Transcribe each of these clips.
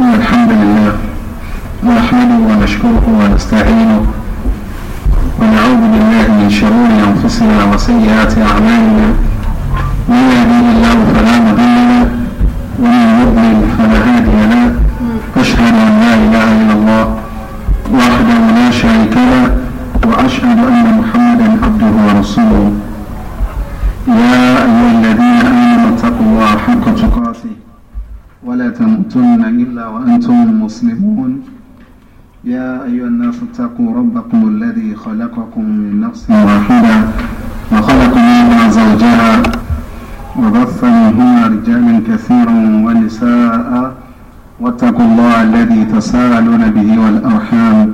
الحمد لله نحمده ونشكره ونستعينه ونعوذ بالله من شرور أنفسنا وسيئات أعمالنا من يهدي الله فلا مضل له ومن يضلل فلا هادي له أشهد أن لا إله إلا الله وحده لا شريك له وأشهد أن محمدا عبده ورسوله يا أيها الذين آمنوا اتقوا الله حق تقاته ولا تموتن إلا وأنتم مسلمون يا أيها الناس اتقوا ربكم الذي خلقكم من نفس واحدة وخلق منها زوجها وبث منهما رجالا كثيرا ونساء واتقوا الله الذي تساءلون به والأرحام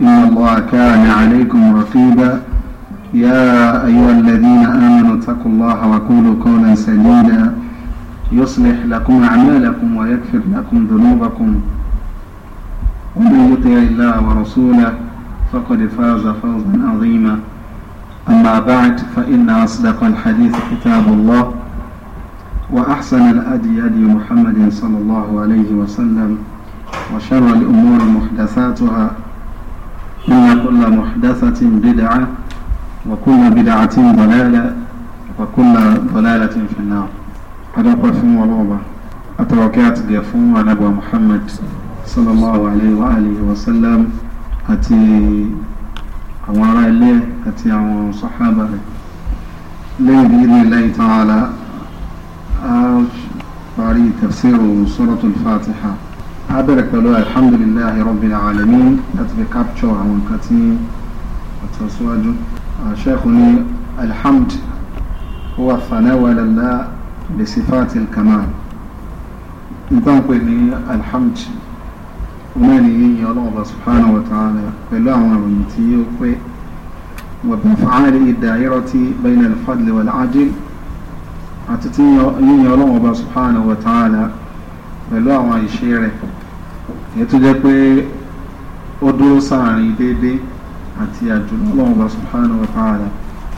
إن الله كان عليكم رقيبا يا أيها الذين آمنوا اتقوا الله وقولوا قولا سديدا يصلح لكم أعمالكم ويغفر لكم ذنوبكم ومن يطع الله ورسوله فقد فاز فوزا عظيما أما بعد فإن أصدق الحديث كتاب الله وأحسن الأدي أدي محمد صلى الله عليه وسلم وشر الأمور محدثاتها إن كل محدثة بدعة وكل بدعة ضلالة وكل ضلالة في النار adápa fún ọlọ́ọ̀bá àtọ̀rọ̀kẹ́ àtìgẹ̀ fún anábọ̀ Muhammad sallallahu alayhi wa alihi wa sallam àti àwọn ará ilé àti àwọn sàhábà rẹ̀ lẹ́yìn bí ilé ilẹ̀ ta'ala a parí tafsiru suratul fatiha a bẹ̀rẹ̀ pẹ̀lú alhamdulillahi rabbil alamin láti fi capture àwọn nǹkan tí àtọ̀síwájú àṣẹ́kù ní alhamd huwa fanawa bisifati kamal nǹkan pè ní alhamd náà ní yíyan ọlọ́ọ̀bà subhanahu wa ta'ala pẹ̀lú àwọn àròyìn tí ó pé wàbẹ̀fàárì ìdáyẹ̀rọ̀ tí bayna al-fadli wal-ajil àti tí yíyan ọlọ́ọ̀bà subhanahu wa ta'ala pẹ̀lú àwọn àìṣe rẹ̀ èyí tó jẹ́ pé ó dúró sáàrin déédéé àti àjùlọ ọlọ́ọ̀bà subhanahu wa ta'ala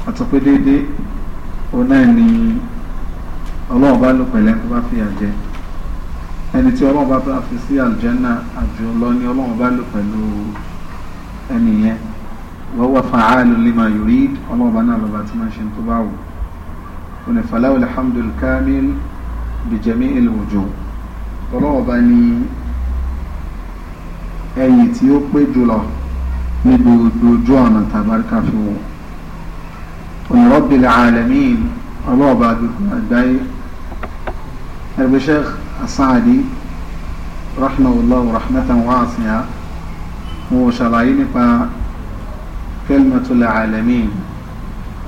àti pé déédéé ó náà ní ọlọ́run bá ló pẹ̀lẹ́ tó bá fìyà jẹ ẹni tí ọlọ́run bá bá fi sí àlùjẹ́nà àjò lọ ni ọlọ́run bá lò pẹ̀lú ẹni yẹn wọ́n wà fa'alu lima yurid ọlọ́run bá náà lọ́ba tí máa ṣe tó bá wù ó ní falahu alhamdul kamil bi jami'il wujuh ọlọ́run bá ní ẹ̀yìn tí ó pé jùlọ ní gbogbo ojú ọ̀nà tàbáríkà fi wọ̀ ó ní rabbil alamin ọlọ́run bá gbogbo àgbáyé. الشيخ As-Saadi rahimahullahu rahmatan wasi'a mo ṣàlàyé nípa kalimatul alamin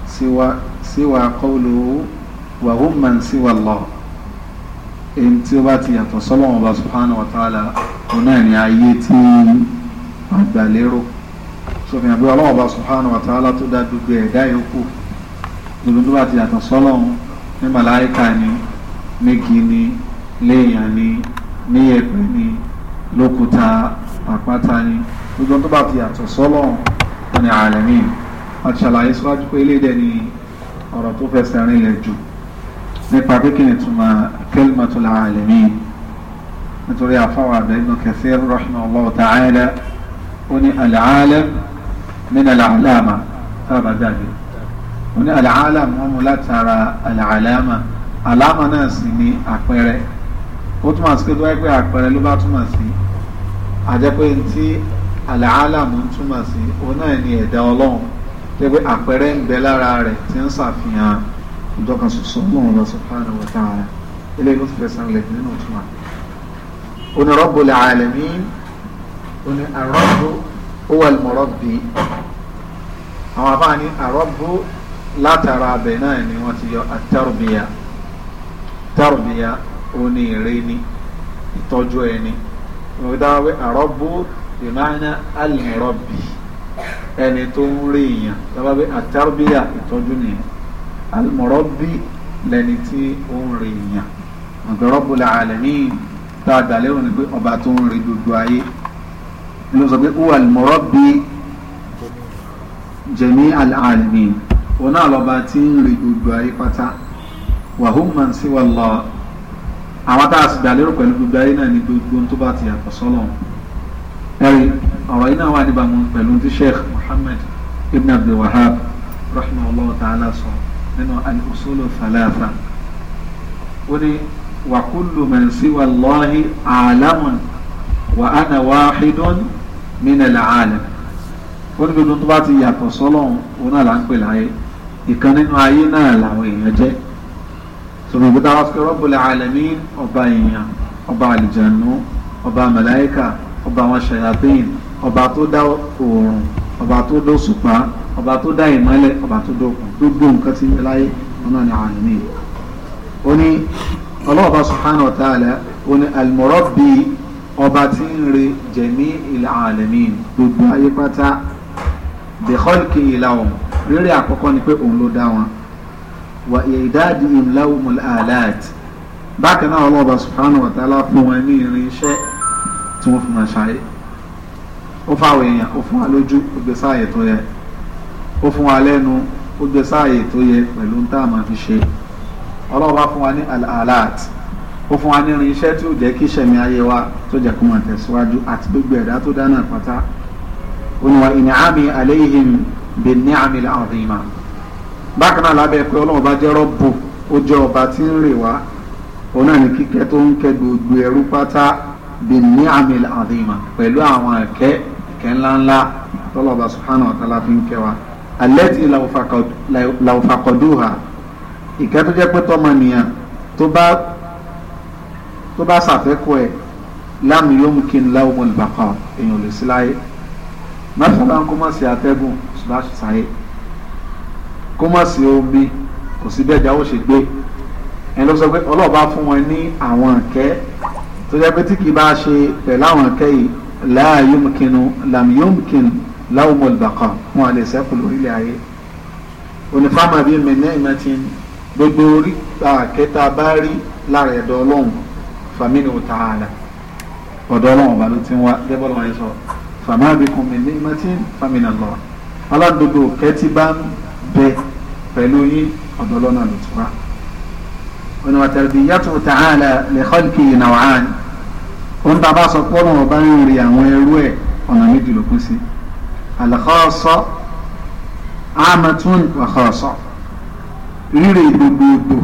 siwa siwa qawluhu wa hum man siwa Allah èyí tí ó bá ti yàtọ̀ sọ́lọ́wọ́n ọba subhanahu wa ta'ala òun náà ní ayé tí àgbàlérò sọfìn àbí ọlọ́wọ́n ọba subhanahu wa ta'ala tó dá gbogbo ẹ̀dá yòókù lòdùn tó bá ti yàtọ̀ sọ́lọ́wọ́n ní màláìka ni nígi ni léèyàn ni níyẹ̀pẹ̀ ni lókúta àpáta ni gbogbo tó bá ti yàtọ̀ sọ́lọ́run wọn ni àlẹ́mí àti ṣàlàyé síwájú pé eléyìí ni ọ̀rọ̀ tó fẹsẹ̀ rinlẹ̀ jù nípa pé kí ni túmọ̀ kalimatul àlẹ́mí nítorí àfáwọn àbẹ̀ ibn Kathir rahimahullah ta'ala ó ní al-alam min al tábàdàgbé ó ní al-alam mú látara al-alama àlámà náà sì ni àpẹẹrẹ ó túmọ̀ sí pé tó wáyé pé àpẹẹrẹ ló bá túmọ̀ sí àjẹpẹ́ tí àlàálàmù túmọ̀ sí òun náà ni ẹ̀dá ọlọ́run tó pé àpẹẹrẹ ń bẹ lára rẹ̀ tí ń ṣàfihàn ìjọkan ṣoṣo mọ́ lọ subhanahu wa ta'ala eléyìí ló ti fẹsẹ̀ rẹ̀ nínú ìtumọ̀ oní rabbul alamin oní ar-rabbu huwa al-murabbi àwọn afáàní ar látara abẹ náà ni wọ́n ti yọ at tarbiyah òní ìrè ni ìtọ́jú ẹni ìmọ̀dáwé àrọ́bù ìmáyà alìmọ̀rọ́bì ẹni tó ń rí èèyàn tábàbí àtàrbíyà ìtọ́jú nìyẹn alìmọ̀rọ́bì lẹni tí ó ń rí èèyàn ọ̀dọ́rọ́bù làálẹ́mìn tá a dàlẹ́ òní pé ọba tó ń rí gbogbo ayé ló sọ pé ó alìmọ̀rọ́bì jẹ̀mí alìmọ̀rọ́bì òun náà lọ́ba tí ń rí gbogbo ayé pátá wàhùn man siwa Allah àwọn tá a sì gbà lérò pẹ̀lú gbogbo ayé náà ní gbogbo tó bá ti yàtọ̀ sọ́lọ̀ ẹ̀rí ọ̀rọ̀ yìí náà wà níbàámu pẹ̀lú ti Sheikh Muhammad ibn Abdul Wahhab rahimahullah ta'ala sọ nínú al-usulu ó ní wa kullu man siwa Allahi alamun wa ana wahidun min al-alam ó ní gbogbo tó bá ti yàtọ̀ sọ́lọ̀ òun náà là ń pè láyé ìkan nínú náà làwọn èèyàn jẹ́ sọ̀rọ̀ bí táwa sọ Rabbul Alamin ọba èèyàn ọba àlìjànú ọba màláíkà ọba àwọn ṣayatin ọba tó dá oòrùn ọba tó dá òṣùpá ọba tó dá ìmọ́lẹ̀ ọba tó dá òkun gbogbo nǹkan tí ń bẹ láyé ọ̀nà ni Alamin ó ní ọlọ́ọ̀bá subhanahu wa ta'ala ó ní al-Murabbi ọba tí ń re jẹ̀mí al-Alamin gbogbo ayé pátá bi khalqi ìlà ọ̀hún rírẹ̀ àkọ́kọ́ ni pé òun ló dá wọn wa ìdádi ìlàwùmù aláàt bákan náà ọlọ́ọ̀bà subhanahu wa ta'ala fún wọn ní irinṣẹ́ tí wọ́n fi máa ṣayé ó fáwọn èèyàn ó fún wa lójú ó gbé sáàyè tó yẹ ó fún wa lẹ́nu ó gbé sáàyè tó yẹ pẹ̀lú ń tá a máa fi ṣe ọlọ́ọ̀bà fún wa ní aláàt ó fún wa ní irinṣẹ́ tí ó jẹ́ kí ṣẹ̀mí ayé wa tó jẹ́ kó máa tẹ̀síwájú àti gbogbo ẹ̀dá tó dáná pátá ó ní wa ìnìyàmì alayhim bin ni'amil azima bákan náà lábẹ́ pé ọlọ́run bá jẹ́ rọ́bù ó jẹ́ ọba tí ń rè wá òun náà ní kíkẹ́ tó ń kẹ́ gbogbo ẹrú pátá bíi ní àmì àdìmọ̀ pẹ̀lú àwọn ẹ̀kẹ́ ẹ̀kẹ́ ńláńlá tọ́lọ́ba subhanahu wa ta'ala fi ń kẹ́ wa alẹ́tì làwùfàkọ̀dúhà ìkẹ́ tó jẹ́ pé tọ́mọnìyàn tó tó bá ṣàfẹ́kọ̀ ẹ̀ láàmì yóò mú kí n láwùmọ̀ ìbàkọ̀ èèyàn lè sí láyé mẹ́fà bá ń kó mọ̀ ṣùgbọ́n àṣìṣàyé kó má sí omi kò sí bẹ́ẹ̀ jáwó ṣe gbé ẹni ló sọ pé ọlọ́ọ̀bá fún wọn ní àwọn ìkẹ́ tó jẹ́ pé tí kì í bá ṣe pẹ̀lú àwọn ìkẹ́ yìí la yumkinu lam yumkin lahum al-baqa wọn à lè sẹ́kù lórílẹ̀ ayé onífàmà bíi mẹ́nà ìmẹ́tì gbogbo orí àkẹ́ta bá rí lára ẹ̀dọ́ ọlọ́run faminu ta'ala ọ̀dọ́ ọlọ́run ọba ti ń wá gẹ́gẹ́ wọn yẹn sọ fàmà bikum min ni'matin faminallah aládùúgbò kẹ́tì bá ń bẹ pẹ̀lú yín ọ̀dọ̀ lọ́nà ló ti wá. ọ̀nà tarbiyatu ta'ala li khalqi naw'an òun bàbá sọ pé ọ̀nà ọba ń rí àwọn ẹrú ẹ̀ ọ̀nà méjì ló pín sí al-khassa amatun wa khassa rírè gbogbogbò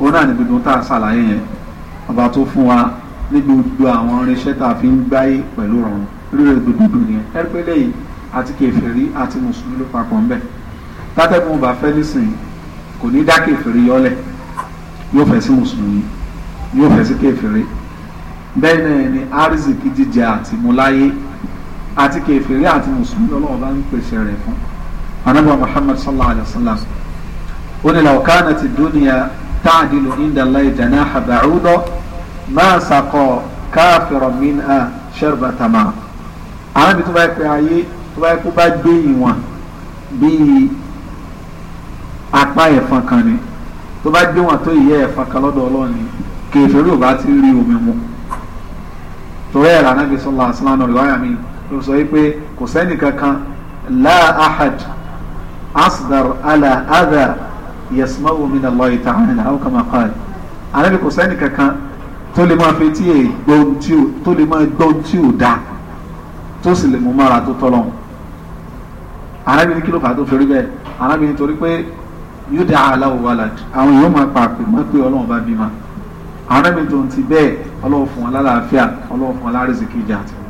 òun náà ní gbogbo tá a ṣàlàyé yẹn ọba tó fún wa ní gbogbo àwọn irinṣẹ́ tá a fi ń gbáyé pẹ̀lú ọ̀run rírè gbogbogbò yẹn ẹgbẹ́ lẹ́yìn àti kèfèrí àti mùsùlùmí ló papọ̀ ń bẹ tátẹ́gùn bá fẹ́ nísìn kò ní dá kèfèrí yọlẹ̀ yóò fẹ́ sí mùsùlùmí yóò fẹ́ sí kèfèrí bẹ́ẹ̀ náà ni arzikì jíjẹ àti múláyé àti kèfèrí àti mùsùlùmí lọ́wọ́ bá ń pèsè rẹ̀ fún anábà muhammad sallallahu alayhi wa sallam ó ní law kanat ad-dunya ta'dilu inda Allahi janaha ba'udah ma saqa kafiran minha sharbata ma' àwọn ibi tó bá yẹ kó bá gbé ìwọ̀n bíi apá ẹ̀fọn kan ni tó bá gbé wọn tó ìyẹ́ ẹ̀fọn kan lọ́dọ̀ ọlọ́run ni kèfèrí ò bá ti rí omi mu torí ẹ̀rọ anábì sallallahu alaihi wasallam rìwáyà mi ló sọ wípé kò sẹ́ni kankan la ahad asdar ala adha yasma'u min Allahi ta'ala aw kama qala anábì kò sẹ́ni kankan tó lè máa fetí ẹ̀ tó lè máa gbọ́n tí ò dáa tó sì lè mú mára tó tọ́lọ́hún arábìnrin kí ló fà á tó fi rí bẹ́ẹ̀ arábìnrin torí pé yóò dá aláwọ̀ wàlàd àwọn èèyàn máa pàpè mọ́ pé ọlọ́run bá bímọ àwọn arábìnrin tó ń ti bẹ́ẹ̀ ọlọ́run fún wọn lálàáfíà ọlọ́run fún wọn lárísì kejì àti wọn.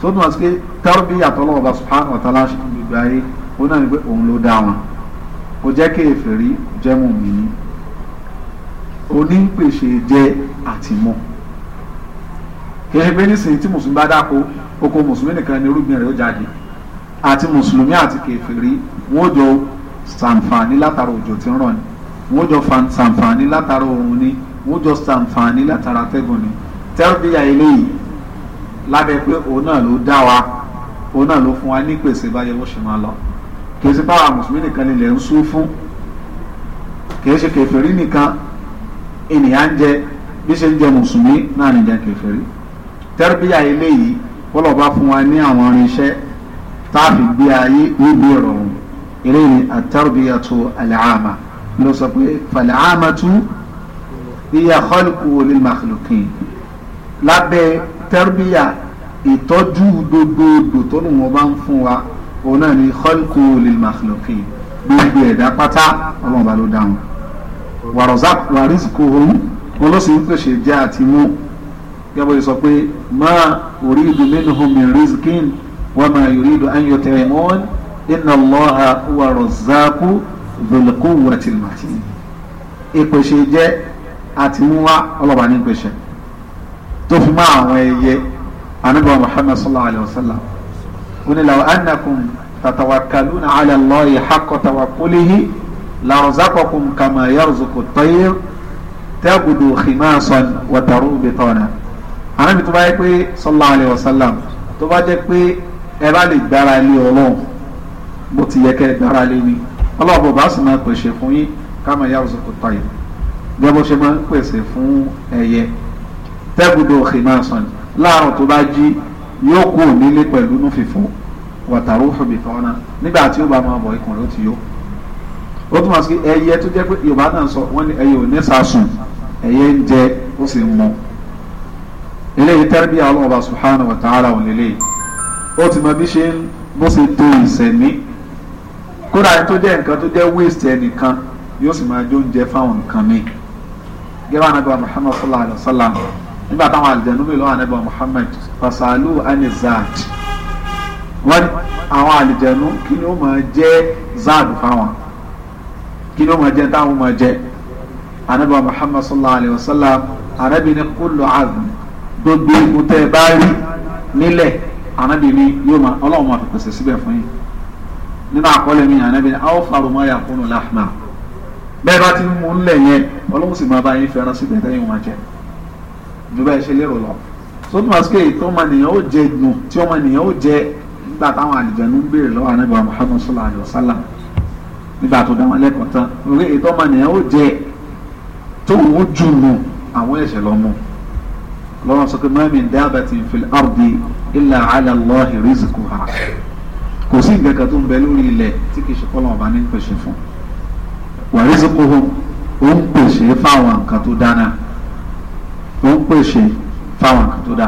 tó tún wá sí pé tárọ́bì àtọ́lọ́wọ́ ọba subhanahu wa ta'ala ṣe ń gbogbo ayé ó náà ní pé òun ló dá wọn kò jẹ́ kéèfèrí jẹ́ mùmínì onípèsè jẹ́ àtìmọ́ kẹfẹ nísìnyí tí mùsùlùmí bá dáko sàǹfààní látara òjò tí ń rọ̀ ni wọ́n jọ sàǹfààní látara oòrùn ni wọ́n jọ sàǹfààní látara atẹ́gùn ni tẹ́rọ̀bíyà eléyìí lábẹ́ pé òun náà ló dá wa òun náà ló fún wa ní pèsè báyẹn bó ṣe máa lọ kìí ṣe báwa mùsùlùmí nìkan lè ń sú fún kìí ṣe kèfèrí nìkan ènìyàn ń jẹ bí ṣe ń jẹ mùsùlùmí náà ní jẹ kèfèrí tẹ́rọ̀bíyà eléyìí kọ́lọ̀ bá fún wa ní àwọn irinṣẹ́ tá gbé ayé níbi ìrọ̀rùn eléyìí àtàrùbíyàtò àlàámà ló sọ pé fàlàámà tú ìyá kọ́lùkù wòlé màkìlùkìn lábẹ́ tàrùbíyà ìtọ́jú gbogbogbò tó ní wọn bá ń fún wa òun náà ni kọ́lùkù wòlé màkìlùkìn gbogbo ẹ̀dá pátá ọlọ́run bá ló dáhùn wàrìsíkò òun wọn ló sì ń jẹ́ àti mú gẹ́gẹ́ sọ pé máa uridu minhum min rizqin wa ma yuridu an yut'imun inna allaha huwa razzaqu dhul quwwatil matin ìpèsè jẹ́ àti wá ọlọ́ba ní ìpèsè tó fi mọ́ àwọn ẹyẹ anábọ̀ muhammad sallallahu alayhi wa sallam oní law annakum tatawakkaluna ala allahi haqqa tawakkulihi larzaqakum kama yarzuqu tayr tagudu khimasan wa taru bitana anábì tó bá yẹ pé sallallahu alayhi wa sallam tó bá jẹ́ pé ẹ bá lè gbára lé ọlọ́run bó ti yẹ kẹ́ ẹ gbára lé ni ọlọ́ọ̀bù bá sì máa pèsè fún yín ká máa yá òsòkò tayọ̀ gẹ́gẹ́ bó ṣe máa ń pèsè fún ẹyẹ tẹ́gùdọ̀ òkè máa sàn láàrùn tó bá jí yóò kú nílé pẹ̀lú inú fífún wàtàrú fòmì fọ́nà nígbà tí ó bá máa bọ̀ ikùn rẹ̀ ti yó ó túmọ̀ sí ẹyẹ tó jẹ́ pé yorùbá náà sọ wọ́n ní ẹyẹ ò ní sàásùn ẹyẹ ń jẹ ó sì ń mu eléyìí tẹ́rẹ́bíyà ọlọ́ọ̀bà subhanahu wa ta'ala òun lélẹ́yìí ó ti mọ bí ṣe ń bó ṣe tó ìsẹ̀mí kódà ẹni tó jẹ́ nǹkan tó jẹ́ waste ẹnìkan yóò sì máa jó oúnjẹ fáwọn nǹkan mi gẹ́gẹ́ anabi wa muhammad sallallahu alayhi wa sallam nígbà táwọn àlùjànnú mi lọ́wọ́ anabi wa muhammad fasalu anizad wọ́n àwọn àlùjànnú kí ni ó máa jẹ́ zad fáwọn kí ni ó máa jẹ́ táwọn máa jẹ́ anabi wa sallallahu alayhi wa sallam anabi ni kullu azm gbogbo ikú tẹ́ nílẹ̀ anabi ni yóò máa ọlọ́run máa fi pèsè síbẹ̀ fún yín nínú àkọọ́lẹ̀ mi ànábi ni àwọn farumọ ya kúnnù láhùmá bẹ́ẹ̀ bá ti mú ńlẹ̀ yẹn ọlọ́run sì máa bá yín fẹ́ràn síbẹ̀ tẹ́yìn wọn jẹ ju bẹ́ẹ̀ ṣe lérò lọ sótú màsíkè tó ọmọ nìyẹn ó jẹ dùn tí ọmọ nìyẹn ó jẹ nígbà táwọn àlìjẹnu ń béèrè lọ́wọ́ ànábi wa muhammadu sallallahu alayhi wa sallam nígbà tó dá wọn lẹ́kọ̀ọ́ tán orí ètò ọmọ nìyẹn ó jẹ tó wọ́n jù nù àwọn ẹ̀ṣẹ̀ lọ́mú lọ́wọ́ sọ pé mọ́mí dábàtì fil ardi illa ala kò sí nǹkan kan tó ń bẹ lórí ilẹ̀ tí kì í ṣe kọ́lọ̀ ọba ní ń pèsè fún wàrísí kó o ń pèsè fáwọn nǹkan tó dáná o ń pèsè fáwọn nǹkan tó dá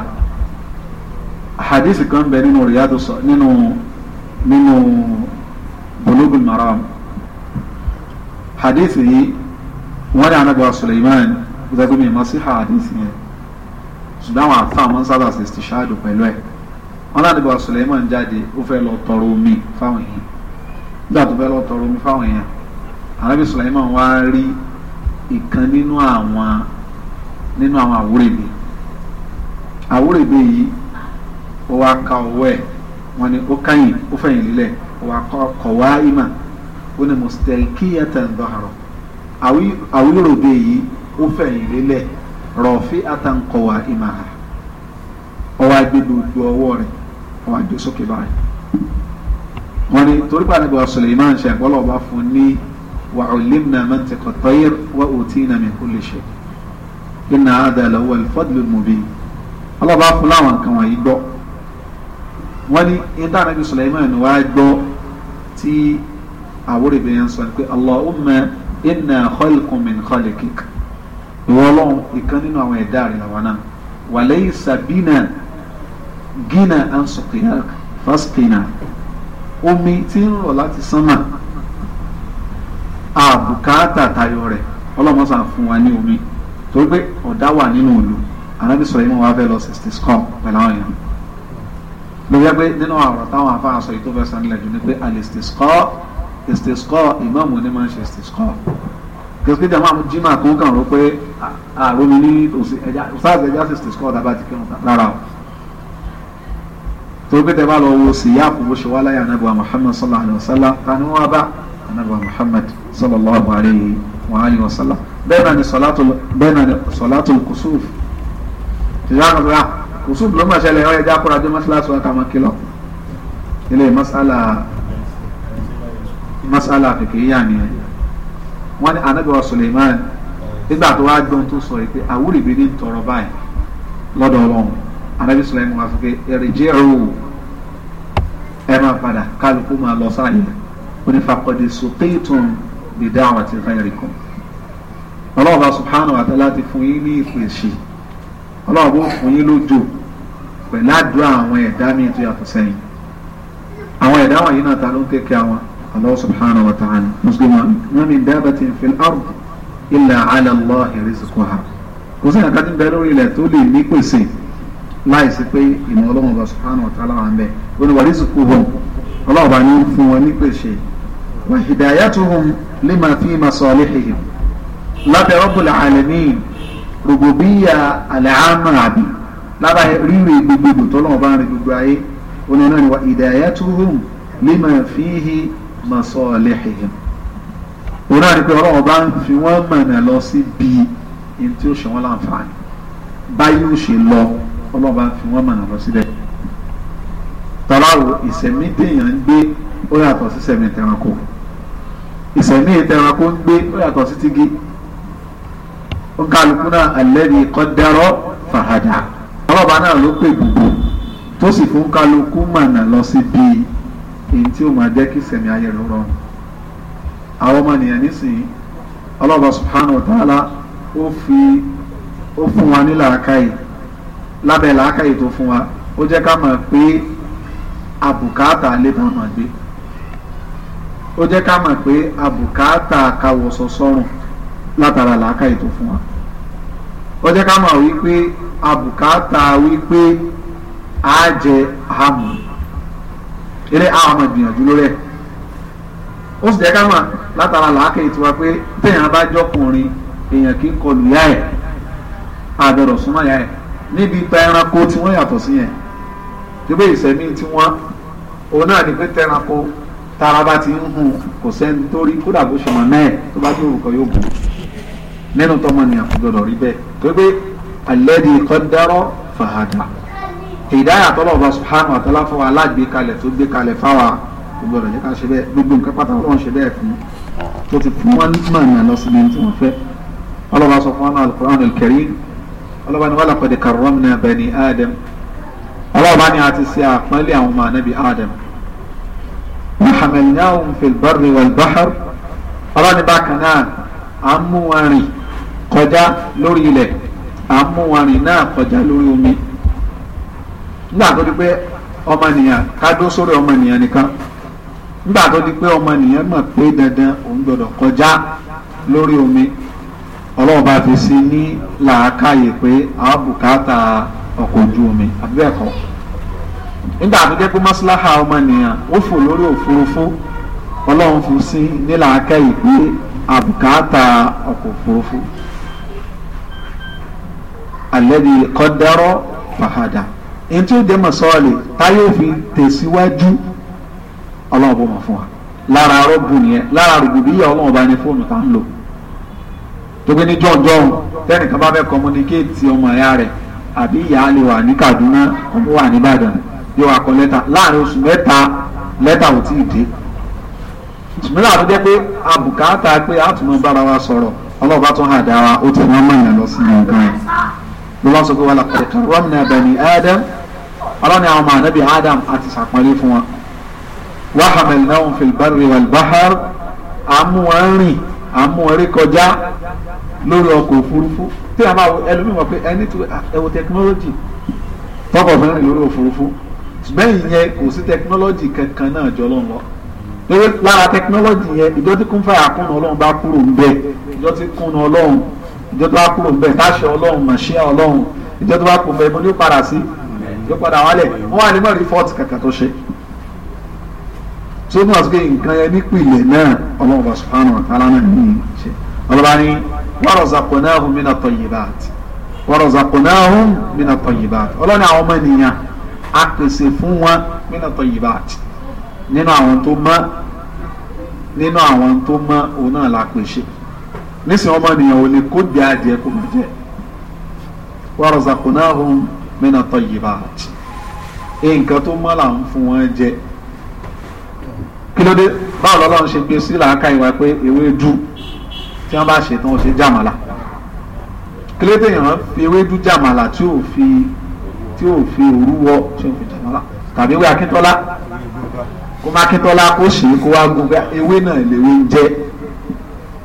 hadisi kan bẹ nínú riyadu sọ nínú nínú bulugul maram hadisi yìí wọn ní anabi suleiman gbẹgbẹmí masiha hadisi yẹn ṣùgbọ́n àwọn sábà ṣe ṣàdù pẹ̀lú wọn láti bá Suleiman jáde ó fẹ́ lọ tọrọ omi fáwọn èèyàn nígbà tó fẹ́ lọ tọrọ omi fáwọn èèyàn arábí Suleiman wá rí ìkan nínú àwọn nínú àwọn àwúrèbe àwúrèbe yìí ó wá ka ọwọ́ ẹ̀ wọ́n ní ó káyìn ó fẹ̀yìn lílẹ̀ ó wá kọ̀ wá ìmà ó ní mustelkiyatan dọ́hàrọ̀ àwúrèbe yìí ó fẹ̀yìn lílẹ̀ rọ̀fí àtàǹkọ̀wá ìmà ó wá gbé gbogbo ọwọ́ wọ́n á jó sókè báyìí wọ́n ní torí pàdé bá Suleiman ṣe àgbọ́lọ̀ ọba fún ní wa ullimna mantiqa at-tayr wa utina min kulli shay inna hadha lahuwa al-fadlu al-mubin ọlọ́ba fún láwọn nǹkan wọ̀nyí gbọ́ wọ́n ní ìdá anábì Suleiman wá gbọ́ tí àwòrán ìbẹ̀yẹn sọ pé Allahumma inna khalqun min khalqik ìwọ ọlọ́run ìkan nínú àwọn ẹ̀dá rẹ̀ làwọn náà wa laysa gínà ansukiyak fasqina omi tí ń rọ̀ láti sánmà àbùkátà tayọ rẹ̀ ọlọ́mọsà fún wa ní omi torí pé ọ̀dá wà nínú òlu anábì sọ̀rọ̀ ìmọ̀ wa fẹ́ lọ sixty scum pẹ̀lú àwọn èèyàn ló yẹ pé nínú ọ̀rọ̀ táwọn afáà sọ yìí tó fẹ́ sanilẹ̀ jù ni pé alistisqa istisqa ìmáàmù ni máa ń ṣe istisqa kìsìkì jàmbá àwọn jimá kó kàn ró pé àrùn ní òsì ẹja òsáàsì ẹja sì istisqa ọ̀dà ti kírun rárá o torí pé tẹ bá lọ wo síyáàpù bó ṣe wá láyé anábìwá muhammad sallallahu alayhi wa sallam ta ni wọ́n bá anábìwá muhammad sallallahu alayhi wa alayhi wa sallam bẹ́ẹ̀ náà ni sọ̀látò kùsùf ṣùgbọ́n àgbà kùsùf ló máa ṣẹlẹ̀ ọ̀yẹ́ já kúra dé mọ́ṣáláṣí wa ká máa kí lọ ilé masala masala kékeré ni wọ́n ní anábìwá suleiman nígbà tó wá gbọ́n tó sọ yìí pé àwúrìbí ní tọrọ báyìí lọ́dọ̀ ọlọ́run anábìwá suleiman wá sọ pé èrè jẹ́ òun ẹ máa padà kálukú máa lọ sáàyè onífàkọ́dé sọ́tẹ́ẹ̀tùn bìdá àwọn àti ghayrikum ọlọ́ọ̀bá subhanahu wa ta'ala ti fún yín ní ìpèsè ọlọ́ọ̀bá ó fún yín lójò pẹ̀lú àdúrà àwọn ẹ̀dá míì tó yàtọ̀ sẹ́yìn àwọn ẹ̀dá wọ̀nyí náà ta ló ń kékeré àwọn Allah subhanahu wa ta'ala musliman ma min dabatin fil ard illa ala Allahi rizquha kò sí àkàtúntà lórí ilẹ̀ tó lè ní pèsè láì sí pé ìmọ̀ ọlọ́run lọ subhanahu wa ta'ala wà ń bẹ̀ oníwàrísìkúhùn ọlọ́run bá ní fún wọn nípèsè wa hidayatuhum lima fi masalihihim lábẹ́ Rabbul alamin rògbòbíyà àlàámà àbí lábà ríre gbogbogbò tọ́lọ́run bá ń rí gbogbo ayé oní náà ni wa hidayatuhum lima fihi masalihihim òun náà ni pé ọlọ́run bá ń fi wọ́n mọ̀nà lọ sí bíi ọlọ́ba fi wọ́n mọ̀nà lọ sílẹ̀ tọ́láwo ìsẹ̀mí téèyàn ń gbé ó yàtọ̀ sí sẹ̀mí tẹranko ìsẹ̀mí tẹranko ń gbé ó yàtọ̀ sí tigi ó kálukú náà alladhi qaddara fàhádà ọlọ́ba náà ló pè gbogbo tó sì fún kálukú mọ̀nà lọ sí bíi èyí tí ó máa jẹ́ kí sẹ̀mí ayé ló rọrùn àwọn ọmọ nísìnyí ọlọ́ba subhanahu wa ta'ala ó fi ó fún wa ní lábẹ́ làákàyè tó fún wa ó jẹ́ ká mọ̀ pé àbùkátà lè bá wọn gbé ó jẹ́ ká mọ̀ pé àbùkátà kàwọ̀sọ̀ sọ́run látara làákàyè tó fún wa ó jẹ́ ká mọ̀ wípé àbùkátà wípé á jẹ àmọ̀ eré àmọ̀ gbìyànjú lórí ẹ̀ ó sì jẹ́ ká mọ̀ látara làákàyè tiwa pé téèyàn bá jọkùnrin èèyàn kì í kọlù yá ẹ̀ àdọ̀rọ̀ súnmọ́ yá ẹ̀ níbi ta ẹranko tí wọ́n yàtọ̀ sí yẹn débé ìsẹ̀mí tí wọ́n òun náà ni pé tẹranko tara bá ti ń hun kò sẹ́ni tó rí kódà bó ṣe mọ̀ náà tó bá dé orúkọ yóò bù nínú tọmọnìyàn kò gbọdọ̀ rí bẹ́ẹ̀ tó gbé alẹ́dì kọ́dárọ́ fàhádà ìdáyà tọ́lọ̀ bá subhanahu wa ta'ala fún wa alágbèékalẹ̀ tó gbé kalẹ̀ fáwa kò gbọdọ̀ ká ṣe bẹ́ẹ̀ gbogbo nǹkan pátá wọn ṣe bẹ́ẹ̀ fún tó ti fún wọn mọ̀nà lọ síbi tí wọ́n fẹ́ ọlọ́wọ́ sọ fún wọn náà ọlọ́ba ni wàlá kọ́dé karramna bani adam ọlọ́ba ni a ti ṣe àpọ́nlé àwọn ọmọ anabi adam wa hamalnahum fil barri wal bahr ọlọ́ni bákan náà à ń mú wọn rìn kọjá lórí ilẹ̀ à ń mú wọn rìn náà kọjá lórí omi nígbà tó di pé ọmọnìyàn ká sórí ọmọnìyàn nìkan nígbà tó di pé ọmọnìyàn mọ̀ pé dandan òun gbọ́dọ̀ kọjá lórí omi ọlọ́run bá fi sí ní làákàyè pé àwọn bùkátà ọkọ̀ ojú omi àbí bẹ́ẹ̀ kọ́ nígbà tó jẹ́ pé mọ́sálásá ọmọnìyàn ó fò lórí òfurufú ọlọ́run fún sí ní làákàyè pé àbùkátà ọkọ̀ òfurufú alẹ́bí kọ́dárọ́ fàhádà èyí tí ó jẹ́ mọ̀sọ́ọ̀lì táyé òfin tẹ̀síwájú ọlọ́run bó mọ̀ fún wa lára arọ́gbù nìyẹn lára rògbòdìyà ọlọ́run bá ní fóònù tá ń lò tó gbé ní jọ̀njọ̀n tẹ́nìkan bá fẹ́ communicate ọmọ ìyá rẹ̀ àbí ìyá lè wà ní Kaduna ọmọ wà ní Ìbàdàn yóò wá kọ lẹ́tà láàrin oṣù mẹ́ta lẹ́tà ò tí ì dé ìtumílà tó jẹ́ pé àbùkátà pé àtúmọ̀ bára wa sọ̀rọ̀ ọlọ́ọ̀bá tó hàn dára ó ti wọ́n mọ̀ yàn lọ sí nǹkan ló bá sọ pé wàlá kọ̀ọ̀kan rọ́mìnà bẹ̀ni Adam ọlọ́ni àwọn ọmọ ànábì Adam àti sàpọ́nlé fún wọn wàhámẹ́lì náà ń fi bárẹ̀ wàlbáhàr àmú wọn rìn kọjá lórí ọkọ̀ òfurufú tí a máa ẹlòmíì mọ̀ pé ẹni tó ah, ẹwọ tẹkinọ́lọ́jì tọkọ̀ fún rìn lórí òfurufú ṣùgbọ́n ìyẹn kò sí tẹkinọ́lọ́jì kankan náà jọ lọ́n lọ lórí lára tẹkinọ́lọ́jì yẹn ìjọ tí kún fàyà kún ọlọ́run bá kúrò ń bẹ ìjọ tí kún ọlọ́run ìjọ tó bá kúrò ń bẹ táṣẹ ọlọ́run màṣẹ ọlọ́run ìjọ tó bá kún bẹ ní ó padà sí ló padà wálẹ̀ wọ́n wà ní mọ̀ rìfọ́ọ̀tì kankan tó ṣe tó mọ̀ nǹkan yẹn nípìnlẹ̀ náà ọlọ́run bá sùn fáwọn àtàlánà ní í ṣe ọlọ́ba ní warazaqnahum mina tayyibat warazaqnahum mina tayyibat ọlọ́ni àwọn ọmọ ènìyàn a pèsè fún wọn mina tayyibat nínú àwọn tó mọ́ nínú àwọn tó mọ́ òun náà la pèsè nísìnyí ọmọ ènìyàn ò lè kó di adìẹ kó mọ̀ jẹ́ warazaqnahum mina tayyibat nǹkan tó mọ́ là fún wọn jẹ kí ló dé báwo lọ́lọ́run ṣe gbé sí làákàyè wa pé ewé dùn tí wọ́n bá ṣe tí wọ́n ṣe jàmàlà kílé téèyàn fi ewédú jàmàlà tí ò fi tí ò fi òru wọ tí ò fi jàmàlà tàbí ewé akíntọ́lá kó má akíntọ́lá kó ṣe kó wá gbogbo ewé náà lèwe jẹ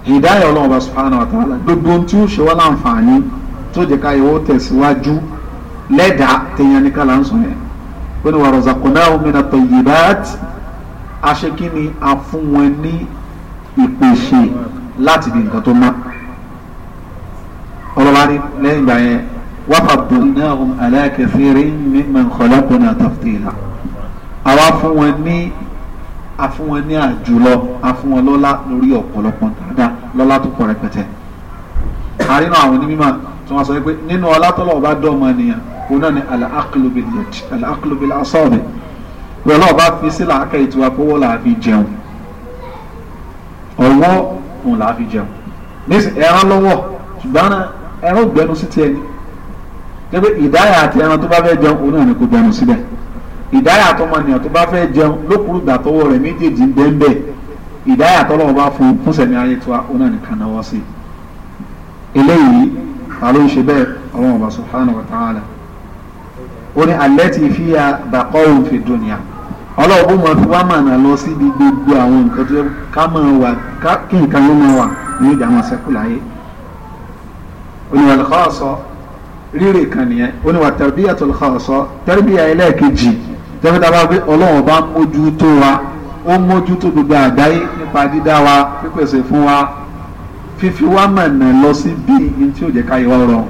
ìdáyà ọlọ́run bá subhanahu wa ta'ala gbogbo ohun tí ó ṣe wá láǹfààní tó jẹ́ ká ìwọ́ tẹ̀síwájú lẹ́dàá téèyàn ní kálá ń sọ yẹn pé ní wa razaqnahum mina tayyibat aṣekínni afún wọn ní ìpèsè láti bí nǹkan tó mọ́ ọlọ́wà ní lẹ́yìn ìgbà yẹn wàfà bùnáhùn aláàkẹsẹ̀rẹ̀ mímọ̀ nkọ̀lápọ̀nà tàftìlà àwa fún wọn ní afún wọn ní àjùlọ afún wọn lọ́lá lórí ọ̀pọ̀lọpọ̀ dáadáa lọ́lá tó pọ̀ rẹpẹtẹ àrínà àwọn onímọ̀ tí wọ́n sọ pé nínú ọlá tọ́lọ̀ ọba dọ́ọ̀mọ nìyẹn òun náà ni alaakulubili asọ́ọ̀bì pẹ̀lú ọba fi sílà ákẹ́ ìtura pọ́wọ́ làbí jẹun ọ̀wọ́ òun là á fi jẹun nísìn ẹran lọ́wọ́ ṣùgbọ́n ẹran gbẹnu sí tiẹ̀ ni jẹ́pẹ́ ìdáyà àti ẹran tó bá fẹ́ jẹun òun náà ni kò gbẹnu síbẹ̀ ìdáyà tó máa nìyàn tó bá fẹ́ jẹun lókùrú gbà tọwọ́ rẹ̀ méjèèjì ń bẹ́ẹ̀ bẹ́ẹ̀ ìdáyà tọ́lọ́wọ́ bá fún fún sẹ̀mí ayé tiwa òun náà nìkan náwó sí i eléyìí ta ló ń ṣe bẹ́ẹ̀ ọlọ́run ọba subhanahu wa ta'ala ó ní allati fiya baqawun fi dunya ọlọ́ọ̀bù mọ̀ fi wá mànà lọ síbi gbogbo àwọn nǹkan tó ká máa wà kí nǹkan ló máa wà ní ìjà àwọn sẹ́kù láyé oníwàlùkọ́ ọ̀sọ́ rírè kan nìyẹn oníwà tarbiyatul khassa tarbiya ẹlẹ́ẹ̀kejì tẹ́fẹ́ dábàá pé ọlọ́run bá mójútó wa ó mójútó gbogbo àgbáyé nípa dídá wa pípèsè fún wa fífi wá mànà lọ síbi ní tí ò jẹ́ ká yẹ wá rọrùn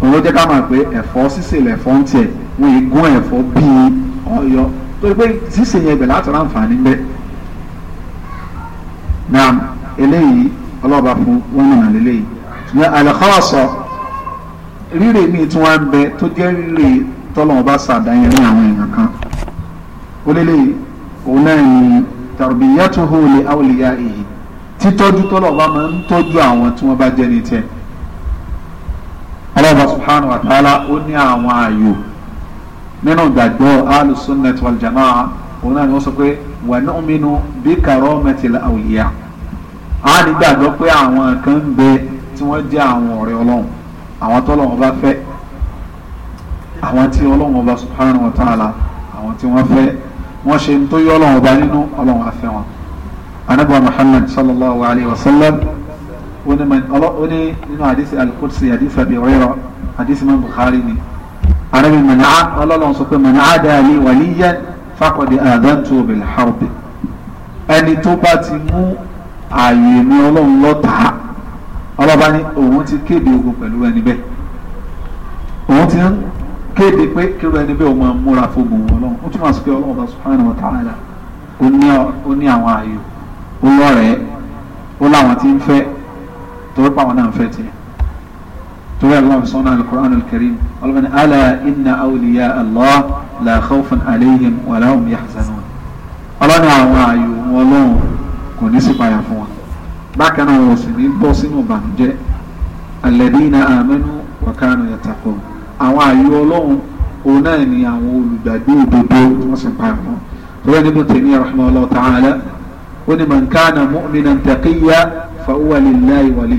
òun ló jẹ́ ká máa pé ẹ̀fọ́ sísè lẹ̀fọ́ ń tiẹ̀ wọ́n yìí gún ẹ̀fọ́ bíi wọn yọ torí pé ṣíṣe yẹn bẹ̀ láti ráǹfààní bẹ́ẹ̀ naam eléyìí ọlọ́ba fún wọn nànà lélẹ́yìí ṣùgbọ́n àlẹ́kọ́ọ̀sọ rírè mi tún wá ń bẹ tó jẹ́ rírè tọ́lọ́wọ́n bá ṣàdáyẹn ní àwọn èèyàn kan ó lélẹ́yìí òun náà ni tarbiyatuhu li awliyaihi títọ́jú tọ́lọ́wọ́n bá máa ń tọ́jú àwọn tí wọ́n bá jẹ́ ní tẹ́ ọlọ́ba subhanahu wa ta'ala ó ní àwọn ààyò nínú gbàgbọ́ alùsùnnet wàlùjàmá òun náà ni wọ́n sọ pé wà ní òmìnú bí kàrọ́mẹtìlá àwòyíyá á ní gbàgbọ́ pé àwọn kan ń bẹ tí wọ́n jẹ́ àwọn ọ̀rẹ́ ọlọ́run àwọn tọ́lọ́run bá fẹ́ àwọn tí ọlọ́run ọba subhanahu wa ta'ala àwọn tí wọ́n fẹ́ wọ́n ṣe ń tó yọ ọlọ́run ọba nínú ọlọ́run afẹ́ wọn. anabi muhammad sallallahu alayhi wa sallam ó ní nínú àdìsí al-Qudsi àdìsí Abi Hurairah àdìsí mọ́ Bukhari ni arabi mọ̀nà ọlọ́run sọ pé mọ̀nà àdáyé wàlíyẹ fàkọ̀dé àdántò bil harbi ẹni tó bá ti mú ààyè mi ọlọ́run lọ́tàá ọlọ́ba ní òun ti kéde ogun pẹ̀lú ẹni bẹ́ẹ̀ òun ti ń kéde pé kíru ẹni bẹ́ẹ̀ o máa múra fógun ọlọ́run ó túmọ̀ sí pé ọlọ́run bá subhanahu wa ta'ala ó ní àwọn ààyò ó lọ́rẹ̀ẹ́ ó láwọn tí ń fẹ́ torí pàwọn náà ń fẹ́ tiẹ̀. تقول الله صنع القرآن الكريم ألغن ألا إن أولياء الله لا خوف عليهم ولا هم يحزنون ألغن أعوائي أيوه، ولهم كنسي بيافون باكنا وصنين بوصنوا بانجة الذين آمنوا وكانوا يتقون أعوائي أيوه، ولهم أناني أقول بدو بدو وصن بيافون تقول ابن تيمية رحمه الله تعالى ومن كان مؤمنا تقيا فهو لله ولي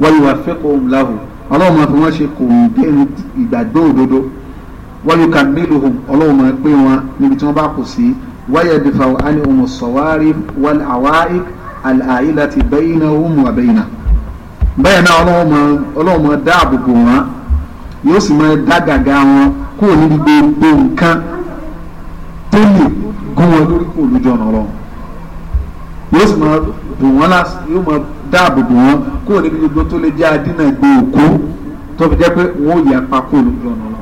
wọ́n yóò wá fẹ́ kó ń láwù ọlọ́run máa fi wọ́n ṣe kò ń dé ìgbàgbọ́ òdodo wọ́n yóò kà mélòó hùn ọlọ́run máa pé wọn níbi tí wọ́n bá kù sí wáyà dìfà àni ohun sọ̀wárí wọ́n àwárí àlàyé láti bẹ́yìnà ohun àbẹ́yìnà bẹ́ẹ̀ náà ọlọ́run máa dáàbò bò wọ́n yóò sì máa dá gàgà wọn kúrò níbi gbogbo nǹkan tó lè gún wọn lórí kò lójú ọ̀nà ọlọ́run yóò sì máa bò wọ́n lásìkò yóò máa dáàbò bò wọ́n kúrò níbi gbogbo tó lè jẹ́ adínà gbé òkú tó fi jẹ́ pé wọ́n ò yà pa kúrò lójú ọ̀nà náà.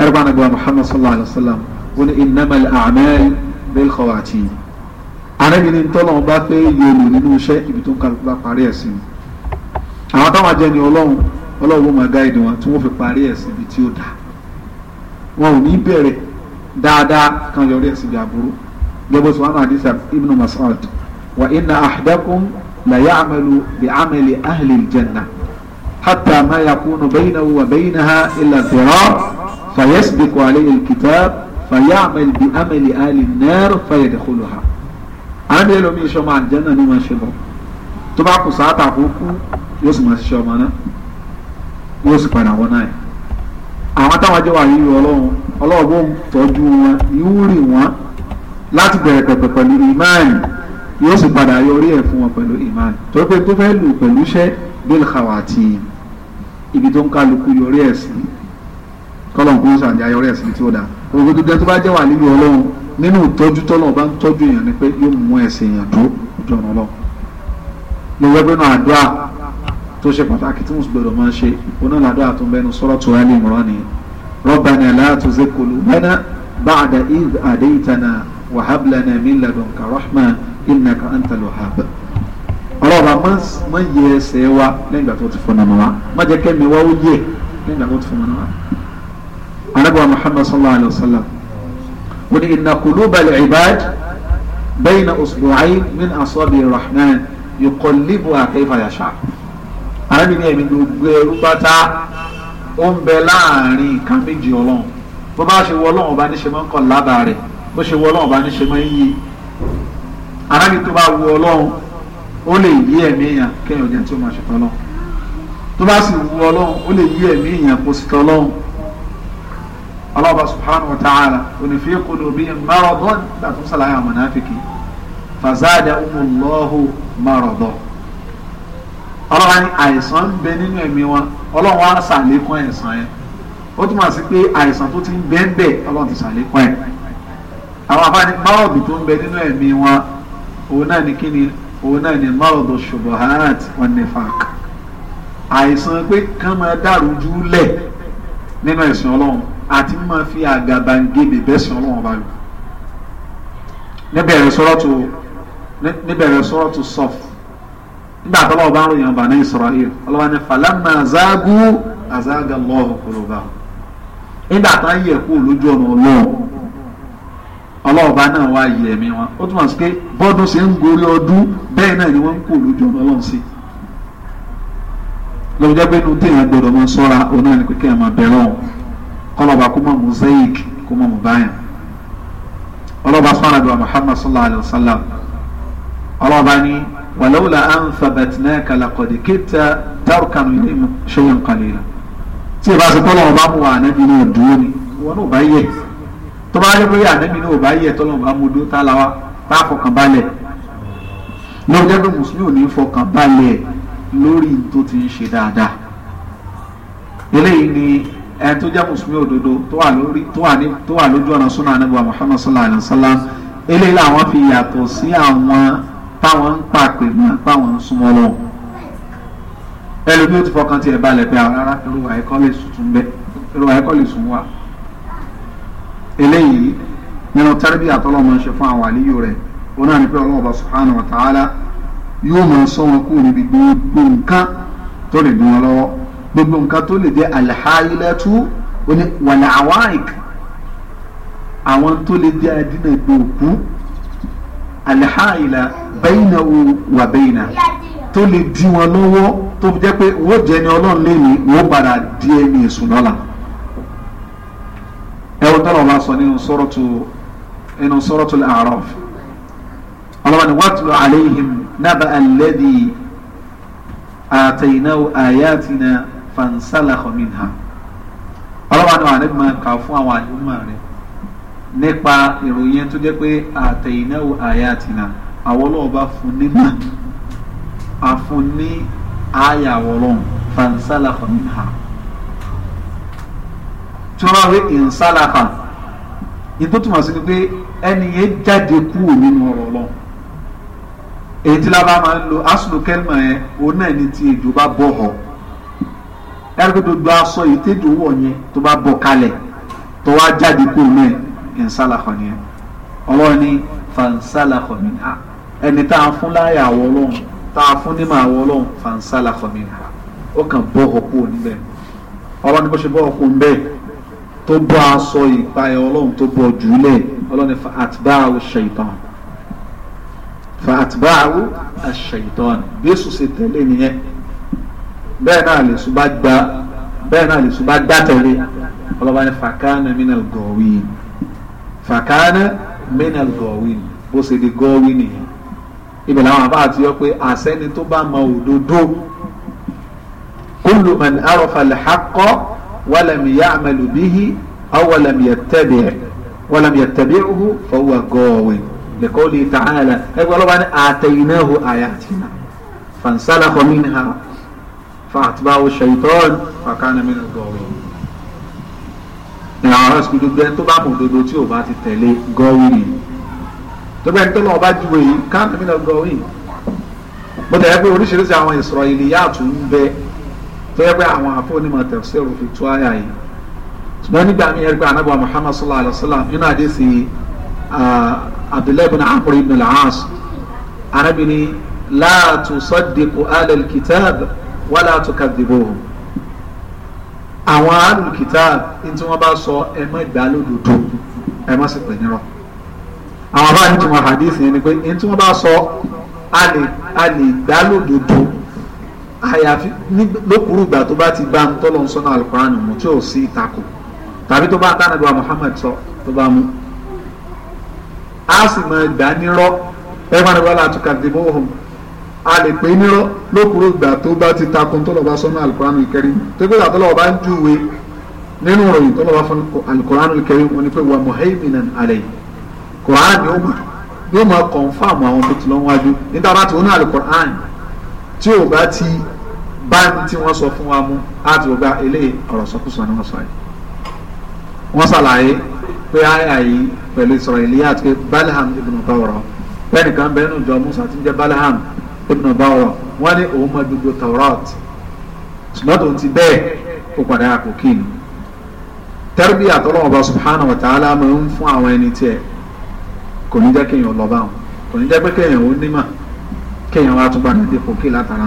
ẹ̀rọ bá nàgbà Muhammad sallallahu alayhi wa sallam wọ́n ní innamal a'mal bil khawatim. arábìnrin tọ́lọ́wọ́n bá fẹ́ yòlò nínú iṣẹ́ ibi tó ń kálukú bá parí ẹ̀ sí i. àwọn táwọn ajẹ́ni ọlọ́run ọlọ́run máa gáìdì wọn tí wọ́n fi parí ẹ̀ sí ibi tí ó dáa wọn ò ní bẹ̀rẹ̀ dáadáa kan yọrí ẹ̀ síbi àbúrò gẹ́gẹ́ bó ti wọn àdìsí Ibn Mas'ud وإن أحدكم ليعمل بعمل أهل الجنة حتى ما يكون بينه وبينها إلا ذراع فيسبق عليه الكتاب فيعمل بأمل أهل النار فيدخلها àmì ẹlòmíì sọmọ àjẹnà ni wọn ṣe bọ tó bá kù sáà tàkó kú yóò sì máa ṣiṣẹ́ ọmọ náà yóò sì padà wọn náà àwọn táwọn àjọ wà yìí ọlọ́run ọlọ́run bó ń tọ́jú wọn yóò rì wọn láti bẹ̀rẹ̀ pẹ̀pẹ̀ pẹ̀lú ìmáàlì yóò sì padà yọrí ẹ̀ fún wọn pẹ̀lú iman torí pé tó fẹ́ lù pẹ̀lú iṣẹ́ bíl khawati ibi tó ń kálukú yọrí ẹ̀ sí kọ́lọ̀ kó sàǹdí ayọrí ẹ̀ sí tí ó dáa òwe tó dé tó bá jẹ́ wà nínú ọlọ́run nínú ìtọ́jú tọ́lọ̀ bá ń tọ́jú èèyàn ni pé yóò mú ẹ̀sìn èèyàn tó ojú ọ̀nà ọlọ́run ló wẹ́ bẹ́nu àdúrà tó ṣe pàtàkì tí mùsùlùmí gbọdọ̀ máa ń ṣe oná làdúrà tó ń bẹnu suratu Ali Imran nìyẹn rabbana la tuzigh qulubana ba'da idh hadaytana wa hab lana min ladunka rahmah innaka anta al-wahhab ọlọ́ọ̀bà má yẹ ẹsẹ̀ wa lẹ́yìn ìgbà tó ti fọ̀nà mọ́ wa má jẹ́ kẹ́mi wa ó yẹ lẹ́yìn ìgbà tó ti fọ̀nà mọ́ wa. anábọ̀ muhammad sallallahu alayhi wa sallam ó ní inna qulubal ibad bayna usbu'ayn min asabi rahman yuqallibuha kayfa yasha. arábì ní ẹ̀mí gbogbo ẹrú bàtà ó ń bẹ láàrin ìka ọlọ́run bó bá ṣe wọ ọlọ́run ọba níṣe máa ń kọ̀ lábàá bó ṣe wọ ọlọ́run ọba níṣe máa ń yí arábì tó bá wu ọlọ́run ó lè yí ẹ̀mí èèyàn kéèyàn jẹ́ tí ó máa tó bá sì wu ọlọ́run ó lè yí ẹ̀mí èèyàn kó sì tọ́lọ́run Allah subhanahu wa ta'ala onífi qulubihim maradun dàtún sàlàyé àwọn mùnáfíkì fazadahumullahu maradan ọlọ́run á ní àìsàn ń bẹ nínú ẹ̀mí wọn ọlọ́run á sàlékún àìsàn yẹn ó túmọ̀ sí pé àìsàn tó ti ń bẹ́ẹ̀ bẹ́ẹ̀ ọlọ́run ti sàlékún ẹ̀ àwọn tó ń bẹ òun náà ni kíni òun náà ni mọ́rọ̀dọ̀ ṣubuhat wan nifaq àìsàn pé kán máa dàrú jù lẹ̀ nínú ẹ̀sìn ọlọ́run àti máa fi àgàbàǹgebè bẹ́sìn ọlọ́run bá lò níbẹ̀rẹ̀ sọ́rọ́tù níbẹ̀rẹ̀ sọ́rọ́tù sọ́f nígbà tó lọ́wọ́ bá ń ròyìn Bani Israil ọlọ́wọ́ ni falamma zagu azaga Allahu qulubahum nígbà tó ń lójú ọ̀nà ọlọ́run ọlọ́ọ̀bá náà wá yí ẹ̀mí wọn ó túmọ̀ sí pé bọ́dún ṣe ń gorí ọdún bẹ́ẹ̀ náà ni wọ́n ń kó lójú ọ̀nà ọlọ́run sí lọ́wọ́ jẹ́ pé inú téèyàn gbọ́dọ̀ máa sọ́ra òun náà ni pé kéèyàn máa bẹ̀rẹ̀ ọ̀hún kọ́lọ́ba kó mọ̀ mosaic kó mọ̀ mọ̀báyàn ọlọ́ba sọ́ra bí wa Muhammad sallallahu alayhi wa sallam ọlọ́ba ni wàlọ́wọ́lá à ń fàbẹ̀tìnà kéta dárúkanu ilé ṣẹ́yìn tó bá rí pé ànábì náà ò bá yẹ tọ́lọ́mù bá mudó tá la wa tá a fọkàn balẹ̀ lórí jẹ́ pé mùsùlùmí ò ní fọkàn balẹ̀ lórí tó ti ń ṣe dáadáa eléyìí ni ẹni tó jẹ́ mùsùlùmí òdodo tó wà lórí tó wà ní tó wà lójú ọ̀nà súnà ànábì wa muhammad sallallahu alayhi wa sallam eléyìí làwọn fi yàtọ̀ sí àwọn táwọn ń pàpè mọ́ táwọn ń súnmọ́ lọ ẹlòmíì ó ti fọkàn tiẹ̀ balẹ̀ pé àwọn rárá irú àìkọ́ lè sùn tún bẹ́ẹ̀ irú àìkọ́ lè sùn wá eléyìí nínú tẹ́rẹ́bì àtọ́lọ́mọ ṣe fún àwọn àlíyò rẹ̀ ó náà ní pé ọlọ́wọ́ bá subhanahu wa ta'ala yóò máa sọ wọn kúrò níbi gbogbo nǹkan tó lè dùn wọn lọ́wọ́ gbogbo nǹkan tó lè jẹ́ alhailatu oní wàlẹ̀ awaik àwọn tó lè jẹ́ adínà gbòòkú alhaila bainahu wà baina tó lè dí wọn lọ́wọ́ tó jẹ́ pé wọ́n jẹ́ ni ọlọ́run lé ní wọ́n padà di ẹni ìsùn lọ́la ẹwọ tọ́lọ̀ bá sọ nínú sọ́rọ́tù nínú sọ́rọ́tù A'raf ọlọ́wọ́ni watlu alayhim naba alladhi àtẹ̀yìnáwó ayatina fansalakha minha ọlọ́wọ́ni wà nígbà kà fún àwọn àlùmọ́ rẹ̀ nípa ìròyìn tó jẹ́ pé àtẹ̀yìnáwó ayatina àwọn ọlọ́ọ̀bá fún nígbà àfún ní àyàwòrán fansalakha minha tí wọ́n bá wí ìnsálàfà yìí tó túmọ̀ sí ni pé ẹni yẹn jáde kúrò nínú ọ̀rọ̀ lọ èyí tí lábá máa ń lo asùnù kẹ́lìmọ̀ yẹn òun náà ni ti èjò bá bọ̀ họ ẹ̀rọ gbogbo aṣọ yìí tẹ́jọ wọ̀ yẹn tó bá bọ̀ kalẹ̀ tó wá jáde kúrò náà ìnsálàfà yẹn ọlọ́run ní fansálàfà mi ha ẹni tá a fún láyà àwọ̀ tá a fún nímọ̀ àwọ̀ ọlọ́run fansálàfà mi ha ó kàn bọ̀ họ kúrò níbẹ̀ ọlọ́run ní bó ṣe bọ̀ họ kúrò níbẹ̀ tó bọ́ aṣọ ìpayà ọlọ́run tó bọ́ jùlẹ̀ ọlọ́run fa atba'u shaitan fa atba'u shaitan Jésù ṣe tẹ̀lé nìyẹn bẹ́ẹ̀ náà lè ṣùgbọ́n gbà bẹ́ẹ̀ náà lè ṣùgbọ́n gbà tẹ̀lé ọlọ́ba ní fakana minal gawin fakana minal gawin bó ṣe di gawin nìyẹn ibẹ̀ làwọn àbá àti yọ pé àṣẹ́ni tó bá mọ òdodo kullu man arafa al ولم يعمل به أو لم يتبع ولم يتبعه فهو غاو لقوله تعالى أيوة أن آتيناه آياتنا فانسلخ منها فأتبعه الشيطان فكان من الغاوين àwọn ọ̀rọ̀ sùkúlù gbẹ tó bá mọ̀ òdodo tí ò bá ti tẹ̀lé gọ́wìrì tó bẹ́ẹ̀ tó lọ́ọ́ bá ju èyí káàmì mi lọ gọ́wìrì bó tẹ̀lé pé oríṣiríṣi àwọn ìsọ̀rọ̀ ìlú yàtú ń bẹ tẹ́lẹ̀ pé àwọn afọ́nimọ̀ tafsiru fi tú àyà yìí ṣùgbọ́n nígbà mi ẹ̀rí pé anábọ̀ muhammad sallallahu alayhi wa sallam nínú àdéhìsì abdullahi bin amr ibn al-aas arábìnrin la tusaddiqu alal kitab wala tukadhibuhum àwọn alul ní tí wọ́n bá sọ ẹ má gbà lódodo ẹ má sì pè nírọ́ àwọn bá ní tí hadith yẹn ni pé ní tí wọ́n bá sọ a lè gbà lódodo àyàfi lókùrú ìgbà tó bá ti bá ń tọ́lọ́ sọ́nà alukurani mu tí ò sí ìtakò tàbí tó bá tánà gba Muhammad sọ tó bá mú a sì mọ ìgbà nírọ́ ẹ̀fọn ìgbà láti kàdébọ̀ ọ̀hún a lè pè é nírọ́ lókùrú ìgbà tó bá ti takò tọ́lọ́ bá sọ́nà alukurani kẹrin tó gbé àtọ́lọ́ bá ń júwe nínú ìròyìn tọ́lọ́ bá fún alukurani kẹrin wọn ni pé wà muhaiminan alayhi kùránì yóò máa kọ̀ǹfàmù àwọn tó ti lọ́wọ́ wájú nítorí àti oní alukurani tí ò bá ti bá ní tí wọ́n sọ fún wa mú á ti gba eléyìí ọ̀rọ̀ sọkúsọ ni wọ́n sọ yìí wọ́n ṣàlàyé pé àyà yìí pẹ̀lú ìsọ̀rọ̀ ìlíyà àti pé balham ibn bawrọ̀ bẹ́ẹ̀ni kan bẹ́ẹ̀ nù jọ musa ti ń jẹ́ balham ibn bawrọ̀ wọ́n ní òun mọ gbogbo taurat ṣùgbọ́n tó ti bẹ́ẹ̀ ó padà kò kí ni tẹ́rìbí àtọ́lọ́ ọba subhanahu wa ta'ala máa ń fún àwọn ẹni tiẹ̀ kò ní jẹ́ kéèyàn lọ bá wọn kò ní jẹ́ pé kéèyàn ó nímọ̀ kéèyàn wá tún padà dépò kí látara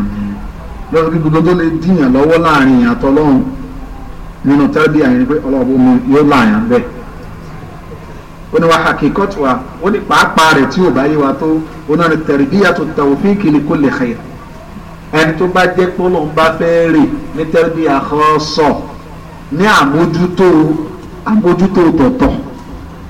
mi lọ́sọ̀ kí gbogbo tó lè dìyàn lọ́wọ́ láàrin ìyàn àtọ́lọ́hún nínú tẹ́lẹ̀bí àyìn pé ọlọ́ọ̀bù mi yóò láàyàn bẹ́ẹ̀ ó ní wa àkíkọ́ tiwa ó ní pàápàá rẹ̀ tí ò bá yé wa tó ó náà ní tarbiyatu tawfiki li kulli khair ẹni tó bá jẹ́ pé òun bá fẹ́ rè ní tẹ́lẹ̀bí àkọ́sọ̀ ní àmójútó àmójútó tọ̀tọ̀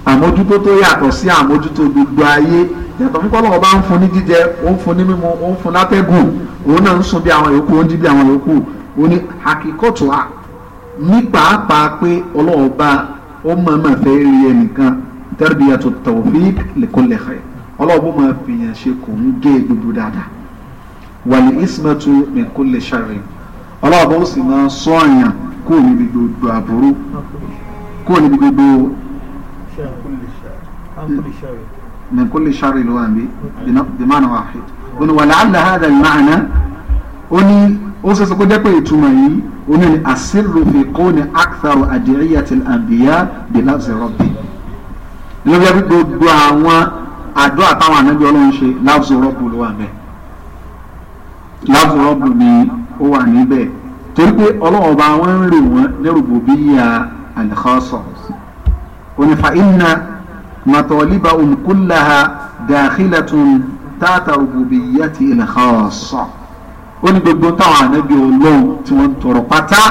àmójútó tó yàtọ̀ sí àmójútó gbogbo ayé yàtọ̀ fún kọ́lọ́wọ́ bá ń fún ní jíjẹ ó ń fún ní mímu ó ń fún látẹ́gùn òun náà ń sùn bí àwọn yòókù ó ń jí bí àwọn yòókù ó ní àkíkọ́tù à ní pàápàá pé ọlọ́wọ́ bá ó máa máa fẹ́ rí ẹnìkan tarbiyatu tawfiq likulli khair ọlọ́wọ́ bó máa fìyàn ṣe kò ń gé gbogbo dáadáa wal ismatu min kulli sharri ọlọ́wọ́ bó sì máa sọ àyàn kó níbi gbogbo àbúrú من كل شر الوان بمعنى واحد ó ní ولعل هذا المعنى ó ní ó ṣeéṣe kó dẹ́pẹ́ ìtumọ̀ yìí ó ní السر في كون أكثر أدعية الأنبياء بلفظ ربي ló yẹ gbogbo àwọn àdúrà táwọn ànábì ọlọ́run ṣe láàbùsọ̀ rọ́bù ló wà bẹ́ẹ̀ láàbùsọ̀ rọ́bù ni ó wà níbẹ̀ torí pé ọlọ́run ọba wọn ń rè wọ́n lẹ́rù bòbí yà àlẹ́kọ́sọ̀ onífà ìnà مطالبهم كلها داخلة تحت ربوبيته الخاصة ó ní gbogbo táwọn ànábì ọlọ́run tí wọ́n ń tọrọ pátá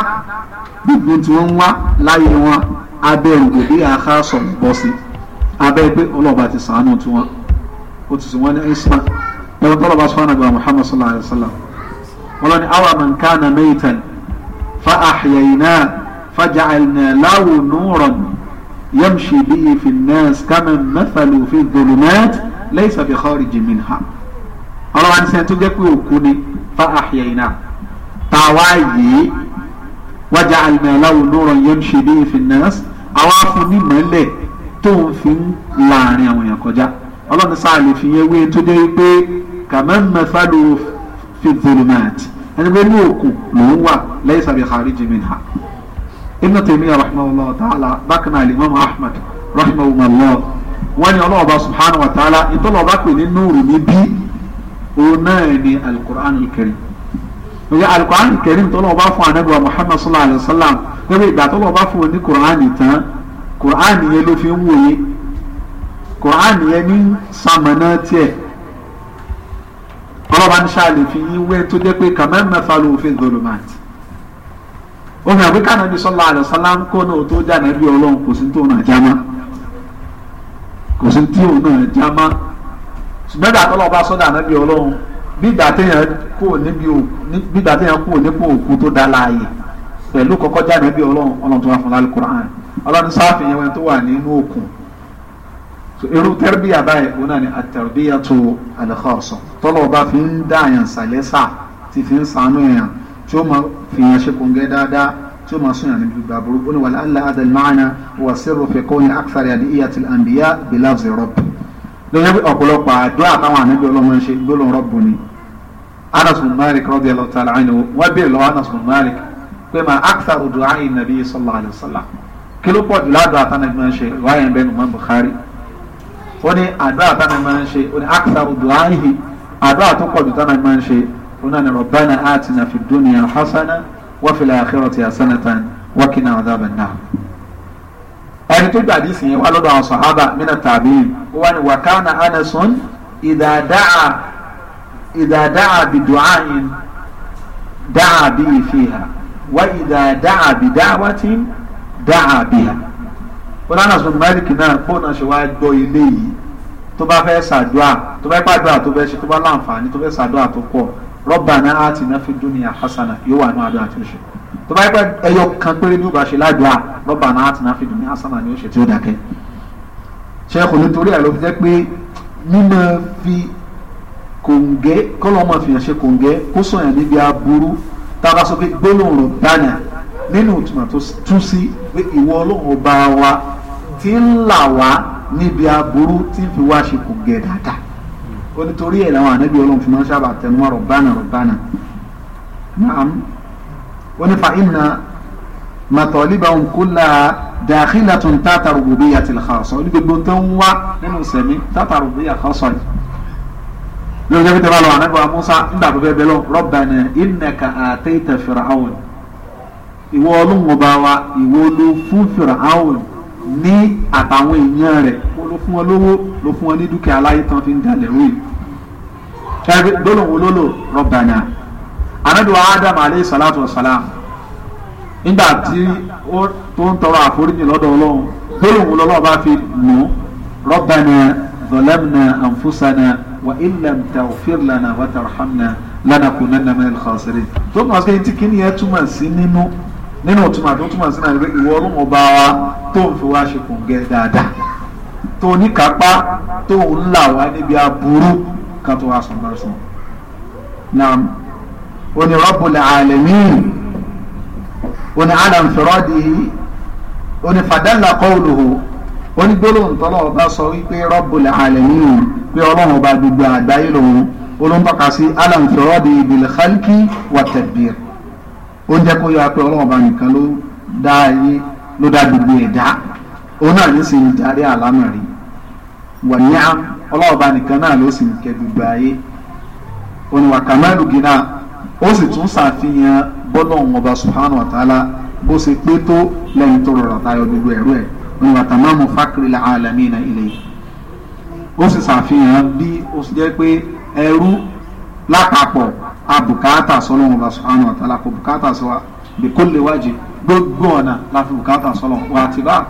gbogbo tí wọ́n ń wá láyé wọn abẹ́ ògòdè àkàsọ̀ bọ́ sí abẹ́ pé ọlọ́ọ̀bá ti sàánú tí wọ́n ó ti sùn wọ́n ní isma lọ́wọ́ tọ́lọ́ bá sọ́nà gba muhammad sallallahu alayhi wa sallam wọ́n lọ ní awa man kana maytan fa ahyayna fa ja'alna lahu nuran. يمشي به في الناس كمن مثلوا في الظلمات ليس بخارج منها ọlọ́wà ní sẹ́ni tó jẹ́ pé òkú ni fa àhìyànà tá a wá yìí wájà àìmọ̀láwò lóòrọ̀ yẹn ń ṣe bí ìfìnnẹ́s àwa fún ní mẹ́lẹ̀ tó ń fi ń láàrin àwọn èèyàn kọjá ọlọ́ni sáà lè fi yẹn wé tó jẹ́ pé kàmẹ́mẹ́fàlù fi dùlùmẹ́ẹ̀tì ẹni pé ní òkú lòún wà lẹ́yìn sàbẹ̀kàrí jìmìnà Ibn Taymiyyah rahimahullah ta'ala bákan náà alimami Ahmad rahimahullah wọ́n ní ọlọ́ọ̀bá subhanahu wa ta'ala ìtọ́lọ́ọ̀bá pè ní núùrù ní bí òun náà ní alukur'an al-karim òye alukur'an al-karim tọ́lọ́ọ̀bá fún anabiwa Muhammad sallallahu alayhi wa sallam níbi ìgbà tọ́lọ́ọ̀bá fún ní kur'an tán kur'an yẹn ló fi ń wòye kur'an yẹn ní samana tiẹ̀ ọlọ́ọ̀bá ní sáà fi yín wẹ́ tó jẹ́ pé kàmẹ́ mẹ́fà ló fi dolomat ó fi hàn pé kánàbí sọlá àlọ sálám kó náà tó jáde bí ọlọ́run kò sí tó náà já má kò sí tí òun náà já má ṣùgbọ́n ìgbà tó lọ bá sọ́dà náà bí ọlọ́run bígbà téèyàn kú níbi bígbà téèyàn kú nípò òkú tó dá láàyè pẹ̀lú kọ́kọ́ jáde bí ọlọ́run ọlọ́run tó wà fún lálẹ́ kúrán ọlọ́run sáfìyàn wọn tó wà nínú òkun irú tẹ́rbíyà báyìí òun náà ni àtẹ̀rbíyà tó àlẹ́kọ̀ọ́sọ tọ́lọ́ bá fi ń dá àyàn sàlẹ́sà ti fi ń sànú èèyàn tí ó máa fi hàn ṣe kòǹgẹ́ dáadáa tí ó máa sún ìrìn gbígbà burúkú ní wàlá allah adal maana wà sírò fẹkọ ní akthari adiyat al-anbiya bilafzi rọb lóyún ọ̀pọ̀lọpọ̀ àdó àtàwọn ànábì ọlọ́mọ ṣe gbólóhùn rọ́bù ni anas bin malik radiyallahu ta'ala anhu wọ́n bèèrè lọ́wọ́ anas bin malik pé ma aktharu du'a'i nabi sallallahu alayhi wa sallam kí ló pọ̀ jù àdó àtàwọn máa ṣe ó àdó àtúkọ̀ jù táwọn máa ń ṣe onáni rọ̀bánà àtìnà fi dúnìyà hasana wọ́fìlà àkẹ́rọ̀tì hasanatan wọ́kìnà ọ̀dàbẹ̀nà. ẹni tó gbàdí sìn yẹn wá lọ́dọ̀ àwọn sọ̀hábà mínà tàbíyìn ó wá ní wàkánà anasun ìdàdáà ìdàdáà bìdùáyìn dáà bíi fìhà wá ìdàdáà bìdáwàtì dáà bìhà. ó lánàá sọ mẹ́rìkì náà fóònù àṣewá gbọ́ ilé yìí tó bá fẹ́ ṣàdúà tó bá pàdúà tó fẹ́ ṣe tó bá láǹfààní tó fẹ́ ṣàdúà tó pọ̀ Rabbana atina fid dunya hasana yóò wà ní àdúrà tí ó ṣe tó bá yẹ pé ẹyọ kan péré ní òbá ṣe ládùúà Rabbana atina fid dunya hasana ni ó ṣe tí ó dákẹ́ ṣẹ́kù nítorí ẹ̀ ló fi jẹ́ pé mímọ fi kòǹgẹ́ kọ́lọ́ ọmọ fìyàn ṣe kòǹgẹ́ kó sọ̀yàn níbi aburú tá a bá sọ pé gbólóhùn Rabbana nínú ìtumọ̀ tó tú sí pé ìwọ ọlọ́run ọba wa ti ń là wá níbi aburú tí ń fi wá ṣe kòǹgẹ́ dáadáa ó ní torí ẹ̀ làwọn ànábì ọlọ́run fi máa ń sábà tẹnumọ́ rọ̀bánà rọ̀bánà naam ó ní fa ìnà matọ́líbà ń kó la dàkílà tún tààtà rògbòdìyà tìlẹ̀ xaṣọ ó ní gbogbo tó ń wá nínú sẹ̀mí tààtà rògbòdìyà xaṣọ yìí lórí ẹbí tẹ́lẹ̀ àwọn anábọ̀ amúsá ńgbà bẹ́ẹ̀ bẹ́ẹ̀ lọ rọ́bànà ìnàkà àtẹ́tẹ̀ fìràwọn ìwọ ọlọ́run wa ìwọ ló fún fìràwọn ní àtàwọn èèyàn rẹ̀ ló fún wọn lówó ló fún wọn ní dúkìá láyé tán fi ń dalẹ̀ rú yìí ẹbí gbólóhùn olólò rọ̀bànà anábìwá Adam aleyhi salatu wa salam nígbà tí ó tó ń tọrọ àforíjì lọ́dọ̀ ọlọ́run gbólóhùn olólò bá fi nù rọ̀bànà zalamna anfusana wa illam tawfir lana wa tarhamna lanakunanna tó kàn sí ti kí ẹ túmọ̀ sí nínú nínú ìtumọ̀ tó túmọ̀ sí náà ìwọ ọlọ́run ọba wa tó ń fi wá ṣe kùn gẹ́ dáadáa tó oníkápá tó ń là wá níbi aburú kan tó wá sùn bá sùn naam oní Rabbul Alamin oní alamfiradihi oní fadala qawluhu oní gbólóhùn tọ́lọ́ ọba sọ wípé Rabbul Alamin pé ọlọ́run ọba gbogbo àgbáyé lòun olóńtọ́ka sí alamfiradihi bil khalqi wa tadbir ó jẹ́ kó yára pé ọlọ́run ọba nìkan ló dá ayé ló dá gbogbo ẹ̀dá òun náà ní sì ń darí àlámọ̀rí wàníà ọlọ́ọ̀bá nìkan náà ló sì ń kẹ́ gbogbo ayé oníwà kàmáàlù gíná ó sì tún ṣàfihàn bọ́lá òun ọba subhanahu wa ta'ala bó ṣe pé tó lẹ́yìn tó rọrọ̀ tayọ gbogbo ẹ̀rọ ẹ̀ oníwà tàmáàmù fákìrì làálàmínà ilé ó sì ṣàfihàn bí ó sì jẹ́ pé ẹrú lápapọ̀ abùkátà sọlọ́wọ́n ọba subhanahu wa ta'ala kò bùkátà sọ wa bi kulli wajh gbogbo ọ̀nà láfi bùkátà sọlọ́wọ́n wa ti bá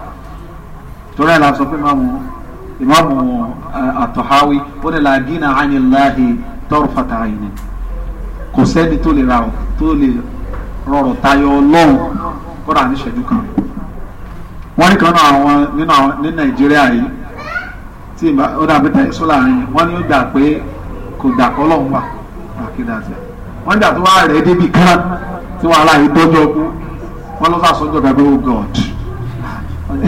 torí ẹ̀ la sọ pé máa mú wọn imamu eh, atahawi ó ní la dina anilahi tọrọfata ayin kò sẹ́ni tó lè ra ọ tó lè rọrọ̀ tayọ ọlọ́run kódà ní ìṣẹ́jú kan wọ́n ní kan náà ní nàìjíríà yìí tí ó dàbí tẹ̀sán láàrin wọ́n ní ó gbà pé kò gbà kọ́ lọ́hùn wà àkídàtì wọ́n gbà tó wà rẹ̀ débi kan tí wàhálà yìí dọ́jọ́ kú wọ́n ló sàsọ́jọ́ gbàgbé o oh god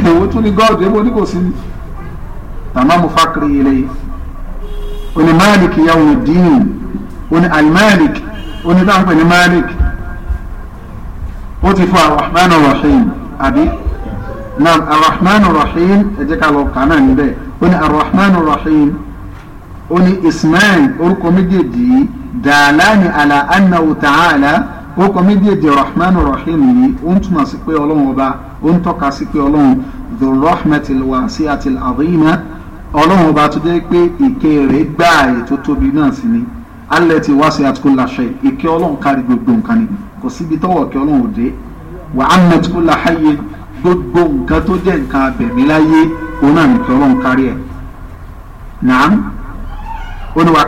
èwo tún ni god èwo ní kò sí ni tamamu fakiri ilé oní malik yawmi dín oní alimalik oní táwọn ní malik ó ti fún arahman rahim àbí naam arahman rahim ẹ jẹ́ ká lọ kàn náà níbẹ̀ oní arahman rahim oni ismail orúkọ méjèèjì dàlání àlà annahu ta'ala orúkọ méjèèjì rahman rahim yìí ó ń túmọ̀ sí pé ọlọ́run ọba ó ń tọ́ka sí pé ọlọ́run ọlọ́run ọba tó jẹ́ pé ìkẹ́ rẹ̀ gbá àyè tó tóbi náà sí ni alẹ́ ti wá sí àtúkò làṣẹ ìkẹ́ ọlọ́run kárí gbogbo nǹkan ni kò síbi tọ́wọ̀ kẹ́ ọlọ́run òde wà á mọ̀ àtúkò làṣẹ gbogbo nǹkan tó jẹ́ nǹkan abẹ̀mí láyé òun náà nìkẹ́ ọlọ́run kárí ẹ̀ nàá òun wà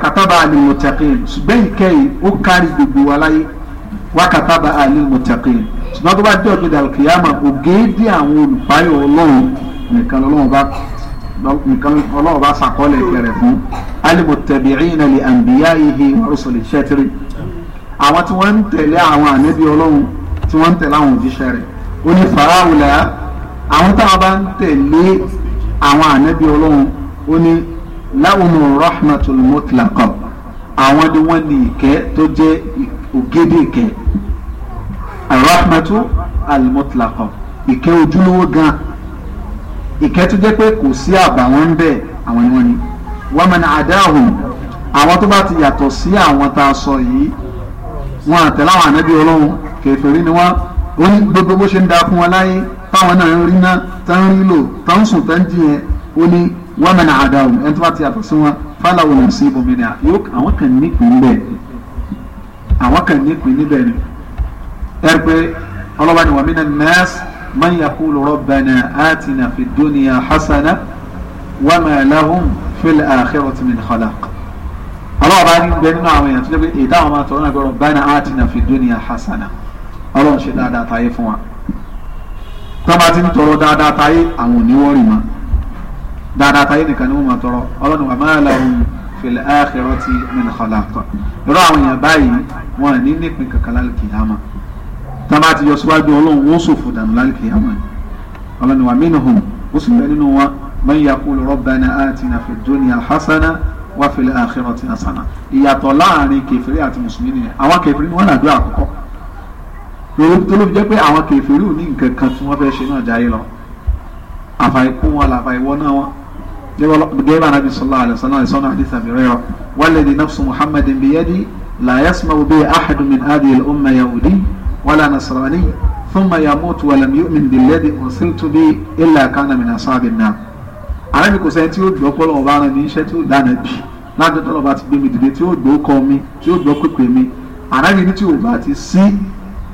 àlè mọ̀tẹ́kìn ṣùgbọ́n ìkẹ́ yìí ó kárí gbogbo wa láyé wà kàtàbà àlè mọ̀tẹ́kìn ṣùgbọ́n tó bá dé ọ̀gbẹ́dà ògèèdè àwọn olùpáyọ̀ ọlọ́run nìkan ọlọ́run bá kọ́ nǹkan ọlọ́run bá sàkọọ́lẹ̀ kẹrẹ̀ fún almuttabi'ina li anbiya'ihi wa rusuli shatri àwọn tí wọ́n ń tẹ̀lé àwọn ànábì ọlọ́run tí wọ́n ń tẹ̀lé àwọn òjíṣẹ́ rẹ̀ ó ní fàáwùlà àwọn táwọn bá ń tẹ̀lé àwọn ànábì ọlọ́run ó ní láwùmù rahmatul mutlaqa àwọn ni wọ́n ní ìkẹ́ tó jẹ́ ògede ìkẹ́ rahmatul mutlaqa ìkẹ́ ojúlówó gan-an ìkẹ́ tó jẹ́ pé kò sí àbàwọ́n ń bẹ̀ àwọn ni wọ́n ni wọ́n mọ̀ ní àdáhùn àwọn tó bá ti yàtọ̀ sí àwọn tá a sọ yìí wọn àtẹ̀lé àwọn ànábì ọlọ́run kèfèrí ni wọ́n ó ní gbogbo bó ṣe ń da fún wọn láyé táwọn náà ń rí ná tá ń rí lò tá ń sùn tá ń jì ó ní wọ́n mọ̀ àdáhùn ẹni tó bá ti yàtọ̀ sí wọn fáláwo lè sí ibòmí ni àwọn kan nípìn níbẹ̀ àwọn kan nípìn níbẹ̀ ni ẹ pé ọlọ́wà ni wàmí náà من يقول ربنا آتنا في الدنيا حسنة وما لهم في الآخرة من خلاق الله بعدين بيننا عوين تلقي إذا ما تقولنا ربنا آتنا في الدنيا حسنة الله شد هذا طائف ما تما تين ترى هذا طائف أموني ورما هذا طائف نكنوا ما ترى الله وما لهم في الآخرة من خلاق رأوا يا باي وانا نينك من كلام القيامة tábà ti yọ síwájú ọlọ́run wọ́n sòfò dànù lálùkì àmọ́ ọlọ́ni wa minhum ó sì bẹ́ẹ̀ nínú wọn man yaqulu rabbana atina fid dunya hasana wa fil akhirati hasana ìyàtọ̀ láàrin kẹfìrí àti mùsùlùmí nìyẹn àwọn kẹfìrí ni wọ́n làdó àkọ́kọ́ lórí tó ló fi jẹ́ pé àwọn kẹfìrí ò ní nǹkan kan tí wọ́n fẹ́ ṣe náà jáyé lọ àfàìkú wọn làfàìwọ́ náà wọn ولا نصراني ثم يموت ولم يؤمن بالذي أرسلت به إلا كان من أصحاب النار àrẹ́bí kò sẹ́ni tí ó gbọ́ pọ́lọ́ ọba ara mi iṣẹ́ tí ó dáná bì lájọ tó lọ́ba ti gbé mi dìde tí ó gbọ́ kọ́ mi tí ó gbọ́ pèpè mi àrẹ́bí ní tí ò bá ti sí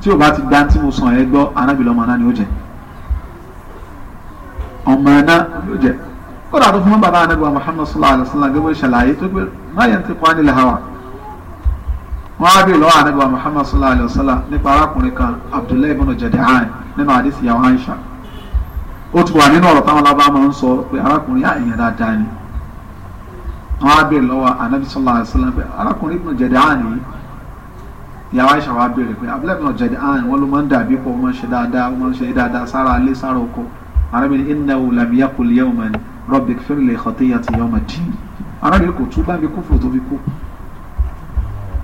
tí ò bá ti gba tí mo sàn ẹ́ gbọ́ àrẹ́bí lọ́mọ náà ni ó jẹ ọmọ náà ló jẹ kódà tó fún bàbá àrẹ́bí wa sallallahu alayhi wa sallam gbé wọ́n ṣàlàyé tó gbé máyà ń ti pa hawa wọ́n á bèèrè lọ́wọ́ ànábì muhammad sallallahu alayhi wa sallam nípa arákùnrin kan abdullahi ibn jada'an nínú àdìsí yàwó aisha ó ti wà nínú ọ̀rọ̀ táwọn alábá máa ń sọ pé arákùnrin àyàn dáadáa ni wọ́n á bèèrè lọ́wọ́ ànábì sallallahu alayhi wa sallam pé arákùnrin ibn jada'an yìí yàwó aisha wa bèèrè pé abdullahi ibn jada'an wọ́n ló máa ń dàbí pọ̀ wọ́n ṣe dáadáa wọ́n ṣe dáadáa sára alẹ́ sára oko arábìnrin innahu lam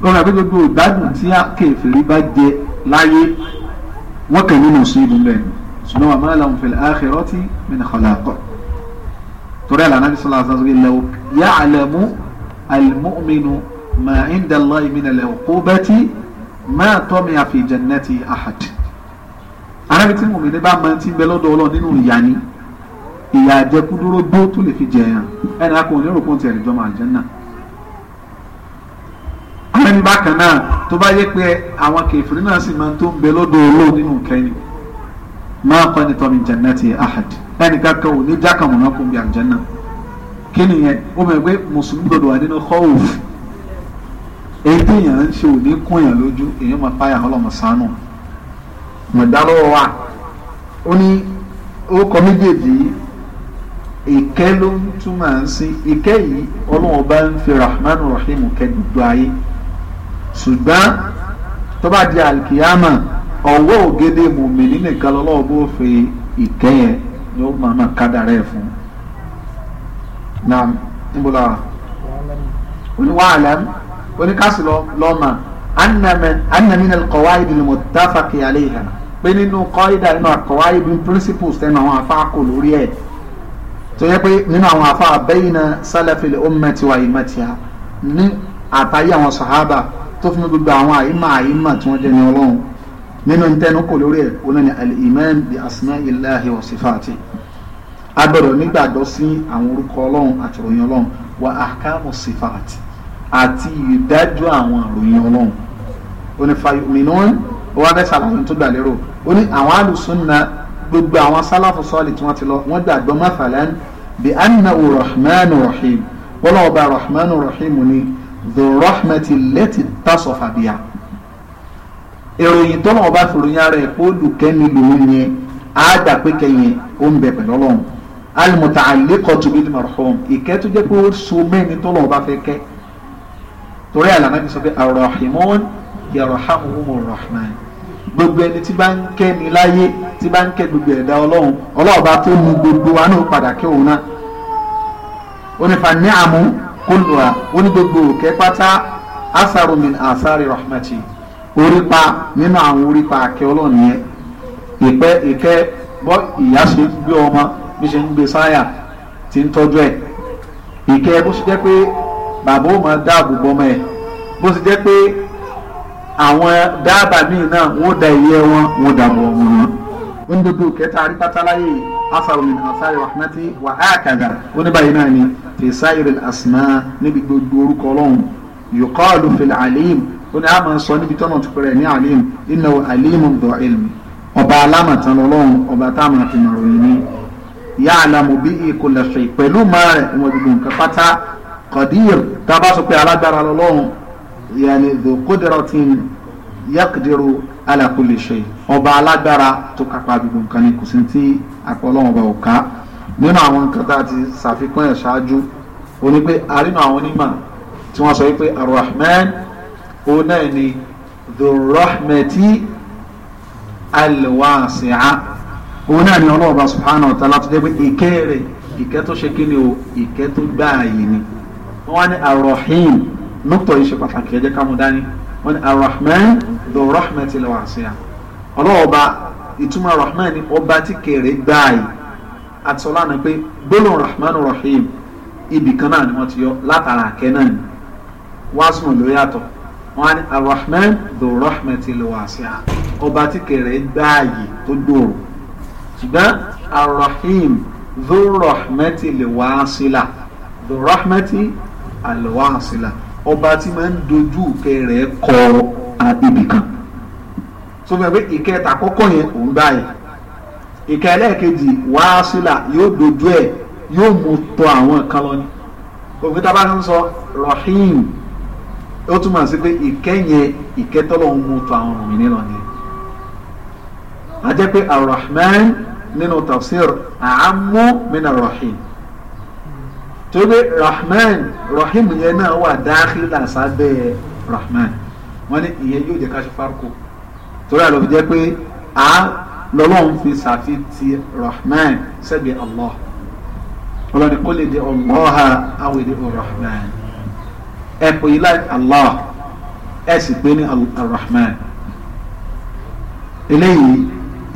wọn rà pé gbogbo ìgbádùn tí kèfèrí bá jẹ láyé wọn kàn nínú sí ìlú bẹ́ẹ̀ ṣùgbọ́n wa ma lahum fil akhirati min khalaq torí àlànà bí sọlá sọ pé law ya'lamu al-mu'minu ma 'inda Allahi min al-'uqubati ma tami'a fi jannati ahad arábi tí mòmí ní bá máa ti bẹ lọ́dọ̀ ọlọ́run nínú ìyá ni ìyá àjẹkúdúró gbó tó lè fi jẹyàn ẹnì akọ̀wé ní òròpó tiẹ̀ nǹkan bákan náà tó bá yẹ pé àwọn kẹfìrí náà sì máa tó ń bẹ lọ́dọ̀ olóò nínú nǹkan yìí máa kọ́ ni tọ́mi jannati ahad ẹnìkan kan ò ní jákàmù náà kò ń bí àjẹnà kí nìyẹn ó mọ̀ pé mùsùlùmí gbọdọ̀ wà nínú khawf èyí tí èèyàn ń ṣe ò ní kún èèyàn lójú èèyàn máa páyà ọlọ́mọ sánú mọ̀dálọ́wọ́ wa ó ní orúkọ méjèèjì yìí ìkẹ́ ló ń túmọ̀ sí ìkẹ́ yìí ọlọ́wọ́ bá ń fi rahman rahim kẹ́ gbogbo ayé ṣùgbọ́n tó bá di àlìkìyàmà ọwọ́ ògede mùmìnì nìkan lọ́wọ́ bó fi ìkẹ́ yẹn ni ó máa máa kádàrá ẹ̀ fún. náà níbo la wà oníwàhálàm oníkásí lọ́mà anamina kọ̀wáìdì ni mo dáfà kí alẹ́ ìhà pé nínú kọ́ìdà nínú àkọ̀wáìdì principles tẹnu àwọn afá kò lórí ẹ̀ tó yẹ pé nínú àwọn afá bayna salafil ummati wa imatiha ní àtàyé àwọn sàhábà tó fi gbogbo àwọn àyímà àyímà tí wọ́n jẹ́ ní ọlọ́run nínú ntẹnu kò lórí ẹ̀ wọn ni al-iman bi asma'illahi wa sifati a gbọ́dọ̀ nígbàgbọ́ sí àwọn orúkọ ọlọ́run àti ìròyìn ọlọ́run wa ahkamu sifati àti ìdájọ́ àwọn ìròyìn ọlọ́run ó ní fa yu'minun ó wá fẹ́ sàlàyé tó gbà lérò ó ní àwọn alùsùnà gbogbo àwọn sálàfù sọ́ọ̀lì tí wọ́n ti lọ wọ́n gbàgbọ́ mathalan bi annahu rahmanu rahim wọ́n lọ́wọ́ bá rahmanu rahim ni dhurrahmati lẹ́tì tásọ̀fà bíyà ìròyìn tọ́lọ́wọ́ bá fi ròyìn ara ẹ̀ pé olùkẹ́ni lòun ni àádà pé kẹyìn ó ń bẹ̀ pẹ̀lú ọlọ́run al-muta'alliqatu bil marhum ìkẹ́ tó jẹ́ pé ó so mẹ́ni tọ́lọ́wọ́ bá fẹ́ kẹ́ torí àlànà fi sọ pé ar-rahimun yarhamuhumur rahman gbogbo ẹni tí bá ń kẹ́ ni láyé tí bá ń kẹ́ gbogbo ẹ̀dá ọlọ́run ọlọ́ọ̀bá tó mu gbogbo wa náà padà kẹ́ òun náà ó ní fa ní àmú kulluha ó ní gbogbo òkè pátá asaru min asari rahmati orípa nínú àwọn orípa àkẹ́ ọlọ́ọ̀ni yẹn ìpẹ́ bọ bọ́ ìyá ṣe ń gbé ọmọ bí ṣe ń gbé sáyà ti ń tọ́jú ẹ̀ ìkẹ́ bó ṣe jẹ́ pé bàbá ó máa dáàbò bọ́mọ ẹ̀ bó ṣe jẹ́ pé àwọn dáàbà míì náà wọ́n da ìyẹ́ wọn wọ́n dàbọ̀ wọn. ó ń kẹta yìí asaru min asari rahmati wa akada ó ní báyìí náà ni fi sáyiri asma níbi gbogbo orúkọ ọlọ́run yuqalu fil alim ó ní a máa sọ níbi tọ́nà tó pẹ̀rẹ̀ ní alim innahu alimun dọ̀ ilmi ọba alámọ̀tán lọ́lọ́run ọba táwọn àti màròyìn ni ya'lamu bihi kulla shay pẹ̀lú máa rẹ̀ wọn gbogbo nǹkan pátá qadir tá a bá sọ pé alágbára lọ́lọ́run yani dhu qudratin ala kulli shay ọba alágbára tó kápá gbogbo nǹkan ni kò sí tí àpọ̀lọ́wọ́n ọba ò ká nínú àwọn nǹkan tá a ti ṣàfikún ẹ̀ ṣáájú o ní pé àrínú àwọn onímọ̀ tí wọ́n sọ wípé arahman òun náà ni dhurrahmati alwasi'a òun náà ni ọlọ́ọ̀ba subhanahu wa ta'ala tó jẹ́ pé ìkẹ́ rẹ̀ ìkẹ́ tó ṣe kí o ìkẹ́ tó gbáàyè ni wọ́n wá ní arahim nọ́pọ̀ yìí ṣe pàtàkì ẹ jẹ́ dání wọn ni arahman do rahmatil wasi'a ọlọ́ọ̀ba ìtumọ̀ rahman ni ọba tí kéré gbáàyè àtọ́lá náà pé gbólóhùn rahman rahim ibì kan náà ni wọ́n ti yọ látara àkẹ́ náà ni wàásùn ló yàtọ̀ wọn ni arahman do rahmatil wasi'a ọba tí kéré gbáàyè tó gbòòrò ṣùgbọ́n arahim do rahmatil wasila do rahmatil alwasila ọba tí máa ń dojú ìkẹ́ rẹ̀ kọ ibìkan tó fi hàn pé ìkẹ́ ta kọ́kọ́ yẹn òun báyìí ìkẹ́ ẹlẹ́ẹ̀kejì wàásìlà yóò dojú ẹ̀ yóò mú tọ àwọn kan lọ ni òfin tá a bá ń sọ rahim ó túmọ̀ sí pé ìkẹ́ yẹn ìkẹ́ tọ́lọ̀ ń mú tọ àwọn ọ̀rùn mi lọ ni a jẹ́ pé arahman nínú tafsir àámú min arahim torí pé rahman rahim yẹn náà wà dáhìlà sábẹ́ rahman wọ́n ní ìyẹn yóò jẹ́ ká ṣe fárúkọ torí àlọ́ fi jẹ́ pé a lọ́lọ́run fi ṣàfitì rahman sẹ́gbẹ̀ẹ́ allah ọlọ́ni kó lè di ọlọ́ha àwọn èdè rahman ẹ pè yí láì allah ẹ sì pé ní rahman eléyìí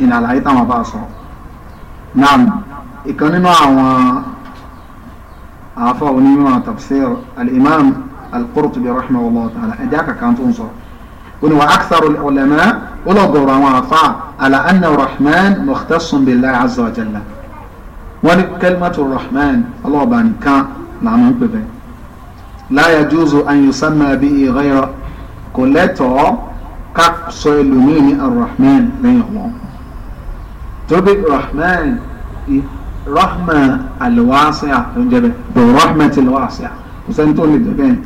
ìlànà táwọn bá sọ náà ìkan nínú àwọn àáfà onímọ̀ tafsir al-imam al-qurtubi rahimahullah ta'ala ẹ̀já kankan tó ń sọ wọn wà akthar al-ulama wọn lọ gọ̀rọ̀ àwọn àáfà ala anna rahman mukhtassun billahi azza wa jalla wọn ni kalimatu rahman ọlọ́ọ̀bà nìkan làwọn ń pè bẹ́ẹ̀ la yajuzu an yusamma bihi ghayra kò lẹ́tọ̀ọ́ ká sọ ẹlòmíì ní arahman lẹ́yìn wọn torí rahman رحمة الواسعة برحمة الواسعة وسنتون للدبان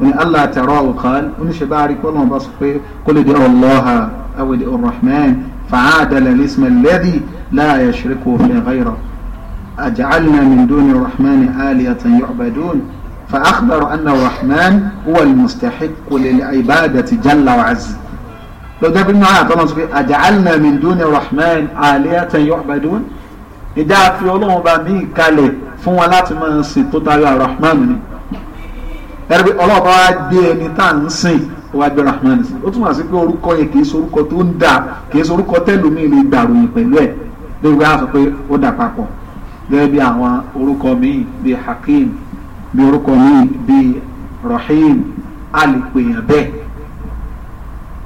وإن الله تراه قال وإن شبارك والله بصفه قل ادعوا الله أو ادعوا الرحمن فعادل الاسم الذي لا يشركه في غيره أجعلنا من دون الرحمن آلية يعبدون فأخبر أن الرحمن هو المستحق للعبادة جل وعز لو ده بالمعاد الله أجعلنا من دون الرحمن آلية يعبدون ìdá àfi ọlọ́run bá mí ìkalẹ̀ fún wa láti máa sìn tó tayọ arahman ni ẹ̀rí ọlọ́run bá wá gbé ẹni tá à ń sìn wá gbé rahman sí ó túmọ̀ sí pé orúkọ yẹn kì ṣe orúkọ tó ń dà kì ṣe orúkọ tẹ́lómìn lè gbàròyìn pẹ̀lú ẹ̀ lórí wá sọ pé ó dà papọ̀ gẹ́gẹ́ bí àwọn orúkọ míì bíi hakim bíi orúkọ míì bíi rahim a lè pèèyàn bẹ́ẹ̀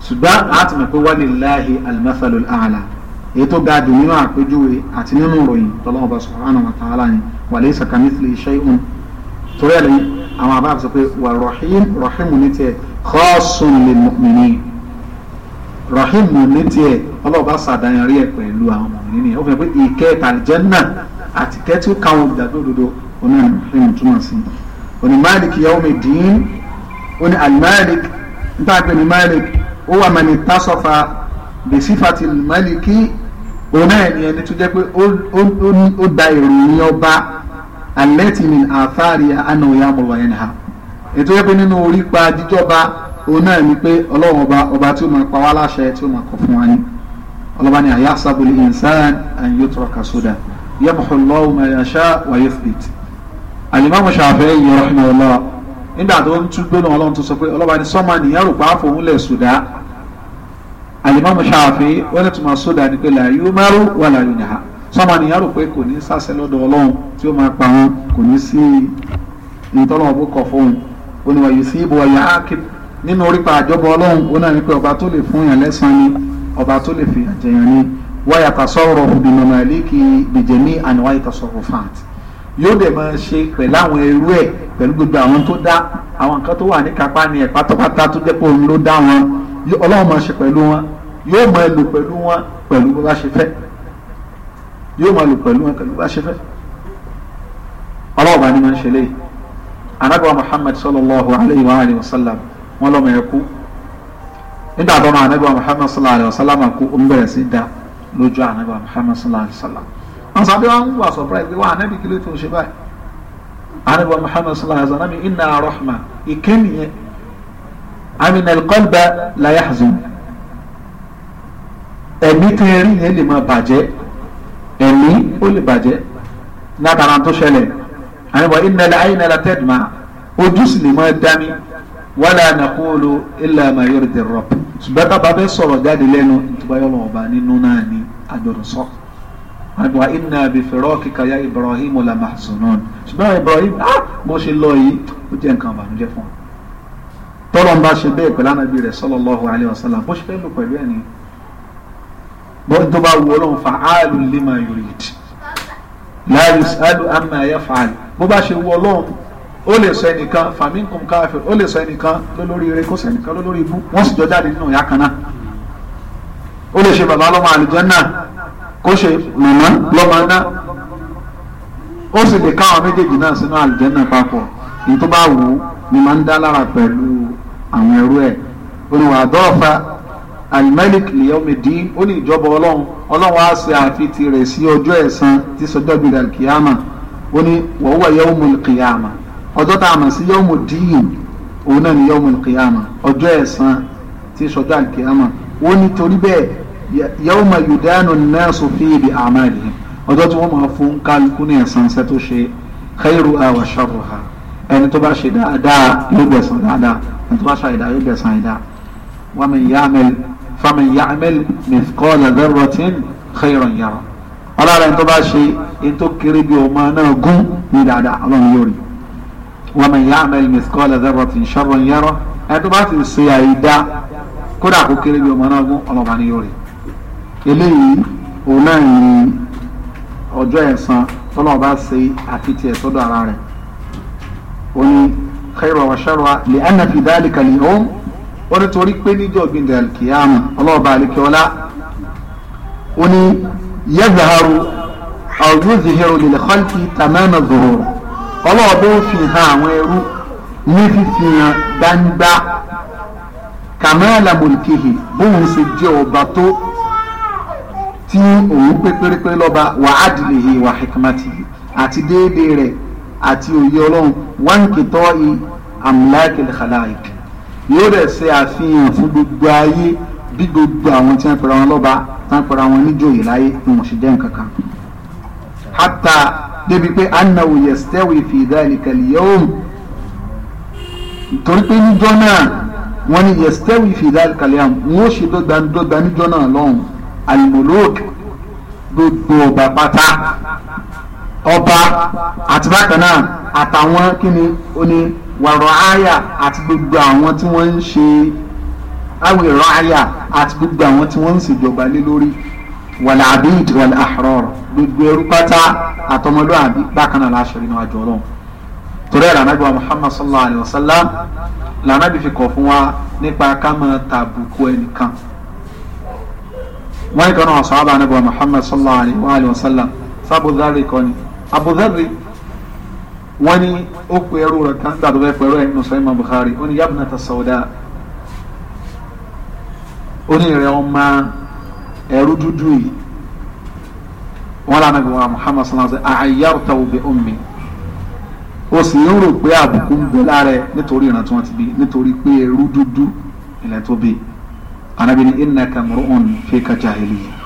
ṣùgbọ́n àtìmọ̀ pé walillahi al-mathalul èyí tó ga jù nínú àpèjúwe àti nínú ìròyìn tọ́lọ́wọ́n bá subhanahu wa ta'ala ni wa laysa kamithlihi shay'un torí ẹ̀ lẹ́yìn àwọn àbá sọ pé wà rahim rahim ní tiẹ̀ khasun lil mu'minin rahim ní tiẹ̀ ọlọ́ọ̀bá sàdáyàn rí ẹ̀ pẹ̀lú àwọn mọ̀mìnì ni ó fẹ́ pé ìkẹ́ tàlìjẹ́nà àti kẹ́tù káwọn olùdàgbò òdodo oní rahim túmọ̀ sí oní malik yawmiddin oní al nípa pé ní malik ó wà mani tasafa bisifati al-maliki òun náà ni ẹni tó jẹ́ pé ó da ìròyìn ọba alẹ́tìmín àfáàrí anáwòyá mọ̀wá yẹn ha ètò yẹ pé nínú orí pa jíjọba òun náà ni pé ọlọ́run ọba ọba tí ó máa pa wá láṣẹ tí ó máa kọ̀ fún wa ni ọlọ́ba ni àyà sábòlì ìnsán an yutraka sódà yamhu Allahu ma yasha wa yuthbit. àlìmáàmù Ṣáfi'í rahimahullah nígbà tó ń tún gbóná ọlọ́run tó sọ pé ọlọ́ba ni sọ́mà nìyẹn rò pa á fòun lẹ̀ sódà alimami ṣaafi wọn lè tuma sódà ni pé làyé umaru wà láyé nìha sọmọ nìyà rò pé kò ní sásẹ lọ́dọ̀ Ọlọ́run tí ó máa pa wọn kò ní sí ìtọ́lọ́wọ́ bó kọ̀ fóun oníwàyí sí ibò ọ̀yà ákìb nínú orípa àjọbọ Ọlọ́run ó náà ní pé ọba tó lè fún yàn lẹ́sàn ni ọba tó lè fi àjẹyàn ni wáyà tasọ́rọ̀ bìnnàmà líkì bìjẹ̀mí àníwá ìtasọ̀rọ̀ fat yóò dẹ̀ máa ṣe pẹ̀lú àwọn ẹrú ẹ̀ pẹ̀lú gbogbo àwọn tó dá àwọn nǹkan tó wà ní kápá ni ẹ̀ pátápátá tó jẹ́ òun ló dá wọn ọlọ́run máa ṣe pẹ̀lú wọn yóò máa lò pẹ̀lú wọn pẹ̀lú bó bá ṣe fẹ́ yóò máa lò pẹ̀lú wọn pẹ̀lú bó bá ṣe fẹ́ ọlọ́run bá ní máa ń ṣe léyìí anagba muhammad sallallahu alayhi wa alayhi wa sallam wọn lọ́mọ ẹ̀ kú nígbà tó máa anagba muhammad sallallahu alayhi wa sallam kú ó ń bẹ̀rẹ̀ sí da lójú anagba muhammad sallallahu alayhi wa sallam wọn sábẹ́ wọn wà surprise wọn anabi kí ló tó ṣe báyìí anagba muhammad sallallahu alayhi wa sallam inna rahma ìkẹ́niyẹn àmìnà ìkọlùbà la yahzun ẹ̀mí tẹ́ rí yẹn lè máa bàjẹ́ ẹ̀mí ó lè bàjẹ́ látara tó ṣẹlẹ̀ àyẹ̀wò ìnàlẹ̀ àyìnàlà tẹ́dùmá ojú sì lè máa dání wàlà nàkúlù ilà mayori dè rọ ṣùgbọ́n tábà bẹ́ sọ̀rọ̀ jáde lẹ́nu ìtúbáyọ̀ lọ́wọ́ba nínú náà ni àgbọ̀dọ̀ sọ àgbà iná bìfẹ̀rọ̀ kíkà ya Ibrahim ọ̀làmà ṣùgbọ́n Ibrahim ah bó ṣe lọ yìí ó jẹ́ nǹkan àbànújẹ́ fún wa tọ́lọ́ ń bá ṣe bẹ́ẹ̀ pẹ̀lú ànábì rẹ̀ sallallahu alaihi wasallam bó ṣe fẹ́ lò pẹ̀lú ẹ̀ ni bọ́n tó bá wù ọlọ́run fa'alun lima yurid la yus'alu amma yaf'al bó bá ṣe wù ọlọ́run ó lè sọ ẹnìkan faminkum kafir ó lè sọ ẹnìkan lólórí eré kó sọ ẹnìkan lólórí ibú wọ́n sì jọ jáde nínú ìyá kan náà ó lè ṣe bàbá lọ́mọ àlùjánnà kó ṣe màmá àwọn ẹrú ẹ̀ olùwà dọ́ọ̀fà alimẹ́lík lìyọ́mìdì ó ní ìjọba ọlọ́run ọlọ́run á ṣe àfitì rẹ̀ sí ọjọ́ ẹ̀san tí sọjọ́ gbìdà kìyàmà ó ní wọ́wọ́ yẹ́wùmù kìyàmà ọjọ́ tá a mọ̀ sí yẹ́wùmù díyìn òun náà ní yẹ́wùmù kìyàmà ọjọ́ ẹ̀san tí sọjọ́ kìyàmà ó ní torí bẹ́ẹ̀ yẹ́wùmù yùdánù náà sòfin ibi àmàlì ọjọ́ tí wọ́n máa fún kálukú ní ẹ̀san ṣẹ́ tó ṣe khairu àwàṣàrò ha ẹni tó bá ṣe dáadáa yóò gbẹ̀san dáadáa ẹni tó bá ṣàìdá yóò gbẹ̀san àìdá waman ya'mal faman ya'mal mithqala dharratin khayran yara ọlọ́run ẹni tó bá ṣe ẹni tó kéré bí ọmọ náà gún ní dáadáa ọlọ́run yóò rí waman ya'mal mithqala dharratin sharran yara ẹni tó bá ti ṣe àìdá kódà kó kéré bí ọmọ náà gún ọlọ́ba yóò rí eléyìí òun náà ọjọ́ ẹ̀san tọ́lọ́ oní khayra wa sharra li anna fi dhalika al-yawm wọ́n ní torí pé níjọ́ gbìndẹ̀ alkiyama ọlọ́ọ̀bà alikiola oní yẹ́zàharu àwùjọ́zìhẹ́rù lil khalqi tamama zuhur ọlọ́ọ̀bà ó fi hàn àwọn ẹrú ní fífihàn gbangba kàmáàlà mulkihi bóun ṣe jẹ́ ọba tó tí òun pé pérépéré lọ́ba wà á dìlè yìí wà hikmati àti déédéé àti òye ọlọ́run wọ́n kì tọ́ i amúláàkìlì khalaik yóò dẹ̀ ṣe àfihàn fún gbogbo ayé bí gbogbo àwọn tí wọ́n pera wọn lọ́ba tí wọ́n pera wọn níjòyè láyé ni wọ́n sì jẹ́ nǹkan kan. hatta débi pé annahu yastawi fi dhalika al-yawm torí pé níjọ́ náà wọ́n ní yastawi fi dhalika al-yawm wọ́n ṣe dọ́gba níjọ́ náà lọ́hùn al gbogbo ọba pátá ọba àti bákan náà àtàwọn kíni oní wàrọ̀ àyà àti gbogbo àwọn tí wọ́n ń ṣe awèrọ̀ àyà àti gbogbo àwọn tí wọ́n ń ṣèjọba lé lórí wàlẹ̀ àbíyìdì wàlẹ̀ àhọ́rọ̀ gbogbo ẹrú pátá àtọmọlúwàbí bákan náà láṣẹ nínú àjọ ọlọ́run torí ẹ̀rọ anábì muhammad sallallahu alayhi wa sallam lànàbì fi kọ̀ fún wa nípa ká máa tàbùkù ẹnìkan wọ́n ní kan náà sọ àbá anábì muhammad sallallahu alayhi wa sallam sábò dárí kọ́ni abudari wọ́n ní ó pe ẹrú rẹ̀ kan gbàdúrà ẹ pẹ̀lú ẹnu sọ ìmọ̀ Bukhari ó ní yabnata sauda ó ní ìrẹ̀ ọmọ ẹrú dúdú yìí wọ́n lànà bí wọn Muhammad sallallahu alayhi wa sallam ayyarta bi ummi ó sì ń rò pé àbùkù ń bẹ lára ẹ nítorí ìran tí wọ́n ti bí nítorí pé ẹrú dúdú ilẹ̀ tó bí Ànábì ní innaka mur'un fika jahiliya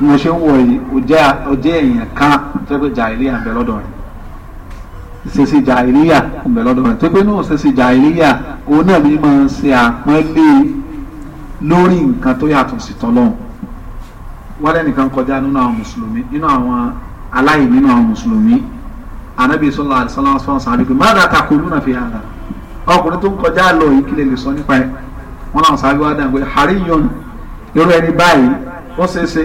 mo ṣe ń wọ yìí ó jẹ́ èèyàn kan tó pé jàìlíyà ń bẹ lọ́dọ̀ rẹ̀ ìṣesí jàìlíyà ń bẹ lọ́dọ̀ rẹ̀ tó pé náà ìṣesí jàìlíyà òun náà mi máa ń ṣe àpọ́nlé lórí nǹkan tó yàtọ̀ sí tọ́lọ́hún wọ́n lẹ́nìkan kọjá nínú àwọn mùsùlùmí nínú àwọn aláìní nínú àwọn mùsùlùmí anabi sọlá àdìsọlá sọlá sàbí pé má dàtà kò lúnà fi hàn ọkùnrin tó ń kọjá lọ yìí kí lè lè sọ nípa ẹ wọn náà sàbí wá dàn pé àríyàn irú ẹni báyìí ó ṣeé ṣe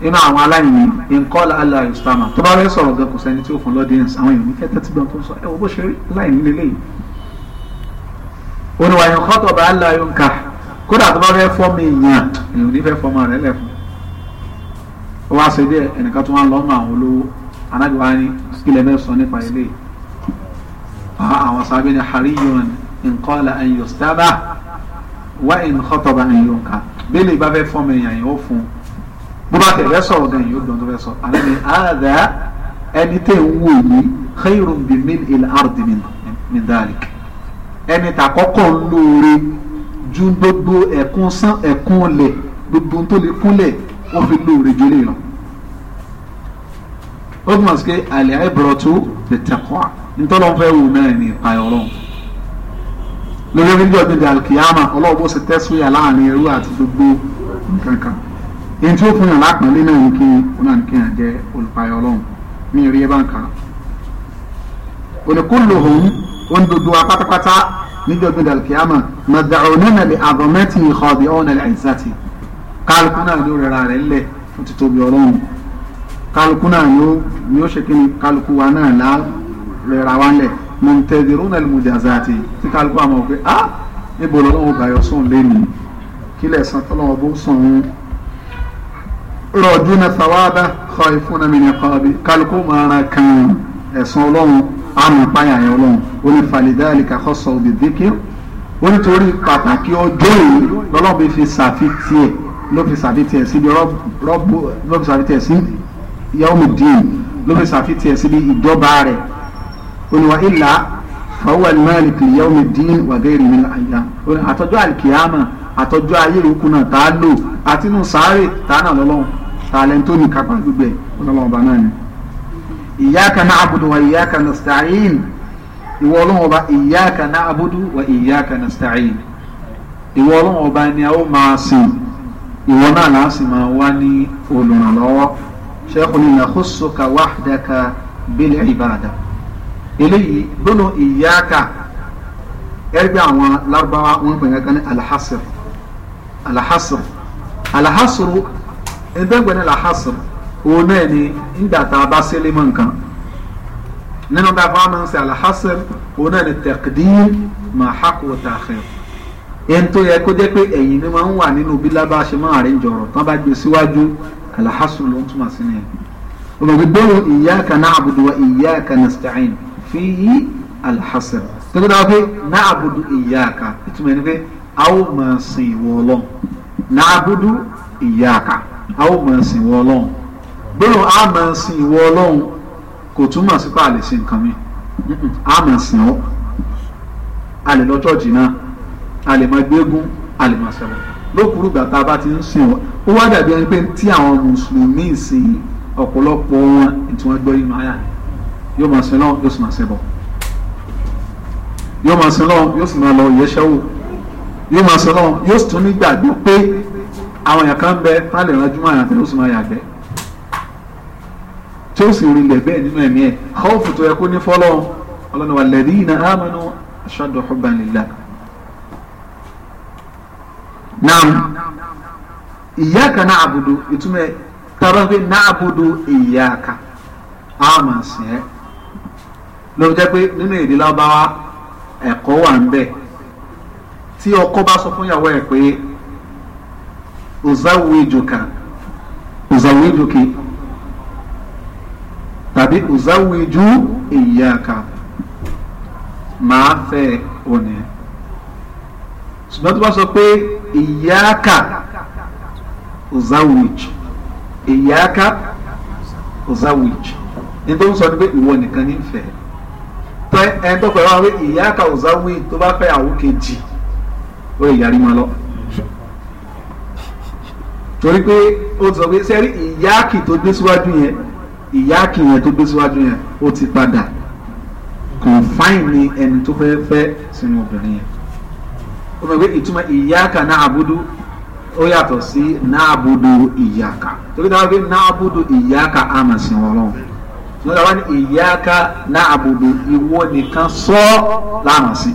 nínú àwọn aláìní nǹkan àlà ìsìlámà tó bá fẹ́ sọ̀rọ̀ gan kò sẹ́ni tí ó fún lọ́díẹ̀nsì àwọn èèyàn nífẹ̀ẹ́ tẹ́tí gbọ́n tó ń sọ ẹ wo bó ṣe rí láìní lélẹ́yìí. oníwàyàn kọ́tọ̀ bá àlà yóò ń kà kódà tó bá fẹ́ fọ́ọ̀mù èèyàn èèyàn nífẹ̀ẹ́ fọ́ọ̀mù rẹ̀ lẹ̀ fún. ó wá ṣe díẹ̀ ẹnìkan tó wá ń lọ́mọ àwọn olówó anágbèwá ni kílẹ̀ bẹ́ẹ̀ sọ nípa ilé ah, àwọn bó bá tẹ̀lé sọ̀rọ̀ gan yóò dùn tó fẹ́ sọ àlẹ́ mi àdá ẹni tẹ̀ ń wò yìí khayrun bi min il ardi min dalik ẹni tà kọ́kọ́ ń lóore ju gbogbo ẹ̀kún sán ẹ̀kún lẹ̀ gbogbo tó lè kúnlẹ̀ wọ́n fi lóore ju lè ràn ó túmọ̀ sí pé àlẹ́ àìbọ̀rọ̀tú lè tẹ̀kọ́ nítorí fẹ́ wù náà ní ìpayọ̀ lórí ẹni jọ̀ọ́ gbẹ̀dẹ̀ àlùkìyàmà ọlọ́ọ̀bọ̀ ṣe tẹ́sùn yà láàrin ẹrú àti gbogbo nǹkan kan yẹn tí ó fún yàn lápẹ́lẹ́ náà ní kí náà ní kí yàn jẹ́ olùpayọ̀ ọlọ́run ní eré ẹ bá ń kà á. oníkó lo òun ó ń dodo wa pátápátá níjọ́ gbé dàlùkìyàmà mọ̀dàrúnínà lè àbọ̀mẹ́tì ìkọ̀ọ̀bì ọ̀nà àìsàtì kálukú náà ló rẹra rẹ̀ lẹ̀ fún títóbi ọlọ́run kálukú náà ni ó ṣe kí ni kálukú wa náà lá rẹra wa lẹ̀ mọ̀ntẹ́dìrúnà lè mujazati tí kálukú àmọ̀ pé ah níbo lọ́wọ́ bàyọ̀ sùn lé mi kílẹ̀ sàn tọ́lọ́wọ́ bó sùn rọ̀júnà sàwábà khaifuna min iqabi kálukú máa ra kan ẹ̀sán ọlọ́run àmì ìpáyà yẹn ọlọ́run ó ní falidhalika khassa bi dhikr ó nítorí pàtàkì ọjọ́ yìí lọ́lọ́bí fi sàfitiẹ̀ ló fi sàfitiẹ̀ síbi rọ́bù ló fi sàfitiẹ̀ sí yawmuddin ló fi sàfitiẹ̀ síbi ìjọba rẹ̀ ó ní wa ilà fawọ́ al-malik li yawmuddin wa ghayri min al-ayyam àtọ́jọ́ àlìkìyàmà àtọ́jọ́ ayé ìrúkú náà tá a lò àtinú sáré tá a náà lọ́lọ́run ṣàlẹ̀ tó ní kápá gbogbo ẹ̀ ọlọ́wọ́n ọba náà ni. iyyaka na'budu wa iyyaka nasta'in ìwọ ọlọ́wọ́n ọba iyyaka na'budu wa iyyaka nasta'in ìwọ ọlọ́wọ́n ọba ni a ó máa sìn ìwọ náà là á sì máa wá ní olùrànlọ́wọ́ ṣẹ́kùn ní nakhusuka wahdaka bil ibada eléyìí gbóná iyyaka ẹgbẹ́ àwọn lárúbáwá wọn pè ní alhasr alhasr alhasr ẹgbẹ́gbẹ́ ní làhásù òun náà ni ńgbà tá a bá sílé mọ́ nǹkan nínú bá fún amọ̀ sí àlàhásù òun náà ni tẹ̀kídìr mà hákò tààfẹ́ ẹni tó yẹ kó jẹ́ pé ẹ̀yìn ni máa ń wà nínú bí lábá ṣe máa rìn jọ̀rọ̀ tán bá gbé síwájú àlàhásù ló ń túmọ̀ sí ni olùgbẹ́gbẹ́rún iyyaka na'budu wa iyyaka nasta'in fi yí àlàhásù tó dáwọ́ pé na'budu iyyaka ìtumọ̀ ẹni pé a máa sìn ìwọ ọlọ́run na'budu iyyaka a ó máa sìn ìwọ ọlọ́run gbọ́dọ̀ a máa sìn ìwọ ọlọ́run kò túmọ̀ sí pé a lè ṣe nǹkan mi a máa sìn ọ́ a lè lọ chọ́ọ̀chì náà a lè máa gbégún a lè máa ṣẹlẹ̀ lókùrú ìgbà tá a bá ti ń sìn ọ́ ó wá dàbí ẹni pé tí àwọn mùsùlùmí ìsìn ọ̀pọ̀lọpọ̀ wọn tí wọ́n gbọ́ yìí máa yóò máa sin lọ́wọ́ yóò sì máa sin yóò máa sin lọ́wọ́ yóò sì máa lọ ìyẹ́ṣẹ́ yóò máa sin lọ́wọ́ yóò sì tún nígbàgbọ́ pé àwọn èèyàn kan bẹ tá lè rán júmọ̀ àyàtẹ̀ ó sì máa yàgbẹ́ tí ó sì rinlẹ̀ bẹ́ẹ̀ nínú ẹ̀mí ẹ̀ khawfu tó yẹ kó ní fọ́lọ́run ọlọ́run wà ladina amanu ashaddu hubban lillah. naam iyyaka na'budu ìtumọ̀ tàbí pé na'budu iyyaka àmà sí ẹ́ lọ́wọ́ jẹ́ pé nínú èdè lábáwá ẹ̀kọ́ wà ń bẹ̀ tí ọkọ bá sọ fún ìyàwó ẹ̀ pé uzawijuka uzawijuki tàbí uzawiju iyaka màá fẹ́ òní ṣùgbọ́n tó bá sọ pé iyaka uzawiju iyaka uzawiju ní tó ń sọ ni pé ìwọ nìkan ní fẹ́ tọ́ ẹni tó pẹ̀lú àwọn ìyá kàwùzáwì tó bá fẹ́ àwọn kejì ó lè yarí wọn lọ torí pé ó sọ pé sẹ́rí ìyáàkì tó gbé síwájú yẹn ìyáàkì yẹn tó gbé síwájú yẹn ó ti padà confine ni ẹni tó fẹ́ fẹ́ sínú obìnrin yẹn ó mọ̀ pé ìtumọ̀ ìyáàkà náà àbúdú ó yàtọ̀ sí náà àbúdú ìyáàkà torí táwọn pé náà àbúdú ìyáàkà àmọ̀ sí wọn ní ọ̀la wa ní ìyáàkà náà àbúdú ìwọ nìkan sọ lánàá sí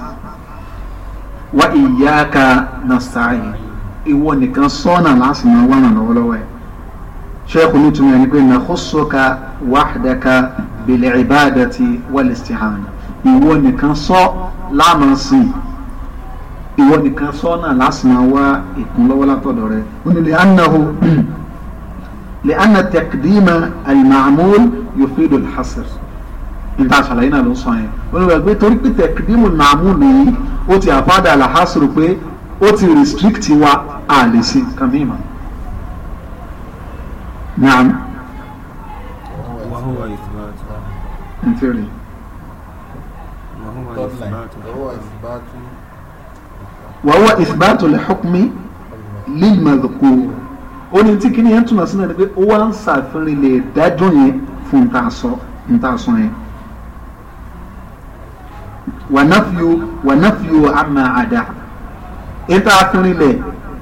wa ìyáàkà nasta'in ìwọ nìkan sọ́nà láti máa wà náà lọ́wọ́lọ́wọ́ ẹ̀ ṣẹ́kù nítumọ̀ ẹni pé nàkóṣọ́ka wàhdàka bìlẹ̀ ìbáàdàtì wàlẹ̀sìtìhàn ìwọ nìkan sọ́ láàmà sìn ìwọ nìkan sọ́ náà láti máa wá ìkúnlọ́wọ́ látọ̀dọ̀ rẹ̀ wọ́n ní lè anahu lè ana tẹ̀kídìmà àlìmàmúl yòfìdò lásìr níta àṣàlàyé náà ló sọ yẹn wọ́n ní wọ́n gbé torí pé tẹ̀kídìmù màmúl yìí ó ti àfádà làhásìrò pé ó ti restrict wa a lè ṣe nǹkan mí mọ́. naam n tẹ́lẹ̀. wàhùwà ìsìbáàtò lè hukmi lil madhkur ó ní tí kìnìún yẹn túmọ̀ sí náà pé ó wá ń ṣàfihàn lè dájọ́ yẹn fún nta yẹn wà náfíò wà náfíò àmà àdá níta àfihànilẹ̀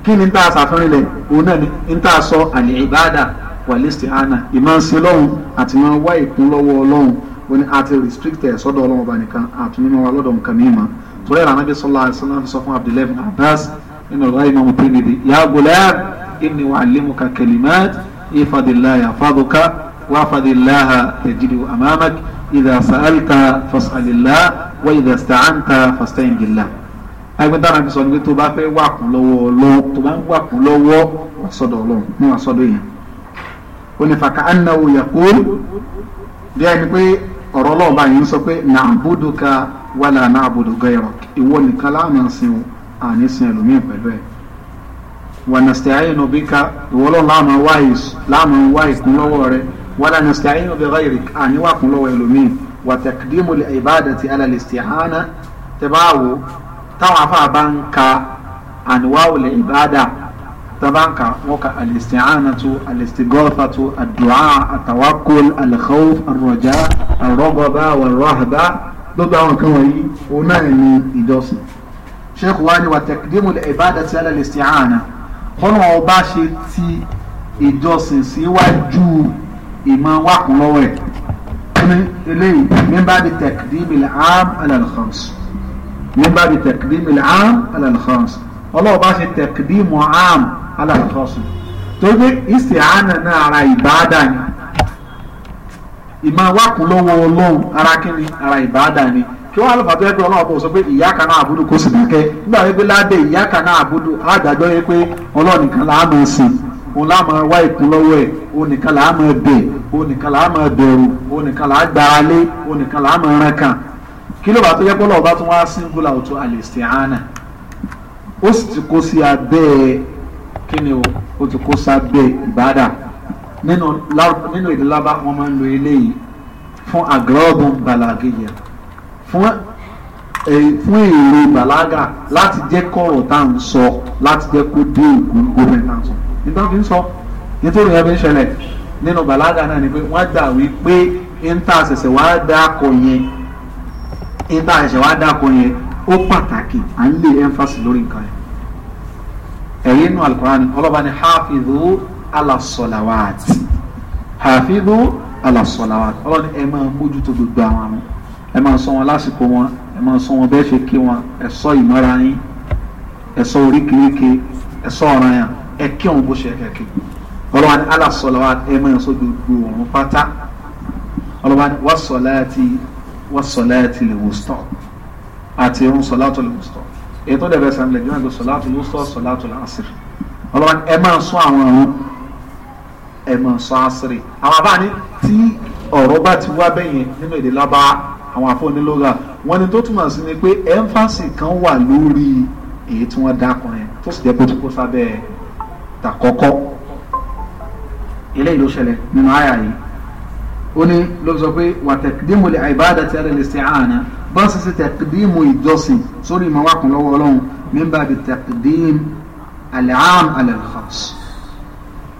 kí ni níta àfihànilẹ̀ òun náà ni níta sọ àlè ìbáàdà wàlísì àná ìmọ̀ọ́sí lọ́hùn àti máa wá ìkún lọ́wọ́ ọlọ́hùn wọn àti restricted sọ́dọ̀ ọlọ́hùn ọba nìkan àtúnyẹ̀mọ́ wa lọ́dọ̀ nǹkan mímọ́ torí ẹ̀rọ anábì sọlá àìsàn sọ fún abdullahi abbas nínú ọ̀rọ̀ ìmọ̀ mọ̀ tẹ́lẹ̀dẹ̀ ya gulam inni wa'allimuka kalimat ifadillah yahfaduka wafadillah tajidu amamak idha sa'alta fas'alillah wa idha ista'anta fasta'in billah láìpẹ́ dára fi sọ ni pé tó bá fẹ́ wà kú lọ́wọ́ ọlọ́run tó bá ń wà kú lọ́wọ́ wà sọ́dọ̀ ọlọ́run ní wà sọ́dọ̀ yẹn ó ní fàkà annahu yaqul bí ẹni pé ọ̀rọ̀ ọlọ́run bá yẹn ń sọ pé na'buduka wala na'budu ghayrak ìwọ nìkan láàmú sin àní sin ẹlòmíì pẹ̀lú ẹ̀ wa nasta'inu bika ìwọ ọlọ́run láàmú wá ìkún lọ́wọ́ rẹ táwọn afa bá ń ka àníwáwò lè ìbáàdà tabanka wọn ka alisti'anatu alistigothatu adu'a atawakul alkhawf arroja arrogoba warrohba gbogbo àwọn kan wọ̀nyí òun náà ní ìjọsìn sheikh wani wa takdimu ibada ti ala listi'ana kọ́nà ọba ṣe ti ìjọsìn síwájú ìmọ̀ wákùnlọ́wẹ̀ ní eléyìí min ba'di takdimu al-'am ala al-khams. من باب تقديم العام على الخاص الله bá ṣe تقديم عام على الخاص tó dé isti'ana ara ìbáadà ni ìmọ̀ wákùn ara kíni ara ni kí wọ́n á tó yẹ pé ọlọ́run bò sọ pé ìyá kan náà àbúdù kò sì dákẹ́ nígbà wípé ìyá kan náà yẹ pé nìkan sí òun wá òun nìkan òun nìkan kí ló bá tó yẹ pé lọ́wọ́ bá tún wá singular ọ̀tún al-isti'ana ó sì ti kó sí abẹ́ kí ni o ó ti kó sábẹ́ ìbádà nínú nínú èdè lábá wọn máa ń lo eléyìí fún agrọ́gùn balagiya fún èrè balaga láti jẹ́ kọ̀rọ̀ tá à ń sọ láti jẹ́ kó dé ògùn gómìnà tá sọ nígbà tí ń sọ nítorí ẹ ṣẹlẹ̀ nínú balaga náà ni pé wọ́n gbà wí pé ń tà ṣẹ̀ṣẹ̀ wá dá akọ yẹn ní tá a ṣe wá dáko yẹn ó pàtàkì à ń lè emphasis lórí nǹkan yẹn ẹ̀yìn inú alukurani ọlọ́ba ni hafidu alasọlawaati hafidu alasọlawaati ọlọ́ni ẹ máa mójútó gbogbo àwọn àwọn ẹ máa sọ wọn lásìkò wọn ẹ máa sọ wọn bẹ́ẹ̀ ṣe kí wọn ẹ ṣọ́ yín ẹ ṣọ́ oríkèéríkè ọ̀ràn yẹn ẹ kí wọn bó ṣe kẹ̀kẹ́ ọlọ́wani alasọlawaati ẹ máa sọ gbogbo òun pátá ọlọ́wani wasọlaati was-salati al-wusta àti irun salatu al-wusta èyí tó dẹ̀ bẹ́ẹ̀ sàn lẹ́yìn náà ló salatu al-wusta salatu al-asr ọlọ́wọ́n ẹ máa sọ àwọn ọ̀run ẹ máa sọ asr àwọn abáni tí ọ̀rọ̀ bá ti wá bẹ́yẹn nínú èdè lábá àwọn afọ́nilóga wọn ni tó túmọ̀ sí ni pé ẹ́ńfàsì kan wà lórí èyí tí wọ́n dákun yẹn tó sì jẹ́ pé tó kó sábẹ́ tàkọ́kọ́ eléyìí ló ṣẹlẹ̀ nínú àyà yìí ó ní ló sọ pé wà tẹ̀kídìmù lè àìbáàdà tí a lè ṣe àná bá sì ṣe tẹ̀kídìmù ìjọsìn sórí ìmọ̀ wà kún lọ́wọ́ ọlọ́run mímbà bí tẹ̀kídìm àlẹ́hàm àlẹ́lẹ́kọ̀ọ́s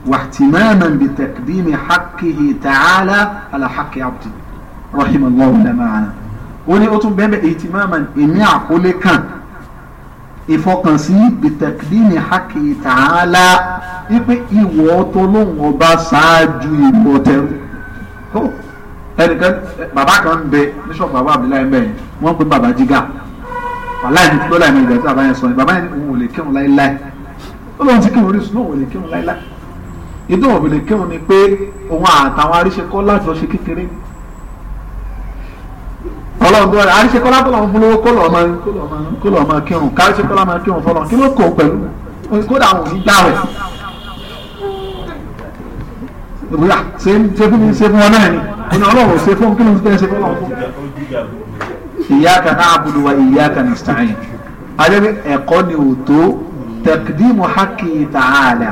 واهتماما بتقديم حقه تعالى على حق عبده رحم الله لمعنا ó ní ó tún bẹ́ẹ̀ ihtimaman ìní àkólé kan ìfọkànsí bitakdini haki ta'ala wípé ìwọ tó lóun ọba ṣáájú tó ẹnìkan bàbá kan ń bẹ ní ṣọ́ọ̀bù bàbá Abdullahi mẹ́rin wọ́n ń pè bàbá jígà aláìní tí lọ́la ìmọ̀ ìgbà tí bàbá yẹn sọ ni bàbá yẹn òun ò lè kírun láéláé ó lóun ti kírun orísun òun ò lè kírun láéláé ìdí òun ò lè kírun ni pé òun àtàwọn aríṣekọ́ láti lọ ṣe kékeré ọlọ́run bọ́ọ̀rẹ́ aríṣekọ́lá bọ́ọ̀lọ́ fún lówó kó lọ́ọ́ máa kó lọ́ọ́ máa kírun káríṣekọ́lá máa kírun fọlọ́ kí ló kó pẹ̀lú kódà òun ní gbà rẹ̀ ìwúyà ṣe fún mi ṣe fún wọn náà ni ọ̀nà ọlọ́run ṣe fún kí ló ń tẹ́ ṣe fún ọlọ́run. iyyaka na'budu wa iyyaka nasta'in adébí ẹ̀kọ́ ni ò tó taqdimu haqqi ta'ala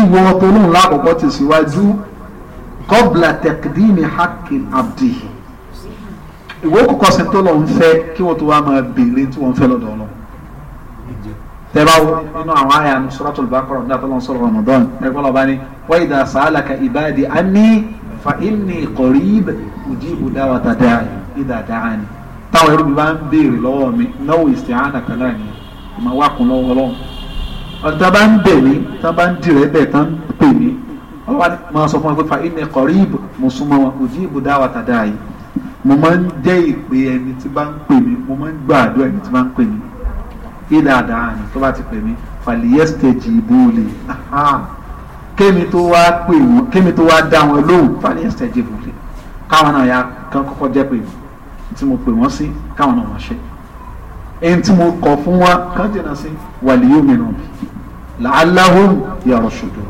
ìwọ ọtọlọ́run lákòókò ti síwájú qabla taqdimi haqqi abdihi ìwé kòkòsìn tó lọ ń fẹ́ kí wọ́n tó wá máa béèrè tí wọ́n fẹ́ lọ́dọ̀ tẹ́báwó nínú àwọn àyà ní suratul baqara ní àtọ́lọ́ sọ̀rọ̀ ramadan ẹgbẹ́ lọ́ba ni wa idha sa'alaka ibadi anni fa inni qarib ujibu da'wata da'i idha da'ani. táwọn ẹrú mi bá ń béèrè lọ́wọ́ mi náwó isti'ana kàlá ni ìmọ̀ wà kún lọ́wọ́ lọ́wọ́. ọ̀tá bá ń bẹ̀ mí tá bá ń dìrẹ́ bẹ̀ tán pè mí ọlọ́wà ni máa sọ fún mi pé fa inni qarib mo súnmọ́ wọn ìdá àdáhàní tó bá ti pè mí fàlìyẹ́sítẹ̀jì ìbúlẹ̀ kémi tó wá pè wọ́n kémi tó wá dá wọn lóhùn fàlìyẹ́sítẹ̀jì ìbúlẹ̀ káwọn náà ya kán kọ́kọ́ jẹ́ pè mí tí mo pè wọ́n sí káwọn náà wọ́n ṣe ẹni tí mo kọ̀ fún wọn kán jìnnà sí wàlíyó mìíràn bì làálàhùn yàrá ṣòdò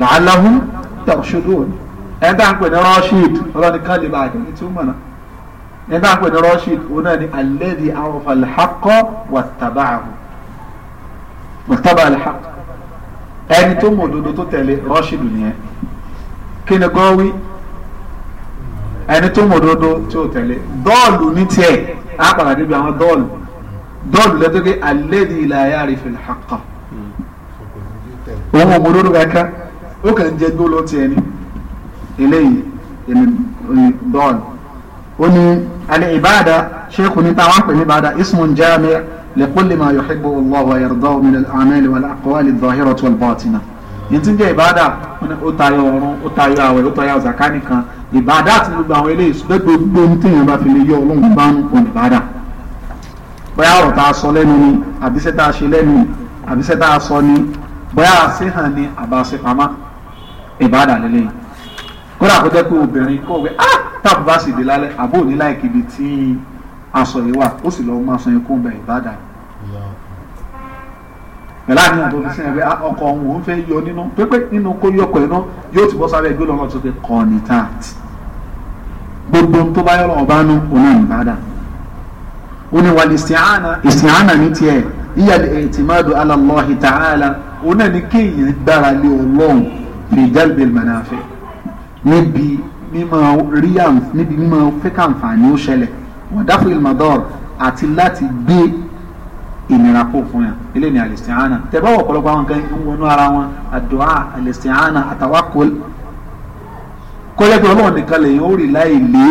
làálàhùn yàrá ṣòdò ẹni tá à ní rọ́ṣíìd ọlọ́ni ká lè bá àjẹ́ ní tí ó mọ̀ náà ẹni tá à ń pè ní rashid òun náà ni alladhi arafa alhaqqa wattaba'ahu wattaba alhaqq ẹni tó mọ òdodo tó tẹ̀lé rashid nìyẹn kí ni gọ́wí ẹni tó mọ òdodo tí ó tẹ̀lé dọ́ọ̀lù ní tiẹ̀ á padà àwọn dọ́ọ̀lù dọ́ọ̀lù lẹ́tọ́kẹ́ alladhi la ya'rifu alhaqqa òun ò mọ òdodo kankan ó kàn ń jẹ gbóló tiẹ̀ ni dọ́ọ̀lù ó ní al-ibada sheikhu ní táwọn pè ní ibada ismun jami' li kulli ma yuhibbu Allahu wa yardahu min al-a'mal wal aqwal adh-dhahirah wal batinah ní tí ń jẹ́ ìbáàdà ó tayọ ọrùn ó tayọ àwẹ̀ ó tayọ àzàká nìkan ìbáàdà gbogbo àwọn eléyìí ṣùgbọ́n gbogbo ohun tí èèyàn bá fi lè yọ ọlọ́run bá ń pọn ìbáàdà. bóyá ọ̀rọ̀ tá a sọ ni àbíṣẹ́ tá a ṣe lẹ́nu ni àbíṣẹ́ tá a sọ ni bóyá àṣehàn ni àbáṣepamá ìbáàdà lélẹ́yìn kódà kó jẹ́ pé obìnrin kọ̀ wẹ́ ah táàbù bá sì dé lálẹ́ àbó òní láìkí ibi tí aṣọ yìí wà ó sì lọ́ọ́ máa sọ yẹn kó ń bẹ ìbàdàn pẹ̀lú àníyàn tó fi sẹ́yìn pé ah, ọkọ òun òun fẹ́ yọ nínú pépé nínú kó yọ ọkọ̀ iná yóò ti bọ́ sábẹ́ ìgbélọ́wọ́ tó fi kọ́ ní gbogbo tó bá yọrọ ọba nu ọ̀nà ìbàdà ọ̀nà wà lìsìánà ìsìánà ní tiẹ̀ ìyá ìtìmádù ala Allahi ta'ala ní kéèyàn gbára lé ọlọ́run fi jalbil níbi mímọ rí níbi mímọ fẹ́kà àǹfààní ó ṣẹlẹ̀ wọ̀dáfọ̀ ilmador àti láti gbé ìnira kó fún yàn ilé ní alìsíhánà tẹ̀bá ọ̀pọ̀lọpọ̀ àwọn kan ń wọnú ara wọn àdúà alìsíhánà àtàwákòl kọ́lẹ́gbẹ̀ẹ́ ọlọ́run nìkan lèyìn ó rí láì lé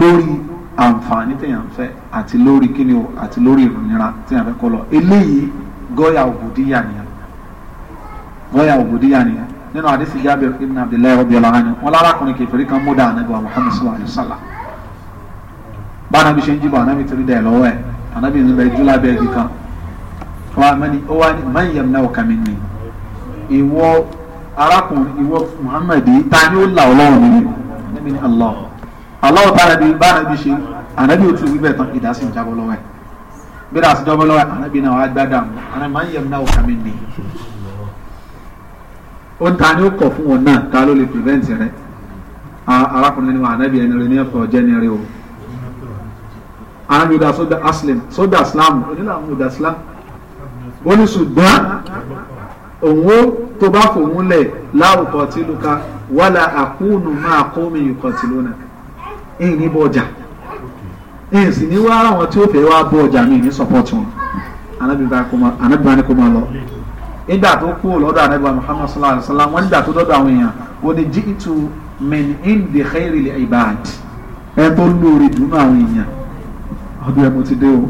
lórí àǹfààní téèyàn fẹ́ àti lórí kíni o àti lórí ìrònira téèyàn fẹ́ kọ́ lọ eléyìí gọ́yà òbòdíyà nìyẹn gọ́yà òbòdíyà nìyẹn nínú àdìsí jábẹ̀ ibn abdullahi radiyallahu anhu wọn lárakùnrin kẹfẹ́rí kan mú dáa nígbà muhammad sallallahu alayhi wa sallam bá anabi ṣe ń jíbọ̀ anabi torí dẹ̀ lọ́wọ́ ẹ̀ anabi ń bẹ júlá bẹ́ẹ̀ bí kan wa mani ó wá ní man yamna'uka minni ìwọ arákùnrin ìwọ muhammad yìí ta ni ó là ọlọ́run nínú níbi ní allah allah bára bí bára bí ṣe anabi ò ti wí bẹ́ẹ̀ tán ìdásí ìjábọ̀ lọ́wọ́ ẹ̀ bí ó ń ta ni ó kọ̀ fún wọn náà ta ló lè prevent rẹ arákùnrin ni wọn ànábì ẹni rẹ ní ẹ̀fọ́ ọ̀jẹ́ rẹ o àwọn yorùbá sódà aslim sódà aslam onílà àwọn yorùbá islam wọn ní ṣùgbọ́n òun ó tó bá fòun lẹ̀ láwùkọ̀ tí luka wàlà àkúùnù máa kó mi yùkọ̀ tí lónà ẹ̀yìn ní bọ́ọ̀jà ẹ̀yìn sì ní wá àwọn tí ó fẹ́ wá bọ́ọ̀jà mi ní support wọn anábìbá ni kò máa lọ nígbà tó kú lọ́dọ̀ ànábì muhammad sallallahu alayhi wa sallam wọ́n nígbà tó dọ́dọ̀ àwọn èèyàn wọ́n ní jíìtù min indi khairil ibad ẹ tó lóore dùnú àwọn èèyàn ọdún ẹ mo ti dé o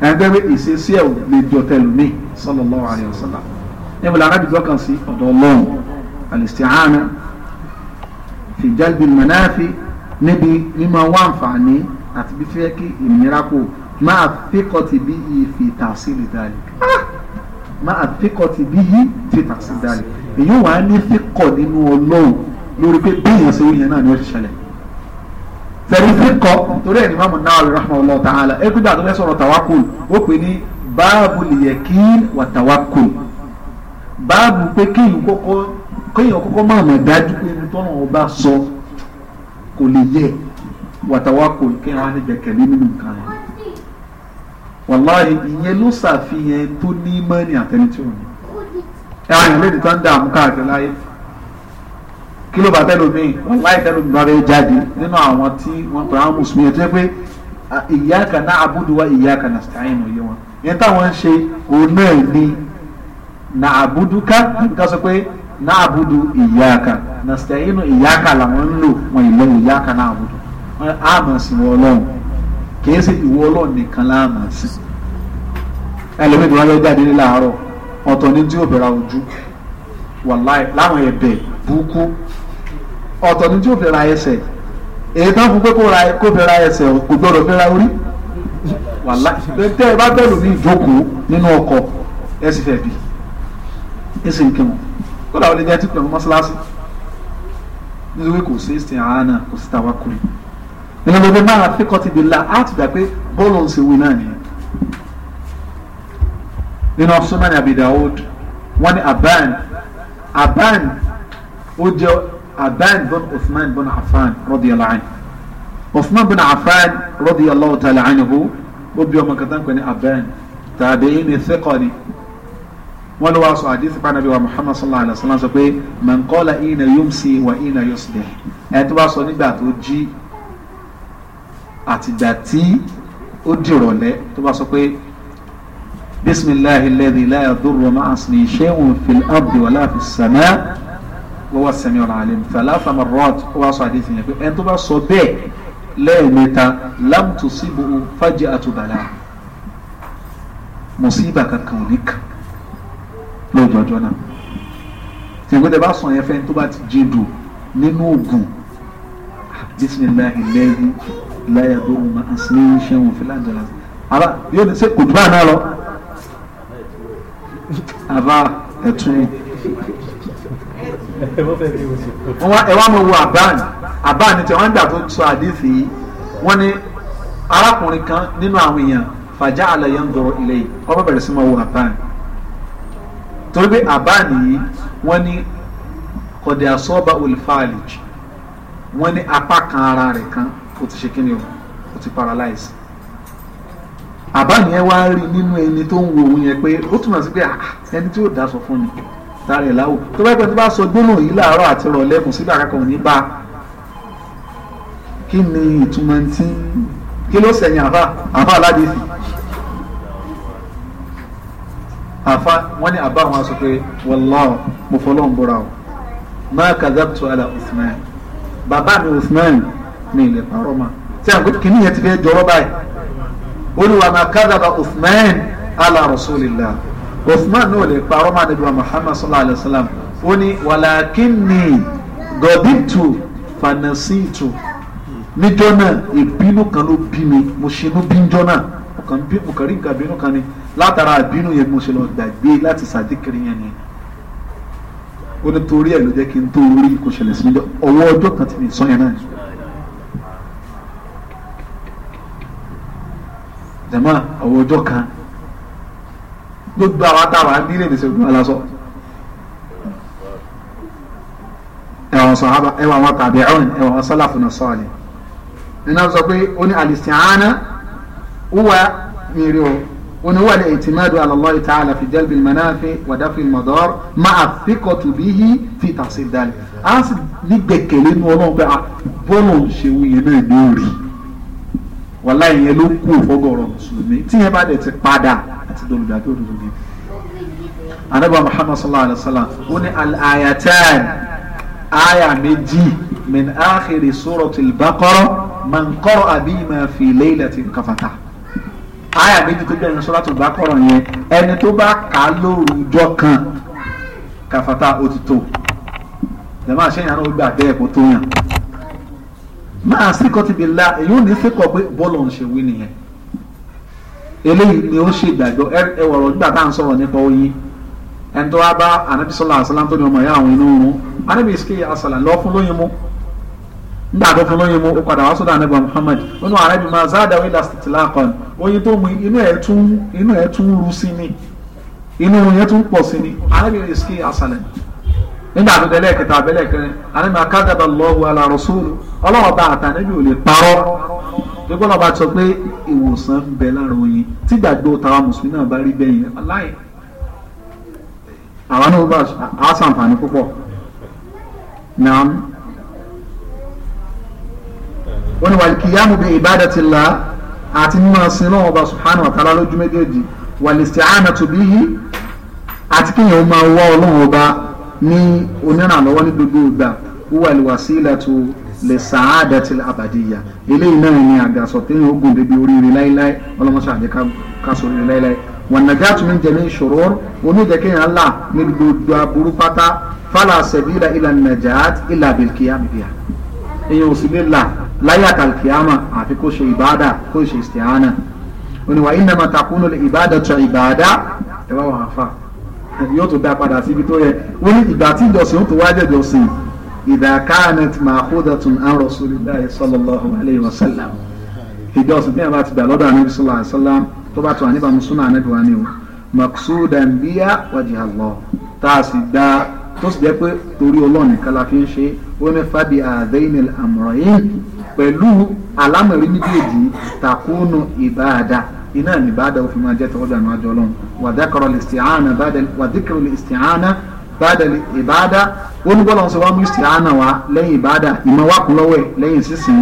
ẹ gbẹ́rẹ́ ìṣesí ẹ̀ lè jọ tẹlumi sallallahu alayhi wa sallam ẹ bọ̀dọ̀ ànábì dọ́kàn sí ọ̀dọ̀ ọlọ́run al-isti'ana fi níbi mímọ wá àǹfààní àti bí fẹ́ kí ìnira kò máa fíkọ̀ tì bí ìfìtà sí ìdálẹ́. Ah! máa fíkọ ti bí yí ti tà sí dalẹ̀ èyí wà á ní fíkọ nínú ọlọ́run lórí pé bẹ́ẹ̀ ṣe yẹn náà ni ó ti ṣẹlẹ̀ tẹ̀lé fíkọ torí ẹ̀ ní Imam Nawawi rahimahullah ta'ala ẹgbẹ́dà tó fẹ́ sọ̀rọ̀ tawakul ó pè ní báàbù lìyẹ̀kín wà tawakul báàbù pé kéèyàn kọ́kọ́ kéèyàn kọ́kọ́ máa mọ̀ dájú pé ní tọ́nà ọba sọ kò lè yẹ wà tawakul kéèyàn wá wàláhì ìyẹn ló ṣàfihàn tó ní mọ́ni àtẹnitì òní ẹ̀rọ ìlédìí tó ń dààmú káàkiri láyé kí ló bá tẹlómi wàláhì tẹlómi bá rẹ jáde nínú àwọn tí wọ́n pè àwọn mùsùlùmí ẹ̀ tó yẹ pé iyyaka na'budu wa iyyaka nasta'in òye wọn yẹn táwọn ń ṣe òun náà ní na'buduka ká sọ pé na'budu iyyaka nasta'in iyyaka làwọn ń lò wọn ìlọ iyyaka na'budu wọn á mọ̀ sí wọn ọlọ́run kìí ṣe ìwọ ọlọ́run nìkan láàmà sí ẹlẹ́mìí ìdúrà yóò jáde ní ọ̀tọ̀ ní tí yóò bẹ̀rẹ̀ ojú láwọn ẹ̀bẹ̀ búkú ọ̀tọ̀ ní tí yóò ẹsẹ̀ èyí tán fún pé ra ẹsẹ̀ kò gbọ́dọ̀ tẹ́ ẹ bá bẹ̀rù ní ìjókòó nínú ọkọ̀ ẹ sì fẹ́ ẹ sì ń kí wọn ìyẹn ló dé máa fi kọ́ ti di la á ti dà pé bọ́ọ̀lù ń ṣe wí náà nìyẹn nínú Sunan Abi Dawud wọ́n ní aban aban ó jẹ́ aban bin Uthman bin Affan radiyallahu anhu Uthman bin Affan radiyallahu ta'ala anhu ó bí ọmọ kàtà ń pè ní aban tàbí ní thiqa ni wọ́n lọ wá sọ àdìsí pa nàbí wa muhammad sallallahu alayhi wa sallam sọ pé man qala ina yumsi wa ina yusbih ẹ̀ tó bá sọ nígbà tó jí àtìgbà tí ó dìrọ̀lẹ́ tó bá sọ pé bisimilahi lẹ́dí láyà dúró máa sin iṣẹ́ òun fìlà abdi wàlá fi sàmà wọ́n wá sẹ́mi ọ̀nà àlẹ́ fẹ̀lá fama rọ́ọ̀t ó wá sọ àdéhùn yẹn pé ẹni tó bá sọ bẹ́ẹ̀ lẹ́ẹ̀mẹ́ta lámtù síbu fájì àtúbàlà mùsíbà kankan ò ní kàn lójoojọ́ náà tìgbọ́dẹ̀ bá sàn yẹn fẹ́ni tó bá ti jí dù nínú ògùn bisimilahi lẹ́dí lẹ́yìn tó mọ àṣírí iṣẹ́ wọn fi yóò ní ṣe kò náà lọ àbá ẹ̀tún ni. ẹ wá mọ̀ wo àbáàní àbáàní tí wọ́n ń gbà tó sọ àdìsí yìí wọ́n ní arákùnrin kan nínú àwọn èèyàn fàjà àlàyé ń dọ̀rọ̀ ilé yìí ọba bẹ̀rẹ̀ sí máa wo àbáàní torí pé àbáàní yìí wọ́n ní kọ̀dẹ̀ àsọ́ba olùfààlì wọ́n apá kan ara rẹ̀ kan ó ti ṣe kíni o ó ti paralyze àbá yẹn wá rí nínú ẹni tó ń wo òun yẹn pé ó túmọ̀ sí pé ah, ẹni tí yóò dá sọ fún ni tààrẹ̀ láwò tó bá pẹ́ tó bá sọ gbóná yìí láàárọ̀ àti rọ̀lẹ́kùn sígbà kankan ò ní bá kí ni ìtumọ̀ tí kí ló sẹ̀yìn àfa àfa aládìsí àfa wọ́n ní àbá wọn sọ pé wàláhù mo fọlọ́ ń bọ́ra o má kàdáàbùtù àlà Usman bàbá mi Usman ní ilẹ̀ parọ́ ma ṣé àgbẹ̀ kìíní yẹn ti fẹ́ jọrọ báyìí olùwà máa kádàbà Uthman ala rasulillah Uthman náà lè parọ́ ma nàbí wa Muhammad sallallahu alayhi wa sallam ó ní wàlàkínní gọ̀dìtù fanasitu níjọ́ náà ìbínú kan ló bí mi mo ṣe inú bíjọ́ náà mo kàn nǹkan ìbínú kan ni látara ìbínú yẹn mo ṣe lọ gbàgbé láti sàdékiri yẹn ni ó ní torí ẹ̀ ló jẹ́ kí n tó orí kò ṣẹlẹ̀ sí ọwọ́ ọjọ́ kan ti mi sọ yẹn náà. jama àwọn ọjọ́ kan gbogbo àwọn àtàwọn àbílẹ̀ ìdẹ̀sẹ̀gbọ́n aláṣọ ẹ̀wọ̀n sọ̀hábà ẹ̀wọ̀n àwọn tàbí'un ẹ̀wọ̀n sálàfù náà sọ̀ọ̀lì nínú sọ pé ó ní al-isti'ana huwa mìíràn o ó ní huwa al-i'timadu ala Allah ta'ala fi jalbi al-manafi wa daf'i al-madar ma'a thiqati bihi fi tahsil dhalik a sì ní gbẹ̀kẹ̀lé ní ọlọ́run ah, bọ́ọ̀lù ṣe wúyẹn náà ní òòrì wàhálà ìyẹn ló kú òfọgọrọ mùsùlùmí tí yẹn bá dẹ̀ ti padà àti dolùdàgbé òdodo yẹn. anábà muhammad sallallahu alayhi wa sallam ó ní al-ayatan aya méjì min akhiri suratul baqara man qara'a bima fi laylatin kafatah aya méjì tó bẹ̀rẹ̀ suratul baqara yẹn ẹni tó bá kà á lóru ọjọ́ kan kàfàtà òtítọ́ jẹ̀mọ́ àṣẹyìn àná ó gbà bẹ́ẹ̀ kó tó yàn. máa síkọ́ ti bìlá èyí ò ní síkọ̀ pé bọ́ọ̀lù ń ṣe wí nìyẹn eléyìí ni ó ṣe ìgbàgbọ́ ẹ wọ̀rọ̀ nígbà tá ń sọ̀rọ̀ nípa oyin ẹni tó bá anabi sọlá àṣàlá tó ní ọmọ ìyá àwọn inú oorun anabi ìsìkè àṣàlá lọ fún lóyin mú nígbà tó fún lóyin ó padà wá anabi muhammad nínú máa oyin tó mu inú ẹ̀ tún nígbà tó dé lẹ́ẹ̀kẹta abẹ́lẹ̀ kẹrin àní ma kadaba Allahu ala rasulu ọlọ́wọ́ bá àtànẹ́bí ò lè parọ́ nígbà náà bá sọ pé ìwòsàn ń bẹ lára oyin tí gbàgbọ́ tàwa mùsùlùmí náà bá rí bẹ́yìn aláì àwọn náà bá a púpọ̀ náà wọ́n ní wàlìkìyàmù bíi ibadati Allah àti mímọ́ sin náà ọba subhanahu wa ta'ala lójú méjèèjì wàlìsì àánà tòbí yìí àti kínyìn máa wá ọlọ́run ọba ní onírànlọ́wọ́ ní gbogbo ìgbà wúwà lè wàsílà tó lè sàádà tí àbàdìyà eléyìí náà ni àgàsọ téèyàn ogun débi oríire láéláé ọlọmọṣà àjẹ káṣọ oríire láéláé wọn nàjà tún ń jẹmí ìṣòro oníjẹkẹyàn ńlá ní gbogbo aburú pátá fálà sẹbílà ìlà nàjà ìlà àbẹkìyàmìbíà èèyàn ò sì lè là láyé àtàlùkìyàmà àfi kó ṣe ìbáàdà kó ṣe ìsìtìhánà òníwà ìnàmà ìbáàdà tó ìbáàdà ẹ bá wà á fà yóò tún dá padà síbi tó yẹ wọ́n ní ìgbà tí ìjọsìn ó tún wájẹ́ ìjọsìn idha kanat ma'khudatun an rasulillahi sallallahu alayhi wa sallam ìjọsìn tí a bá ti gbà lọ́dọ̀ àníbi sallallahu alayhi wa sallam tó bá tún àníbà musulman àníbi wa ni o maksudan biya wajha Allah tá a sì dá tó sì jẹ́ pé torí Ọlọ́run nìkan fi ń ṣe ó ní fàbí àdéhìn àmọ̀ràn pẹ̀lú alámọ̀rí méjèèjì takunu ìbáadà iná ní bàdà òfin máa jẹ́ tọ́jú àná àjọ ọlọ́run wàdíkọ̀rọ̀ lè ṣìhánà wàdíkọ̀rọ̀ lè ṣìhánà bàdà ìbàdà oníbọ̀lọ̀ ń sọ wá mú ṣìhánà wá lẹ́yìn ìbàdà ìmọ̀ wá kún lọ́wọ́ ẹ̀ lẹ́yìn sísìn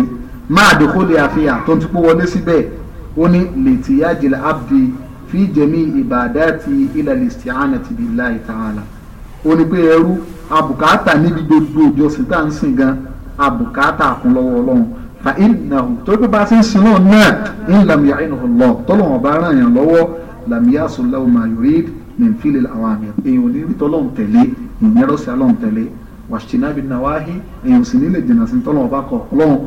máa dòkó lè àfihàn tó ń tún wọlé síbẹ̀ ó ní lè tìyà jìlá abdi fi jẹ̀mí ìbàdà ti ilẹ̀ lè ṣìhánà ti billahi ta'ala ó ní pé ẹrú àbùkátà níbi gbogbo ìjọsìn tá à ń sìn gan àbùkátà kún lọ́wọ́ ọlọ́run fa ìnáwó torí pé bá a ti ń sin náà náà ń làmìyà ìnáwó lọ tọ́lọ́wọ́n bá ràn yàn lọ́wọ́ làmìyà sọ̀lọ́wọ́ máa yòrí ní fílẹ̀ àwọn àmì èèyàn ò ní rí tọ́lọ́wọ́n tẹ̀lé ìyẹ́rọ́sẹ̀ ọlọ́wọ́n tẹ̀lé wàṣìnàbí nàwáhí èèyàn sì nílẹ̀ jìnnà sí tọ́lọ́wọ́n bá kọ̀ ọlọ́wọ́n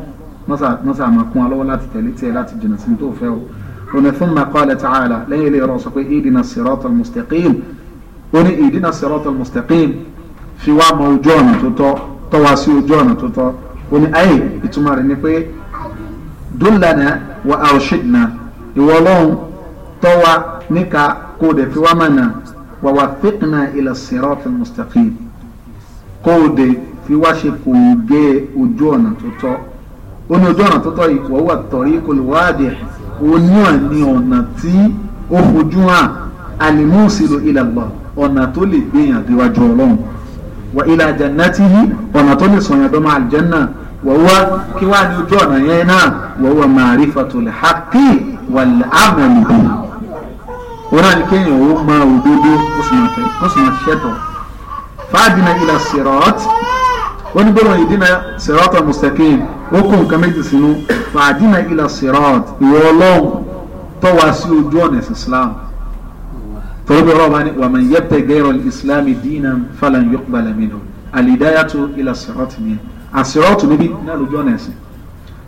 mọ́sà máa kún alọ́wọ́ láti tẹ̀lé tiẹ̀ láti jìnnà sí tó fẹ́ o ọ̀nà fún ma qala ta'ala lẹ́yìn ilé ọ̀rọ̀ sọ pé ìdínà siratal mustaqim ó ní ìdínà siratal mustaqim fi wá mọ ojú ọ̀nà tó tọ́ tọ́wá sí ojú ọ̀nà tó tọ́ oní ayé ìtumọ̀ rẹ̀ ni pé dúlànà wà àrùṣìdìnà ìwọ ọlọ́run tọ́wa níka kó o dẹ̀ fi wá mọ̀nà wà wà fẹ́kànnà ila siratil mustaqim kó o dẹ̀ fi wá ṣe kò gé ojú ọ̀nà tó tọ́ ó ní ojú ọ̀nà tó tọ́ yìí wọ́n tọ̀rí kò lè wáàdì oníwà ní ọ̀nà tí ó fojú hàn alimusilu ila Allah ọ̀nà tó lè gbéyàn déwájú ọlọ́run wà ila jannatihi ọ̀nà tó lè sọ̀yàn dọ́mọ àlìjẹ́nà wọ́wọ́ kí wá ní ojú ọ̀nà yẹn náà wọ́wọ́ ma'rifatul haqqi wal amal bihi wọ́n náà ní kéèyàn ó mọ òdodo ó sì máa ṣẹ́tọ̀ fáàdínà ila sirat wọ́n ní gbọ́dọ̀ ìdínà sirat al-mustaqim ó kó nǹkan méjì sínú fáàdínà ila sirat ìwọ ọlọ́run tọ́wá sí ojú ọ̀nà ìsìlámù tọ́lọ́bí ọlọ́run bá ní wa man yabtaghi ghayra al-islami dinan falan yuqbala minhu al-hidayatu àsìrọ́ọ̀tù níbí náà lójú ọ̀nà ẹ̀sìn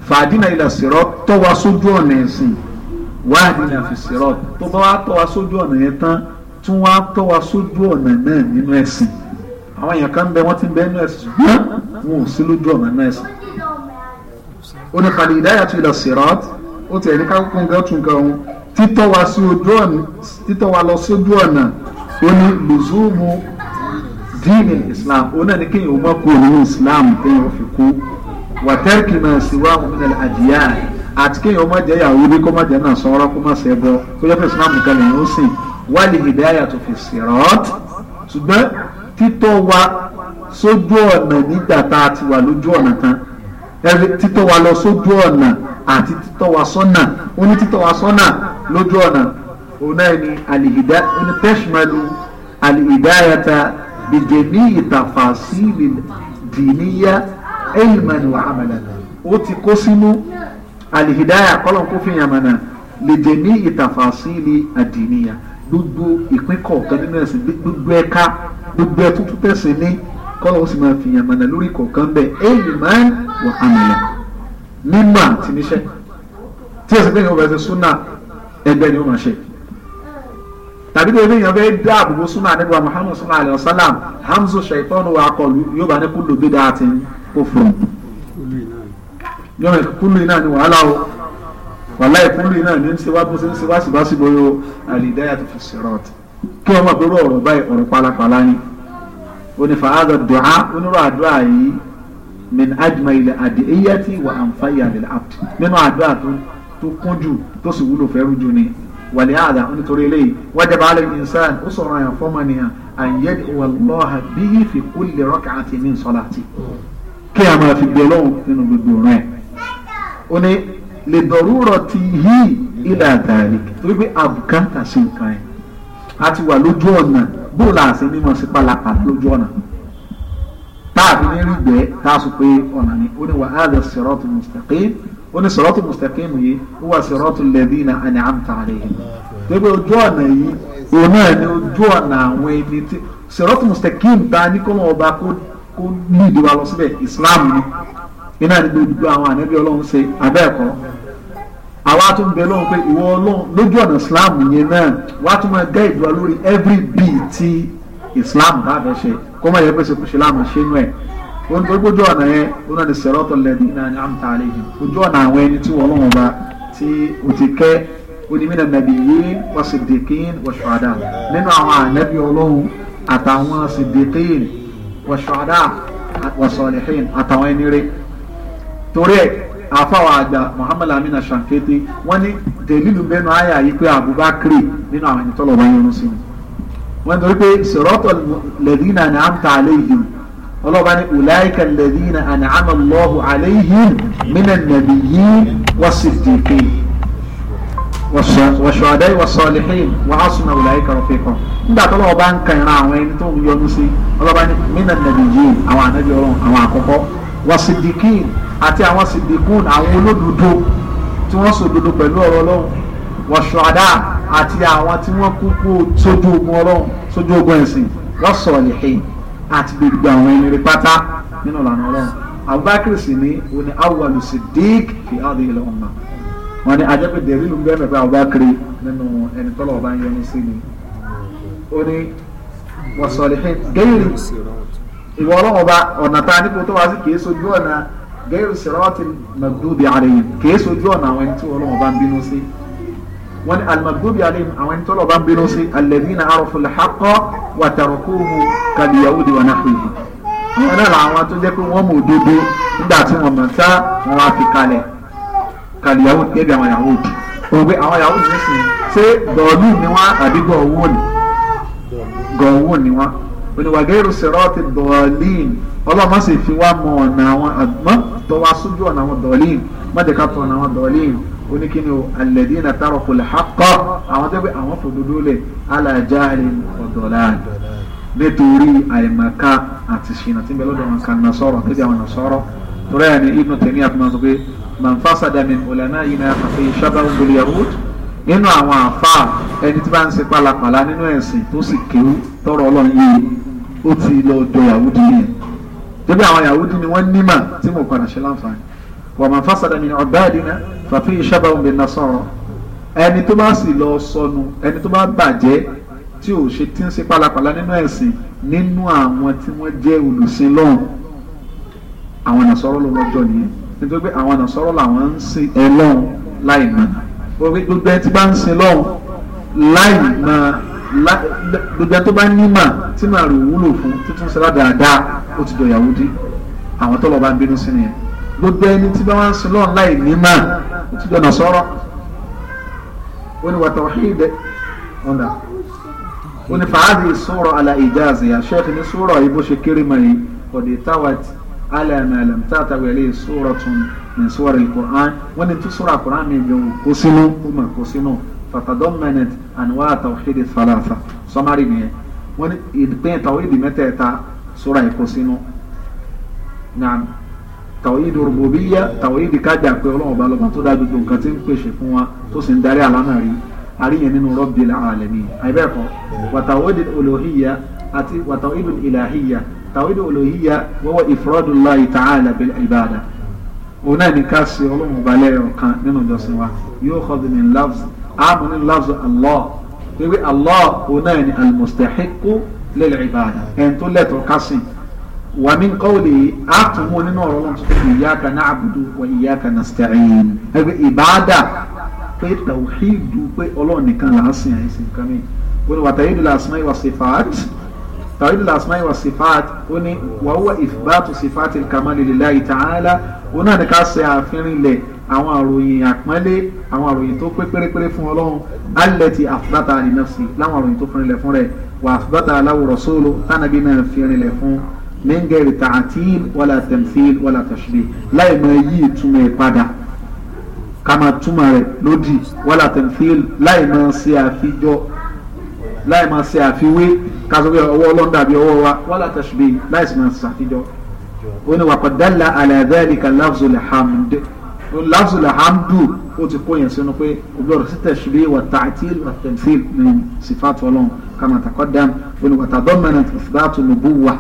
fàdínà ilà sìrọ́ tọ́ wa sójú ọ̀nà ẹ̀sìn wáàdínà fi sìrọ́ tó bá wa tọ́ wa sójú ọ̀nà yẹn tán tún wa tọ́ wa sójú ọ̀nà náà nínú ẹ̀sìn àwọn èèyàn kan bẹ wọ́n ti bẹ nínú ẹ̀sìn ṣùgbọ́n wọn ò sí lójú ọ̀nà náà ẹ̀sìn. ó ní kàlí ìdáyàtú ilà sìrọ́ ó tiẹ̀ ní kákó kóńgá tún ká dínì islam òun náà ni kéèyàn ó má kó nínú islam kéèyàn ó fi kú wàtẹ́rìkì náà sì wá òun nílẹ̀ àdìyá àti kéèyàn ó má jẹ́ yàwó bí kó má jẹ́ náà sọ́ra kó má sẹ́ bọ́ kó jẹ́ pé islam nìkan lè ń sìn wà lè hìdá yàtọ̀ fi sírọ́t ṣùgbọ́n títọ́ wa sójú ọ̀nà nígbà tá a ti wà lójú ọ̀nà kan títọ́ wa lọ sójú ọ̀nà àti títọ́ wa sọ́nà ó ní wa sọ́nà lójú ọ̀nà òun náà ni alìhìdá onítẹ̀sùmẹ́lú alìhìdáyàtà بجميع تفاصيل الدينية علما وعملا أوتي قسم الهداية قلن كفي يمنا لجميع تفاصيل الدينية gbogbo ìpín kọ̀ọ̀kan nínú ẹ̀sìn gbogbo ẹ̀ka gbogbo ẹ̀tútù tẹ̀sìn ní kọ́lọ̀ ó sì máa fi yàn mọ̀nà lórí kọ̀ọ̀kan bẹ́ẹ̀ èyí máa ń wà àmàlà mímọ̀ àti níṣẹ́ tí ẹ̀sìn lẹ́yìn ọ̀bẹ̀sẹ̀ súnà ẹgbẹ́ ni ó máa ṣe tàbí tẹ́lẹ̀ èèyàn fẹ́ dá àbùkù súnà nígbà muhammad súnà alayhi wa sallam hamzu shaitan wa akọlu yóò bá ní kúlù bí dáa ti kó fún un. yọ̀ọ́ kúlù iná ni wàhálà o wàláì kúlù iná ni ń ṣe wá bó ń ṣe wá síbáṣíbó yóò àlìdáyà tó fi ṣèrọ̀t kí wọ́n mọ̀ pé ọ̀rọ̀ báyìí ọ̀rọ̀ pálapàla ni onífà àádọ́ dùá onírò àdúrà yìí min ajma ilẹ̀ àdé eyíyá wà àǹfààní àdé ولهذا أن تري لي وجب على الإنسان أسرة يفهمني أن يدعو الله به في كل ركعة من صلاته كما في الدلو من الدنيا أني لضرورته إلى ذلك تبي أبكى تسيكاين àti wà lójú ọ̀nà bóòlù àti mímọ̀ sí pálapàla lójú ọ̀nà táàbí ní rí gbẹ́ tá ó ní sọ̀rọ̀tù yi yìí ó wà anyị lẹ́dínà ànàmta àlẹ́yìn débi na ọ̀nà yìí òun náà ni ojú ọ̀nà àwọn ẹni tí sọ̀rọ̀tù ọba kó kó ní ìdíwà lọ ni iná ní gbogbo àwọn ànábì ọlọ́run ṣe abẹ́ ẹ̀kọ́ àwa tún ti wọn tó gbójú ọ̀nà yẹn wọn náà ní sẹ̀rọ̀tọ̀ lẹ́dí náà ní àmì tààlẹ́ yìí ojú ọ̀nà àwọn ẹni tí wọ́n lọ́wọ́ bá tí o ti kẹ́ onímìnà nàbìyín wa sìdìkín wa ṣùhàdà nínú àwọn ànábì ọlọ́run àtàwọn sìdìkín wa ṣùhàdà wa sọ̀lìhín àtàwọn ẹni rẹ̀ torí ẹ̀ àfàwọn àgbà Muhammad Amina Shankete wọ́n ní dèlílù mẹ́nu àyà yìí pé Abubakar nínú àwọn ẹni tọ́lọ̀ wáyé ọ̀run sí wọ́n torí pé sọ̀rọ̀tọ̀ lẹ́dínà ní àmì tààlẹ́ yìí ọlọ́ba ní ulaika alladhina an'ama Allahu alayhim minan nabiyyin was-siddiqin was-shuhada'i was-salihin wa hasuna ulaika rafiqa nígbà tó lọ́wọ́ bá ń kàn ra àwọn ẹni tó ń yọnu sí ọlọ́ba ní minan nabiyyin àwọn ànábì ọlọ́run àwọn àkọ́kọ́ was-siddiqin àti àwọn siddiqun àwọn olódodo tí wọ́n ṣòdodo pẹ̀lú ọ̀rọ̀ ọlọ́run wọ̀ṣọ̀dá àti àwọn tí wọ́n kú kú sójú ogun ọlọ́run sójú ogun ẹ̀sìn wọ́n sọ̀rọ̀ nìhìn àti gbogbo àwọn ẹni rí pátá nínú ìlànà ọlọ́run abubakar sì ní òun ni awwalu siddiq fi adi ilẹ̀ ọ̀nà wọn ni ajẹ́pẹ́ dẹ̀rílù ń bẹ́ẹ̀ pé abubakar nínú ẹni tọ́lọ̀ ọba ń yẹnu sí ni ó ní wọ́sọ̀lẹ́hìn gẹ́yìrì ìwọ ọlọ́run ọba ọ̀nà tá a nípo tó wá sí kìí sojú ọ̀nà gẹ́yìrì sirati magdubi alayhim kìí sojú ọ̀nà àwọn ẹni tí ọlọ́run ọba ń bínú sí wọn ni alimadubi alim àwọn ẹni tọ́lọ̀ bá ń bínú sí alladhina arafu al-haqqa wa tarakuhu kal-yahudi wa nahwihi wọn náà làwọn tó jẹ́ pé wọ́n mọ̀ òdodo nígbà tí wọ́n mọ̀ sá wọn wá fi kalẹ̀ kal-yahudi gẹ́gẹ́ àwọn yahudi òun pé àwọn yahudi ní sìn ṣé dọ̀ọ̀lù ni wọ́n àbí gọ̀ọ̀wọ́ ni gọ̀ọ̀wọ́ ni wọ́n oníwàgẹ́rù sirati dọ̀ọ̀lìn oníkíni o alẹ́dínà tààrọ̀ kò lè hakọ́ àwọn tó bí àwọn fòdodo lẹ̀ alájáre ọ̀dọ̀lá nítorí àìmọ̀ká àti ṣìnà tí ń bẹ lọ́dọ̀ wọn kan náà sọ̀rọ̀ tó bí àwọn náà sọ̀rọ̀ torí ẹni ibnu tẹ̀mí àtúmọ̀ sọ pé manfasa dami ọ̀lànà yìí náà àfi sábà ń gbòlì yahud nínú àwọn àfa ẹni tí bá ṣe pálapàla nínú ẹ̀sìn tó sì kéwú tọrọ ọlọ́run ó ti lọ jọ yahudi yẹn débi àwọn yahudi ni wọ́n nímà tí mo padà ṣe láǹfààní ومن فصل من عبادنا ففيه شبه بالنصارى ẹni tó bá sì lọ sọnù ẹni tó bá bàjẹ́ tí ò ṣe tí ń ṣe pálapàla nínú ẹ̀sìn nínú àwọn tí wọ́n jẹ́ olùsìn lọ́hùn àwọn nàṣọ́rọ́ ló lọ́jọ́ nìyẹn nítorí pé àwọn nàṣọ́rọ́ làwọn ń sin ẹ lọ́hùn láì mọ̀ gbogbo ẹ tí bá ń sin lọ́hùn láì mọ̀ gbogbo ẹ tó bá ní mà tí màá rò wúlò fún títún ṣe ládàáda ó ti dọ̀yàwó dí àwọn tó lọ bá ń bínú sí nìyẹn gbogbo ẹni tí bá wá ń sin lọ́run láì ní mà ó ti dọ̀nà sọ́rọ́ ó ní wàtà wàhíìdẹ ọ̀nà ó ní fàájì sọ̀rọ̀ àlà ìjà àzìyà ṣẹ́ẹ̀kì ní sọ̀rọ̀ yìí bó ṣe kéré mọ́ yìí ọ̀dẹ̀ táwàtì alẹ́ àmì àlẹ́ tààtàwé ẹlẹ́yìí sọ̀rọ̀ tún ní sọ̀rọ̀ ìkọ̀án wọ́n ní tún sọ̀rọ̀ àkùrán mi gbẹ̀wò kó sínú ó mà kó sínú fatadọ́mẹ́nẹ̀t àníwá àtàwọ̀hídẹ̀ fàlàfà sọ́márì nìyẹn wọ́n ní ìpín ìtàwé ìdí mẹ́tẹ̀ẹ̀ta sọ̀rọ̀ ìkó tàwíìdì rúbùbíyà tàwíìdì kájà pé ọlọ́run ọba lọ́ba tó dá gbogbo nǹkan tí ń pèsè fún wa tó sì ń darí àlánà rí àríyàn nínú rabbil alamin àìbẹ́ẹ̀kọ́ wàtàwíìdì olóhìyà àti wàtàwíìdì ìlàhìyà tàwíìdì olóhìyà wọ́wọ́ ifradullahi ta'ala bil ibada òun náà ní ká ṣe ọlọ́run ọba lẹ́yọ̀ kan nínú ìjọsìn wa yukhadhu min lafz àmọ́ ní allah pé allah òun náà ní almustahiqu lil ibada ẹni tó lẹ́tọ̀ọ́ kásìn wàmí kọ́wọ́lì àtúmọ̀ nínú ọ̀rọ̀ wọn sọ pé iyyaka na'budu wa iyyaka nasta'in ẹgbẹ́ ìbáàdà pé tàwíìdù pé ọlọ́run nìkan là ń sìn àìsàn kan mi wọ́n wà tàwíìdù al-asma'i wa sifat tàwíìdù al-asma'i wa sifat ó ní wa huwa ithbatu sifati al-kamali lillahi ta'ala ó náà ní ká ṣe àfihàn ilẹ̀ àwọn àròyìn àpọ́nlé àwọn àròyìn tó pé pérépéré fún ọlọ́run allati athbata li láwọn àròyìn tó fi rinlẹ̀ fún rẹ̀ wa athbata lahu rasuluhu tánàbí náà fi rinlẹ̀ fún من غير تعتيل ولا تمثيل ولا تشبيه لا ما يتم يقدا كما تمر لودي ولا تمثيل لا ما سيافيجو لا ما سيافيوي كازو هو لون دابي هو ولا تشبيه لا ما سيافيجو وني وقد دل على ذلك لفظ الحمد لفظ الحمد ó ti kó yẹn sínú pé òbúrò sí tẹ̀síbí wà tààtìl wà tẹ̀síl ní sifáàtì ọlọ́run kama taqaddam wọn wà tàdọ́mẹ́nà ìfúdàtù nubuwah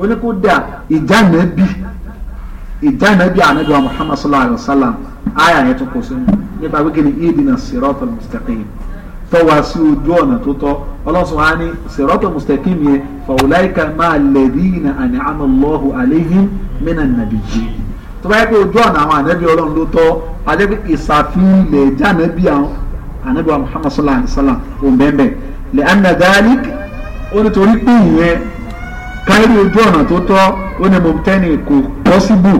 oníkódà ìjànàbí ìjànàbí ànábì wa muhammad sallallahu alayhi wa sallam àyà yẹn tó kó sínú nípa wíkẹ́ ni ìdìnnà sirọ́tò mustaqim tọ́wà sí ojú ọ̀nà tó tọ́ ọlọ́sùn wa ní sirọ́tò mustaqim yẹn fàwùláìka máa lẹ́dínà àní àmàlọ́hù àléhìn mínà nàbìjì tó bá yẹ pé ojú ọ̀nà àwọn ànábì ọlọ́run ló tọ́ adébí ìsàfihàn ilẹ̀ ìjànàbí àwọn ànábì wa muhammad sallallahu alayhi wa sallam òun káyìrì ojú ọ̀nà tó tọ́ ó ní mo tẹ́ni kò pọ́síbù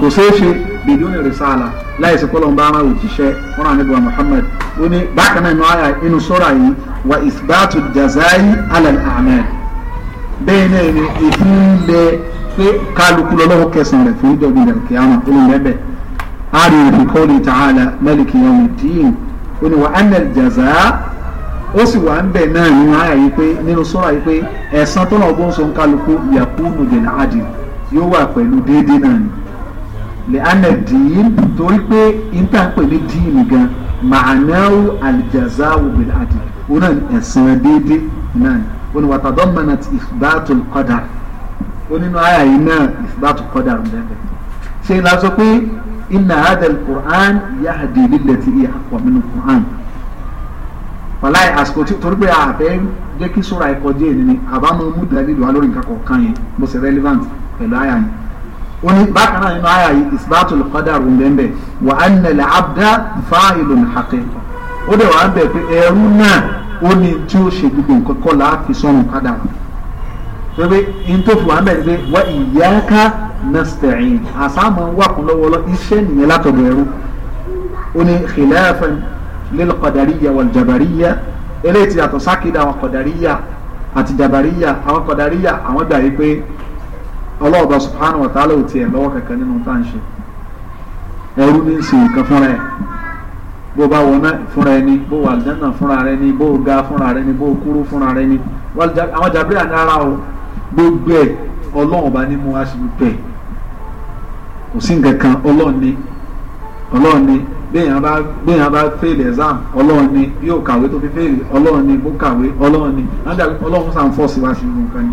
kò ṣeé ṣe bèdú ní rìsáàlà láìsí pọ́lọ́mbà ara òjíṣẹ́ wọn rà níbi wa Muhammad ó ní bákan náà inú àyà inú sọ́ra yìí wa isbatu jazaayi alal amen bẹ́ẹ̀ náà ni ìfúnlẹ̀ pé kálukú lọ́wọ́ kẹsàn-án rẹ̀ fún ìjọba ìlẹ̀ kíámà ó ní lẹ́bẹ̀ àrùn ìfikọ́ni ta'ala maliki yawmi ddin ó ní wa anna al ó sì wà ń bẹ̀ náà nínú àyà yìí pé nínú sọ́ra yìí pé ẹ̀san tó náà bó ń sọ ń kálukú yakunu bin adi yóò wà pẹ̀lú déédéé náà ni lè anẹ dìín torí pé níta ń pè ní dìín gan ma'anahu aljazawu bin adi òun náà ẹ̀san déédéé náà ni ó ní watadammanat ithbatul qadar ó nínú àyà yìí náà ithbatul qadar ń bẹ̀rẹ̀ ṣe ìlàsọ pé inna hadha al-Qur'an yahdi wàláì àsìkò tí torí pé àfẹ́ jẹ́ kí sóra ẹ̀kọ́ díẹ̀ nínú àbámu mú dàbídì wá lórí nǹkan kọ̀ọ̀kan yẹn bó ṣe relevant pẹ̀lú àyà yẹn ó ní bákan náà nínú àyà yìí isbatu al-qadar bẹ́ẹ̀ wà á nílẹ̀ abdá fa'ilun haqiqa ó dẹ̀ wà á bẹ̀ pé ẹrú náà ó ní tí ó ṣe gbogbo nǹkan kọ́ là á fi sọ́run kádà pé n tó pé wà iyyaka nasta'in àsámọ̀ wà kún iṣẹ́ nìyẹn látọ̀dọ̀ ẹrú ó ní khilafan lil qadariyya wal jabariyya eléyìí ti yàtọ̀ sákìdá àwọn qadariyya àti jabariyya àwọn qadariyya àwọn gbà yí pé ọlọ́ọ̀bà subhanahu wa ta'ala ò tiẹ̀ lọ́wọ́ kankan nínú tá à ń ṣe ẹrú ní ṣe nǹkan fúnra ẹ̀ bó bá wọná fúnra ẹni bó wà aljanna fúnra rẹ ni bó ga fúnra rẹ ni bó kúrú fúnra rẹ ni àwọn jabriya ní ara o gbogbo ẹ ọlọ́run bá ní mú wá sí kò sí nǹkan kan ọlọ́run ni béèyàn bá béèyàn bá fail exam ọlọ́run ni bí ó kàwé tó fi fail ọlọ́run ni bó kàwé ọlọ́run ni nàdà ọlọ́run sàn fọ́ sí wa sí irun kan ni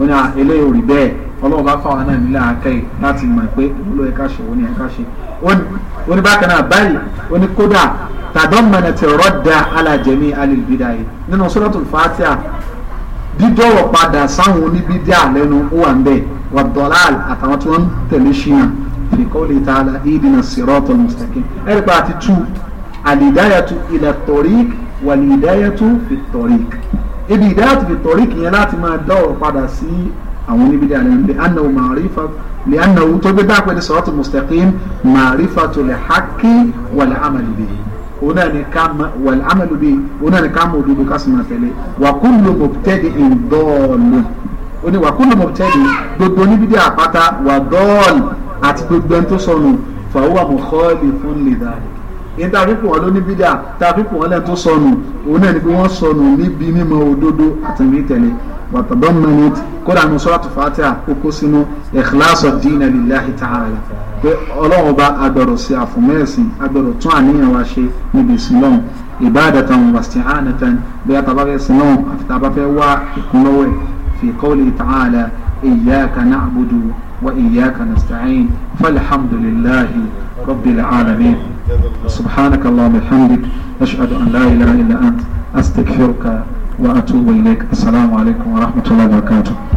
ó ní eléyìí ò rí bẹ́ẹ̀ ọlọ́run bá fáwọn náà nílẹ̀ akẹ́ láti mọ̀ pé òun ló yẹ ká ṣe òun yẹ ká ṣe ó ní bákan náà báyìí ó ní kódà tàdánmọ̀nà ti rọ́dà alájẹmí alìlbídà yìí nínú suratul fatiha dídọ̀rọ̀ padà sáwọn oníbídà lẹ́nu ó wà ń bẹ̀ wà dọ̀lá àtàwọn tí wọ́n ń tẹ̀lé ṣìyàn fi qawli ta'ala ìdìnà sirata al-mustaqim ẹ̀rípa àti tu al-hidayatu ila tariq wal-hidayatu fi tariq ibi hidayatu fi tariq yẹn láti máa dọ̀rọ̀ padà sí àwọn oníbìdí àlẹ́ ní annahu ma'rifa li annahu tó gbé dáàpẹ́ ní sirata al-mustaqim ma'rifatu al-haqqi wal-amali bihi ona ni kama wal amalu bi ona ni kama odudu kasuma tẹ̀lé wa kullu mubtadi'in dọ́ọ̀lù oni wa kullu mubtadi gbogbo níbi dí àpáta wa dọ́ọ̀lù àti gbogbo ẹni tó sọnù fàwọn àmọ̀kọ́ọ̀lì fún lèdà rẹ̀ ní tàbíkù wọn ló ní bídà tàbíkù wọn lẹ́nu tó sọnù òun náà ni pé wọ́n sọnù níbi mímọ̀ òdodo àtẹ̀mí tẹ̀lé wàtàbọ̀n mẹ́nit kódà ní sọ́ọ́tù fàtíà kókó sínú ẹ̀kíláàsọ̀ dínà lílàhí tààrà pé ọlọ́run ọba agbọ̀rọ̀ sí àfọ̀mẹ́sìn agbọ̀rọ̀ tún àníyàn wa ṣe níbi ìsìn lọ́hùn ibadatan wasti'anatan bóyá tá a bá fẹ́ sin náà àti bá fẹ́ wá ìkúnlọ́wẹ̀ fi qawli ta'ala iyyaka na'budu وإياك نستعين فالحمد لله رب العالمين سبحانك اللهم بحمدك أشهد أن لا إله إلا أنت أستغفرك وأتوب إليك السلام عليكم ورحمة الله وبركاته